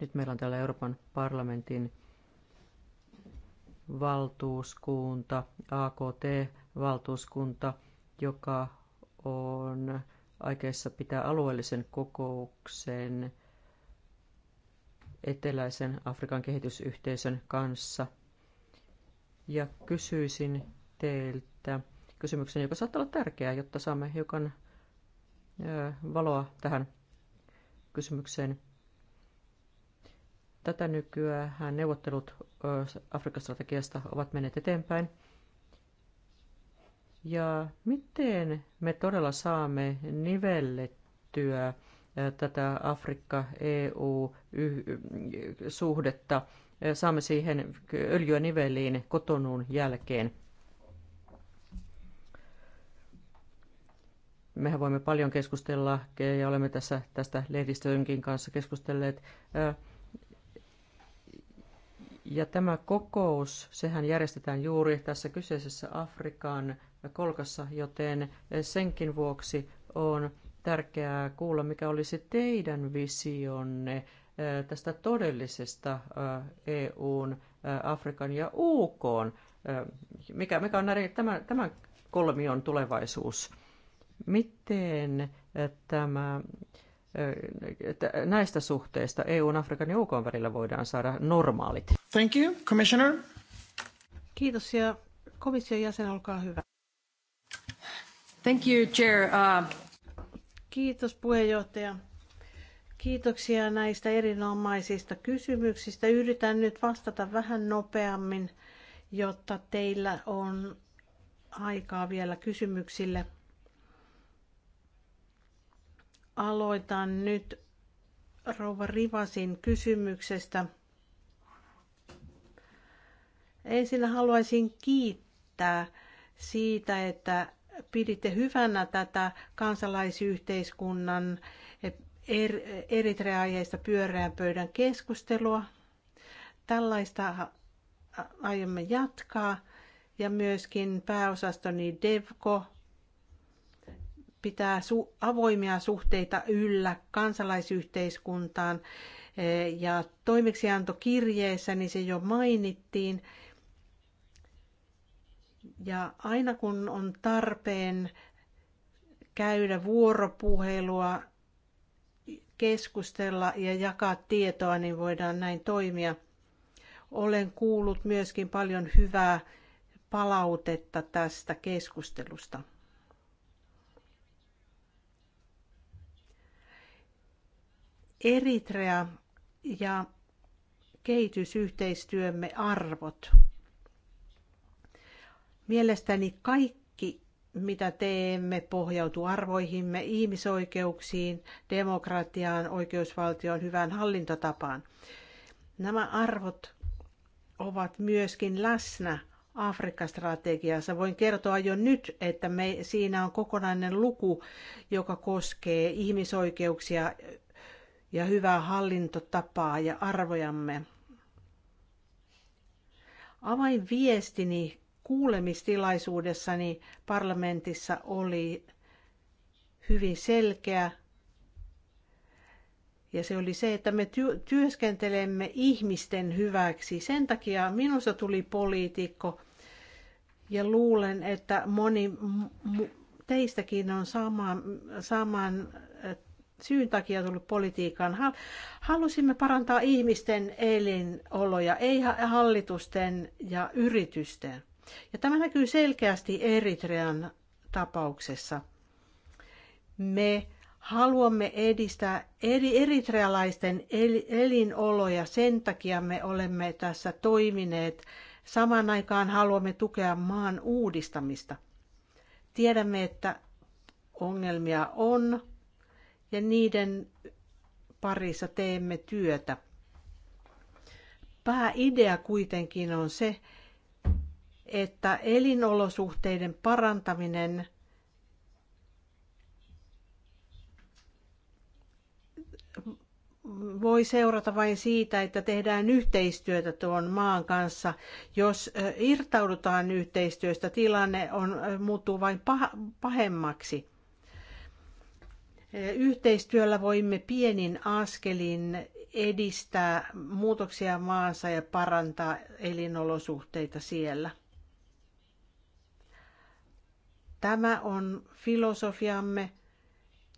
Nyt meillä on täällä Euroopan parlamentin valtuuskunta AKT valtuuskunta, joka on aikeissa pitää alueellisen kokouksen eteläisen Afrikan kehitysyhteisön kanssa. Ja kysyisin teiltä kysymyksen, joka saattaa olla tärkeää, jotta saamme hiukan valoa tähän kysymykseen. Tätä nykyään neuvottelut Afrikan strategiasta ovat menneet eteenpäin. Ja miten me todella saamme nivellettyä tätä Afrikka-EU-suhdetta, saamme siihen öljyä niveliin kotonuun jälkeen. Mehän voimme paljon keskustella ja olemme tässä tästä lehdistönkin kanssa keskustelleet. Ja tämä kokous, sehän järjestetään juuri tässä kyseisessä Afrikan kolkassa, joten senkin vuoksi on tärkeää kuulla, mikä olisi teidän visionne eh, tästä todellisesta eh, EUn, eh, Afrikan ja UK, mikä, mikä on näiden, tämän, tämän kolmion tulevaisuus. Miten tämä, näistä suhteista EUn, Afrikan ja UK välillä voidaan saada normaalit? Thank you, Commissioner. Kiitos ja komission jäsen, olkaa hyvä. Thank you, Chair. Uh... Kiitos puheenjohtaja. Kiitoksia näistä erinomaisista kysymyksistä. Yritän nyt vastata vähän nopeammin, jotta teillä on aikaa vielä kysymyksille. Aloitan nyt rouva Rivasin kysymyksestä. Ensin haluaisin kiittää siitä, että piditte hyvänä tätä kansalaisyhteiskunnan er-, Eritrea-aiheista pyöreän pöydän keskustelua. Tällaista aiomme jatkaa ja myöskin pääosastoni DEVKO pitää su- avoimia suhteita yllä kansalaisyhteiskuntaan e, ja toimeksiantokirjeessä, niin se jo mainittiin, ja aina kun on tarpeen käydä vuoropuhelua, keskustella ja jakaa tietoa, niin voidaan näin toimia. Olen kuullut myöskin paljon hyvää palautetta tästä keskustelusta. Eritrea ja kehitysyhteistyömme arvot. Mielestäni kaikki, mitä teemme, pohjautuu arvoihimme, ihmisoikeuksiin, demokratiaan, oikeusvaltioon, hyvään hallintotapaan. Nämä arvot ovat myöskin läsnä Afrikka-strategiassa. Voin kertoa jo nyt, että me, siinä on kokonainen luku, joka koskee ihmisoikeuksia ja hyvää hallintotapaa ja arvojamme. Avainviestini kuulemistilaisuudessani parlamentissa oli hyvin selkeä. Ja se oli se, että me työskentelemme ihmisten hyväksi. Sen takia minusta tuli poliitikko ja luulen, että moni teistäkin on samaan, saman äh, syyn takia tullut politiikkaan. Halusimme parantaa ihmisten elinoloja, ei hallitusten ja yritysten. Ja tämä näkyy selkeästi Eritrean tapauksessa. Me haluamme edistää eri eritrealaisten elinoloja, sen takia me olemme tässä toimineet. Samaan aikaan haluamme tukea maan uudistamista. Tiedämme, että ongelmia on ja niiden parissa teemme työtä. Pääidea kuitenkin on se, että elinolosuhteiden parantaminen voi seurata vain siitä, että tehdään yhteistyötä tuon maan kanssa. Jos irtaudutaan yhteistyöstä, tilanne on, muuttuu vain pahemmaksi. Yhteistyöllä voimme pienin askelin edistää muutoksia maassa ja parantaa elinolosuhteita siellä. Tämä on filosofiamme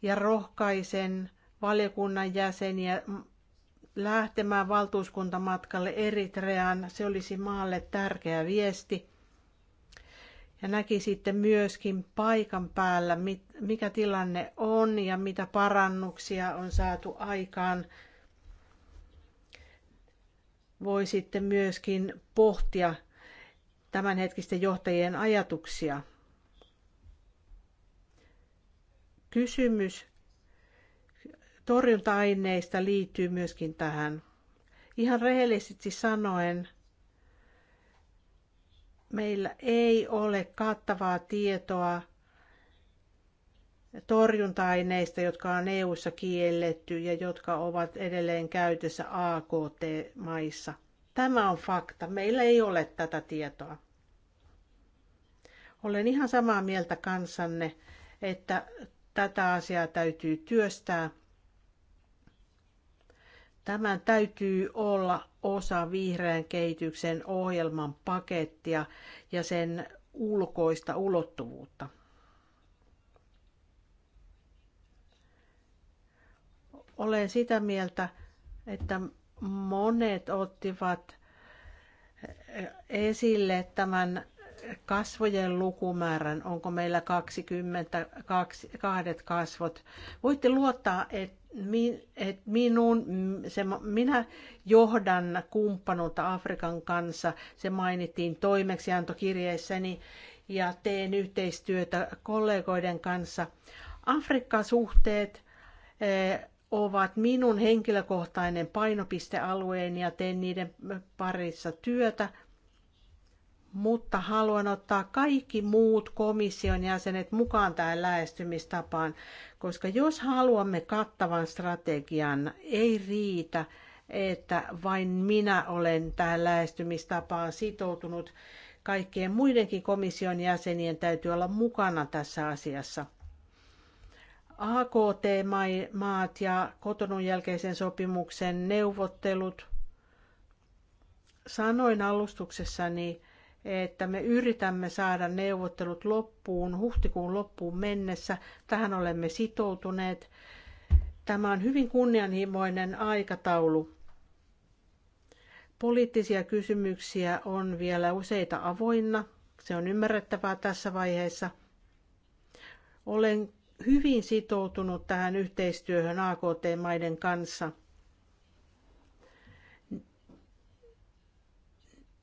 ja rohkaisen valiokunnan jäseniä lähtemään valtuuskuntamatkalle Eritreaan. Se olisi maalle tärkeä viesti. Ja näki sitten myöskin paikan päällä, mikä tilanne on ja mitä parannuksia on saatu aikaan. Voi sitten myöskin pohtia tämänhetkisten johtajien ajatuksia. Kysymys torjunta-aineista liittyy myöskin tähän. Ihan rehellisesti sanoen, meillä ei ole kattavaa tietoa torjunta-aineista, jotka on EU-ssa kielletty ja jotka ovat edelleen käytössä AKT-maissa. Tämä on fakta. Meillä ei ole tätä tietoa. Olen ihan samaa mieltä kanssanne, että Tätä asiaa täytyy työstää. Tämän täytyy olla osa vihreän kehityksen ohjelman pakettia ja sen ulkoista ulottuvuutta. Olen sitä mieltä, että monet ottivat esille tämän kasvojen lukumäärän, onko meillä 22 kahdet kasvot. Voitte luottaa, että et minun, se, minä johdan kumppanuutta Afrikan kanssa. Se mainittiin toimeksiantokirjeessäni ja teen yhteistyötä kollegoiden kanssa. Afrikka-suhteet eh, ovat minun henkilökohtainen painopistealueeni ja teen niiden parissa työtä – mutta haluan ottaa kaikki muut komission jäsenet mukaan tähän lähestymistapaan, koska jos haluamme kattavan strategian, ei riitä, että vain minä olen tähän lähestymistapaan sitoutunut. Kaikkien muidenkin komission jäsenien täytyy olla mukana tässä asiassa. AKT-maat ja kotonun jälkeisen sopimuksen neuvottelut. Sanoin alustuksessani, että me yritämme saada neuvottelut loppuun, huhtikuun loppuun mennessä. Tähän olemme sitoutuneet. Tämä on hyvin kunnianhimoinen aikataulu. Poliittisia kysymyksiä on vielä useita avoinna. Se on ymmärrettävää tässä vaiheessa. Olen hyvin sitoutunut tähän yhteistyöhön AKT-maiden kanssa.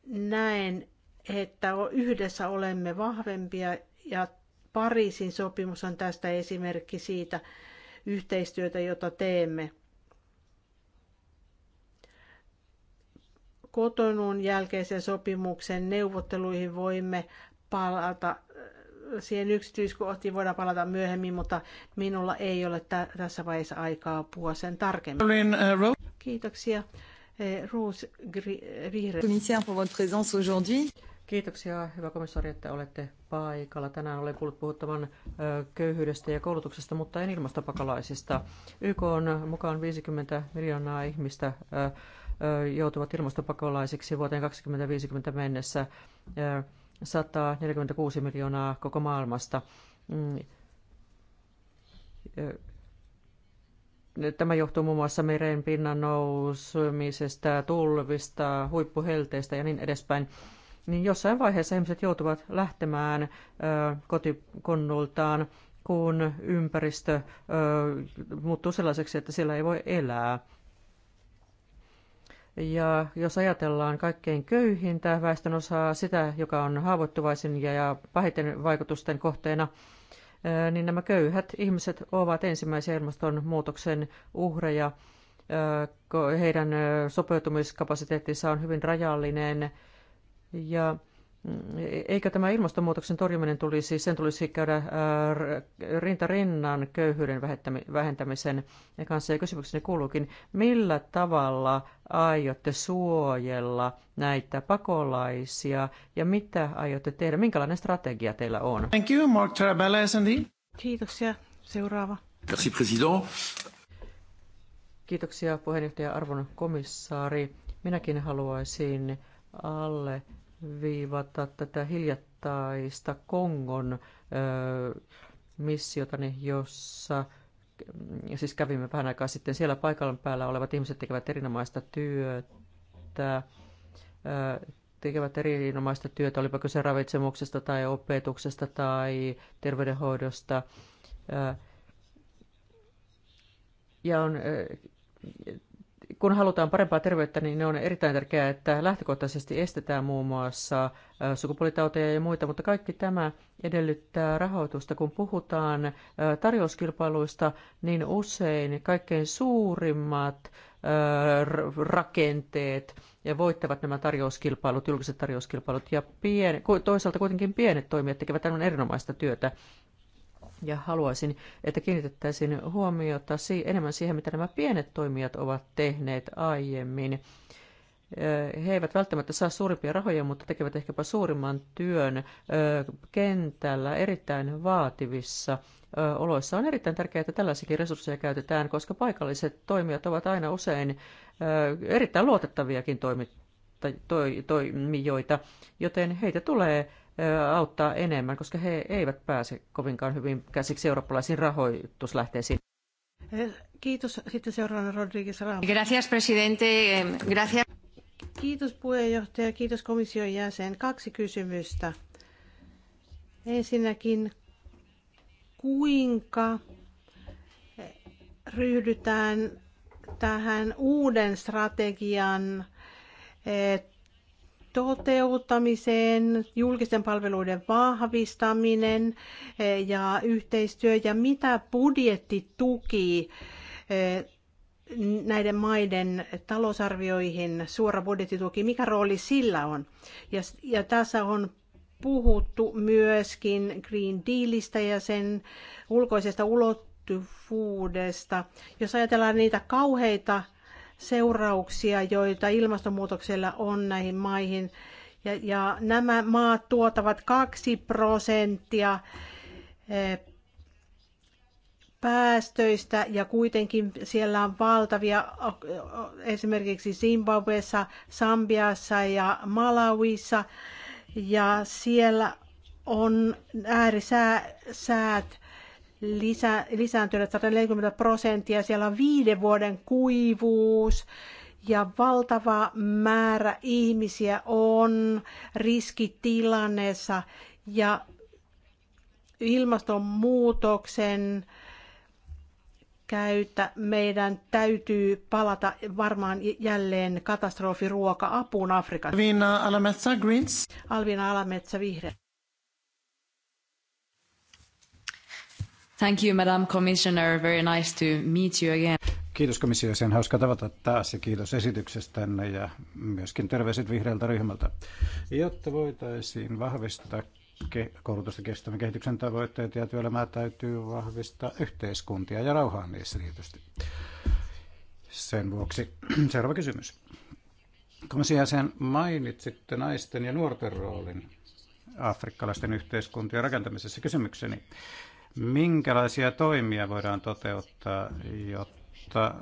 Näen, että yhdessä olemme vahvempia ja Pariisin sopimus on tästä esimerkki siitä yhteistyötä, jota teemme. Kotonun jälkeisen sopimuksen neuvotteluihin voimme palata siihen yksityiskohtiin voidaan palata myöhemmin, mutta minulla ei ole tä- tässä vaiheessa aikaa puhua sen tarkemmin. Uh, Kiitoksia. Eh, Rose Vihreä. pour votre présence aujourd'hui. Kiitoksia, hyvä komissaari, että olette paikalla. Tänään olen kuullut puhuttavan köyhyydestä ja koulutuksesta, mutta en ilmastopakalaisista. YK on mukaan 50 miljoonaa ihmistä joutuvat ilmastopakolaisiksi vuoteen 2050 mennessä 146 miljoonaa koko maailmasta. Mm, tämä johtuu muun muassa meren pinnan nousumisesta, tulvista, huippuhelteistä ja niin edespäin niin jossain vaiheessa ihmiset joutuvat lähtemään kotikonnultaan, kun ympäristö muuttuu sellaiseksi, että siellä ei voi elää. Ja jos ajatellaan kaikkein köyhintä osaa, sitä, joka on haavoittuvaisin ja pahiten vaikutusten kohteena, niin nämä köyhät ihmiset ovat ensimmäisen ilmastonmuutoksen uhreja. Heidän sopeutumiskapasiteettinsa on hyvin rajallinen ja mm, eikä tämä ilmastonmuutoksen torjuminen tulisi, sen tulisi käydä äh, rinta rinnan köyhyyden vähentämisen kanssa. Ja kysymykseni kuuluukin, millä tavalla aiotte suojella näitä pakolaisia ja mitä aiotte tehdä? Minkälainen strategia teillä on? Thank you, Mark Kiitoksia. Seuraava. Merci, president. Kiitoksia puheenjohtaja Arvon komissaari. Minäkin haluaisin alle viivata tätä hiljattaista Kongon ö, jossa siis kävimme vähän aikaa sitten siellä paikan päällä olevat ihmiset tekevät erinomaista työtä. Ö, tekevät erinomaista työtä, olipa kyse ravitsemuksesta tai opetuksesta tai terveydenhoidosta. Ja on kun halutaan parempaa terveyttä, niin on erittäin tärkeää, että lähtökohtaisesti estetään muun muassa sukupuolitauteja ja muita, mutta kaikki tämä edellyttää rahoitusta. Kun puhutaan tarjouskilpailuista, niin usein kaikkein suurimmat rakenteet ja voittavat nämä tarjouskilpailut, julkiset tarjouskilpailut, ja pien, toisaalta kuitenkin pienet toimijat tekevät aivan erinomaista työtä ja haluaisin, että kiinnitettäisiin huomiota enemmän siihen, mitä nämä pienet toimijat ovat tehneet aiemmin. He eivät välttämättä saa suurimpia rahoja, mutta tekevät ehkäpä suurimman työn kentällä erittäin vaativissa oloissa. On erittäin tärkeää, että tällaisiakin resursseja käytetään, koska paikalliset toimijat ovat aina usein erittäin luotettaviakin toimijoita, joten heitä tulee auttaa enemmän, koska he eivät pääse kovinkaan hyvin käsiksi eurooppalaisiin rahoituslähteisiin. Kiitos. Sitten seuraavana Rodriguez Ramos. Gracias, presidente. Gracias. Kiitos puheenjohtaja, kiitos komission jäsen. Kaksi kysymystä. Ensinnäkin, kuinka ryhdytään tähän uuden strategian toteuttamiseen, julkisten palveluiden vahvistaminen eh, ja yhteistyö ja mitä budjetti tuki eh, näiden maiden talousarvioihin, suora budjettituki, mikä rooli sillä on. Ja, ja tässä on puhuttu myöskin Green Dealista ja sen ulkoisesta ulottuvuudesta. Jos ajatellaan niitä kauheita seurauksia, joita ilmastonmuutoksella on näihin maihin. Ja, ja nämä maat tuotavat kaksi prosenttia eh, päästöistä ja kuitenkin siellä on valtavia, eh, esimerkiksi Zimbabwessa, Sambiassa ja Malawissa ja siellä on äärisäät lisä, lisääntyneet 140 prosenttia. Siellä on viiden vuoden kuivuus ja valtava määrä ihmisiä on riskitilanneessa ja ilmastonmuutoksen käyttä meidän täytyy palata varmaan jälleen katastrofiruoka apuun Afrikassa. Alvina Alametsa Greens. Alvina Alametsa Vihreä. Thank you, Madam Commissioner. Very nice to meet you again. Kiitos komissio, sen hauska tavata taas ja kiitos esityksestänne ja myöskin terveiset vihreältä ryhmältä. Jotta voitaisiin vahvistaa koulutusta kestävän kehityksen tavoitteet ja työelämää täytyy vahvistaa yhteiskuntia ja rauhaa niissä tietysti. Sen vuoksi seuraava kysymys. Komission jäsen mainitsitte naisten ja nuorten roolin afrikkalaisten yhteiskuntien rakentamisessa. Kysymykseni, minkälaisia toimia voidaan toteuttaa, jotta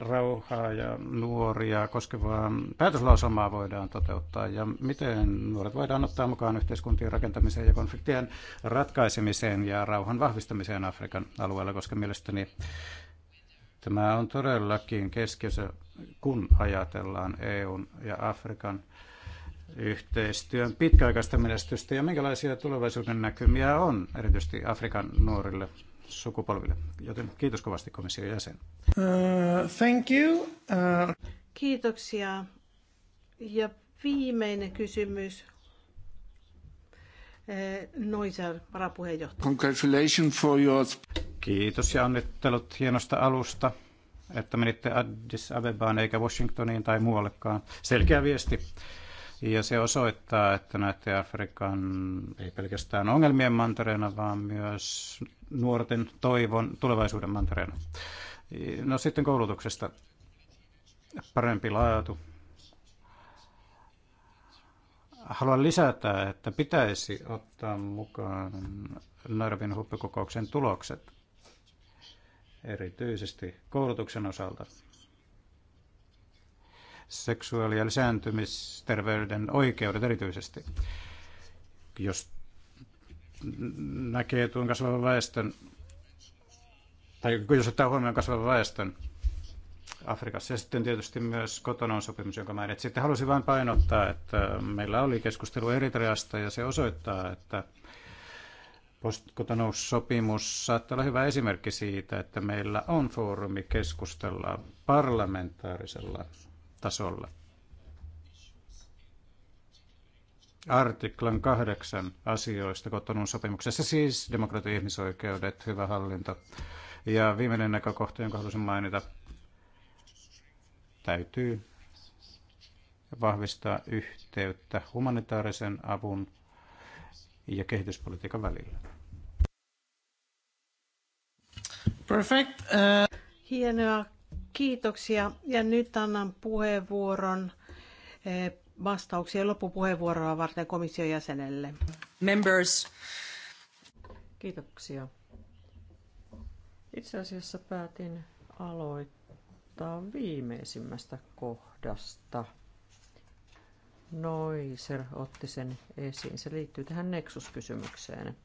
rauhaa ja nuoria koskevaa päätöslausamaa voidaan toteuttaa ja miten nuoret voidaan ottaa mukaan yhteiskuntien rakentamiseen ja konfliktien ratkaisemiseen ja rauhan vahvistamiseen Afrikan alueella, koska mielestäni tämä on todellakin keskeisö, kun ajatellaan EUn ja Afrikan yhteistyön pitkäaikaista menestystä ja minkälaisia tulevaisuuden näkymiä on erityisesti Afrikan nuorille sukupolville. Joten kiitos kovasti komission jäsen. Uh, thank you. Uh... Kiitoksia. Ja viimeinen kysymys. Eh, Noiser, varapuheenjohtaja. Congratulations for your... Kiitos ja onnittelut hienosta alusta, että menitte Addis Abebaan eikä Washingtoniin tai muuallekaan. Selkeä viesti ja se osoittaa, että näiden Afrikan ei pelkästään ongelmien mantereena, vaan myös nuorten toivon tulevaisuuden mantereena. No sitten koulutuksesta parempi laatu. Haluan lisätä, että pitäisi ottaa mukaan Narvin huppukokouksen tulokset, erityisesti koulutuksen osalta seksuaali- ja lisääntymisterveyden oikeudet erityisesti. Jos näkee tuon kasvavan väestön, tai jos ottaa huomioon kasvavan väestön Afrikassa ja sitten tietysti myös kotonon sopimus, jonka mainitsin. Sitten halusin vain painottaa, että meillä oli keskustelu Eritreasta ja se osoittaa, että sopimus saattaa olla hyvä esimerkki siitä, että meillä on foorumi keskustella parlamentaarisella tasolla. Artiklan kahdeksan asioista kotonun sopimuksessa, siis demokratia, ihmisoikeudet, hyvä hallinto. Ja viimeinen näkökohta, jonka haluaisin mainita, täytyy vahvistaa yhteyttä humanitaarisen avun ja kehityspolitiikan välillä. Perfect. Uh... Hienoa. Kiitoksia. Ja nyt annan puheenvuoron eh, vastauksia loppupuheenvuoroa varten komission jäsenelle. Members. Kiitoksia. Itse asiassa päätin aloittaa viimeisimmästä kohdasta. Noiser otti sen esiin. Se liittyy tähän Nexus-kysymykseen.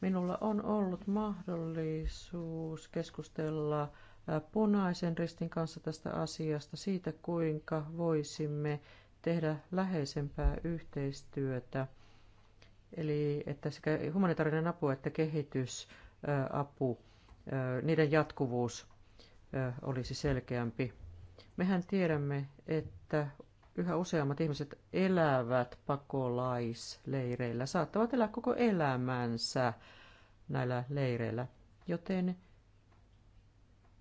Minulla on ollut mahdollisuus keskustella punaisen ristin kanssa tästä asiasta, siitä kuinka voisimme tehdä läheisempää yhteistyötä. Eli että sekä humanitaarinen apu että kehitysapu, niiden jatkuvuus olisi selkeämpi. Mehän tiedämme, että yhä useammat ihmiset elävät pakolaisleireillä, saattavat elää koko elämänsä näillä leireillä, joten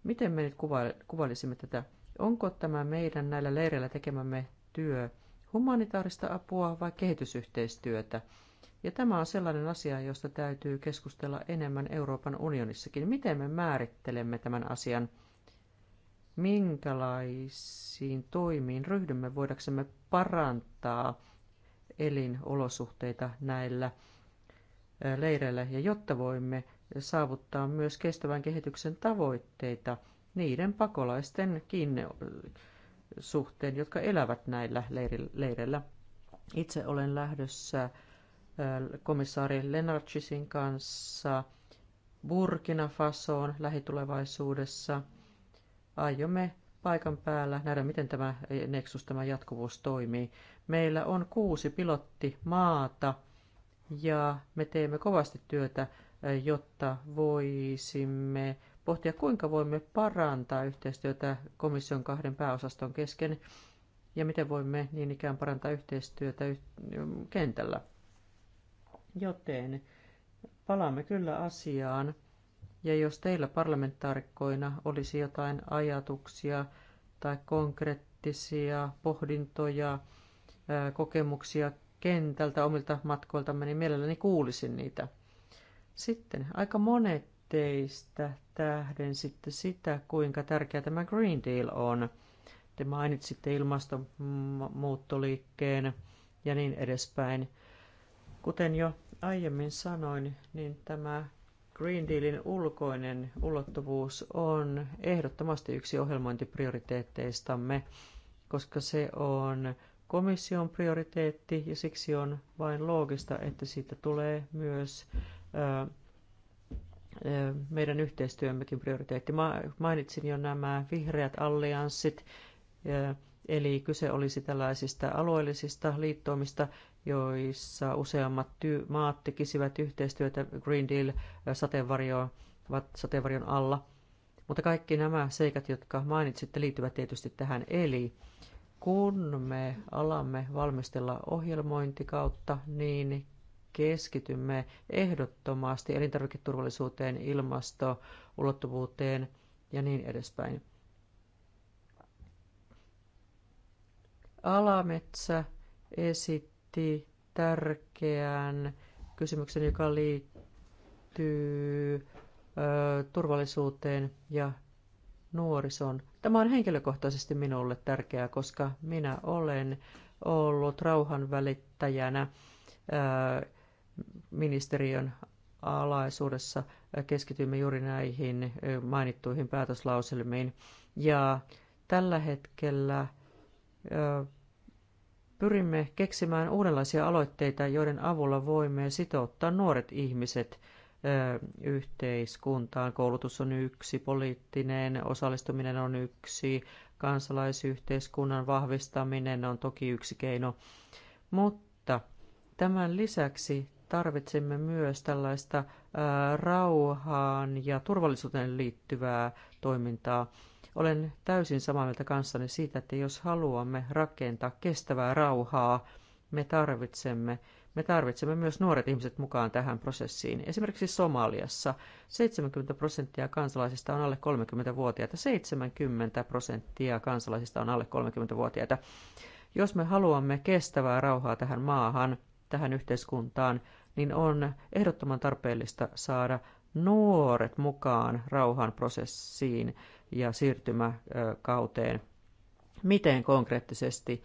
Miten me nyt kuva- kuvailisimme tätä? Onko tämä meidän näillä leireillä tekemämme työ humanitaarista apua vai kehitysyhteistyötä? Ja tämä on sellainen asia, josta täytyy keskustella enemmän Euroopan unionissakin. Miten me määrittelemme tämän asian? Minkälaisiin toimiin ryhdymme voidaksemme parantaa elinolosuhteita näillä leireillä ja jotta voimme saavuttaa myös kestävän kehityksen tavoitteita niiden pakolaistenkin suhteen, jotka elävät näillä leireillä. Itse olen lähdössä äh, komissaari Lenarchisin kanssa Burkina Fasoon lähitulevaisuudessa. Aiomme paikan päällä nähdä, miten tämä Nexus, tämä jatkuvuus toimii. Meillä on kuusi pilottimaata ja me teemme kovasti työtä jotta voisimme pohtia, kuinka voimme parantaa yhteistyötä komission kahden pääosaston kesken ja miten voimme niin ikään parantaa yhteistyötä kentällä. Joten palaamme kyllä asiaan. Ja jos teillä parlamentaarikkoina olisi jotain ajatuksia tai konkreettisia pohdintoja, kokemuksia kentältä omilta matkoiltamme, niin mielelläni kuulisin niitä. Sitten aika monet teistä tähden sitten sitä, kuinka tärkeä tämä Green Deal on. Te mainitsitte ilmastonmuuttoliikkeen ja niin edespäin. Kuten jo aiemmin sanoin, niin tämä Green Dealin ulkoinen ulottuvuus on ehdottomasti yksi ohjelmointiprioriteetteistamme, koska se on komission prioriteetti ja siksi on vain loogista, että siitä tulee myös meidän yhteistyömmekin prioriteetti. Mainitsin jo nämä vihreät allianssit, eli kyse olisi tällaisista alueellisista liittoimista, joissa useammat maat tekisivät yhteistyötä Green Deal sateenvarjon alla. Mutta kaikki nämä seikat, jotka mainitsitte, liittyvät tietysti tähän. Eli kun me alamme valmistella ohjelmointikautta, niin keskitymme ehdottomasti elintarviketurvallisuuteen, ulottuvuuteen ja niin edespäin. Alametsä esitti tärkeän kysymyksen, joka liittyy ö, turvallisuuteen ja nuorison. Tämä on henkilökohtaisesti minulle tärkeää, koska minä olen ollut rauhanvälittäjänä välittäjänä ministeriön alaisuudessa keskitymme juuri näihin mainittuihin päätöslauselmiin. Ja tällä hetkellä pyrimme keksimään uudenlaisia aloitteita, joiden avulla voimme sitouttaa nuoret ihmiset yhteiskuntaan. Koulutus on yksi, poliittinen osallistuminen on yksi, kansalaisyhteiskunnan vahvistaminen on toki yksi keino. Mutta tämän lisäksi tarvitsemme myös tällaista rauhaan ja turvallisuuteen liittyvää toimintaa. Olen täysin samaa mieltä kanssani siitä, että jos haluamme rakentaa kestävää rauhaa, me tarvitsemme, me tarvitsemme myös nuoret ihmiset mukaan tähän prosessiin. Esimerkiksi Somaliassa 70 prosenttia kansalaisista on alle 30-vuotiaita. 70 prosenttia kansalaisista on alle 30-vuotiaita. Jos me haluamme kestävää rauhaa tähän maahan, tähän yhteiskuntaan, niin on ehdottoman tarpeellista saada nuoret mukaan rauhanprosessiin ja siirtymäkauteen. Miten konkreettisesti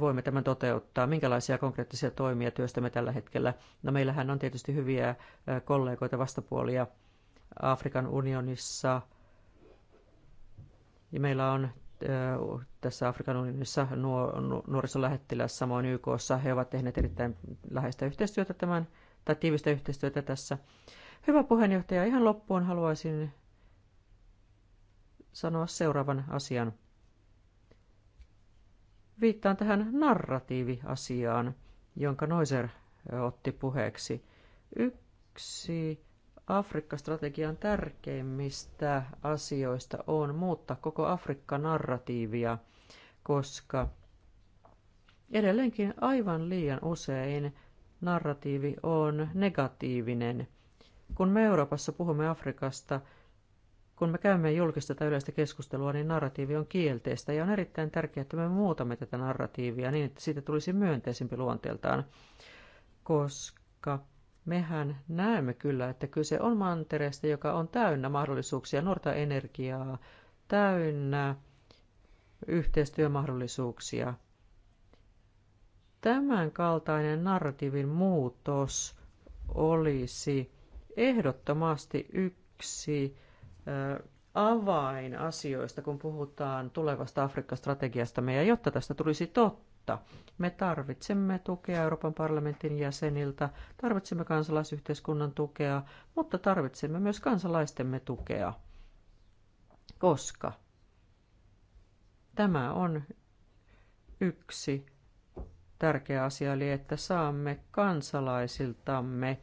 voimme tämän toteuttaa? Minkälaisia konkreettisia toimia työstämme tällä hetkellä? No meillähän on tietysti hyviä kollegoita vastapuolia Afrikan unionissa, ja meillä on tässä Afrikan unionissa nuorisolähettiläs, samoin YKssa. He ovat tehneet erittäin läheistä yhteistyötä tämän, tai tiivistä yhteistyötä tässä. Hyvä puheenjohtaja, ihan loppuun haluaisin sanoa seuraavan asian. Viittaan tähän narratiiviasiaan, jonka Noiser otti puheeksi. Yksi Afrikka-strategian tärkeimmistä asioista on muuttaa koko Afrikka-narratiivia, koska edelleenkin aivan liian usein narratiivi on negatiivinen. Kun me Euroopassa puhumme Afrikasta, kun me käymme julkista tai yleistä keskustelua, niin narratiivi on kielteistä ja on erittäin tärkeää, että me muutamme tätä narratiivia niin, että siitä tulisi myönteisempi luonteeltaan, koska mehän näemme kyllä, että kyse on mantereesta, joka on täynnä mahdollisuuksia, nuorta energiaa, täynnä yhteistyömahdollisuuksia. Tämän kaltainen narratiivin muutos olisi ehdottomasti yksi avainasioista, kun puhutaan tulevasta afrikka strategiasta meidän jotta tästä tulisi totta, mutta Me tarvitsemme tukea Euroopan parlamentin jäseniltä, tarvitsemme kansalaisyhteiskunnan tukea, mutta tarvitsemme myös kansalaistemme tukea. Koska tämä on yksi tärkeä asia, eli että saamme kansalaisiltamme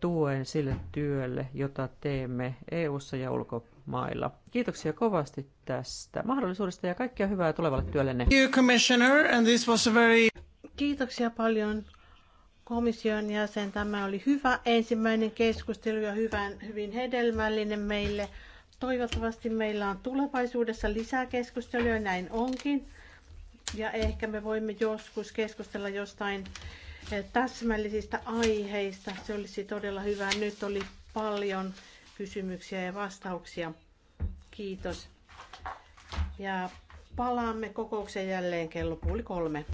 tuen sille työlle, jota teemme EU:ssa ja ulkopuolella mailla. Kiitoksia kovasti tästä mahdollisuudesta ja kaikkea hyvää tulevalle työllenne. Kiitoksia paljon komission jäsen. Tämä oli hyvä ensimmäinen keskustelu ja hyvän, hyvin hedelmällinen meille. Toivottavasti meillä on tulevaisuudessa lisää keskusteluja, näin onkin. Ja ehkä me voimme joskus keskustella jostain eh, täsmällisistä aiheista. Se olisi todella hyvä. Nyt oli paljon kysymyksiä ja vastauksia. Kiitos. Ja palaamme kokoukseen jälleen kello puoli kolme.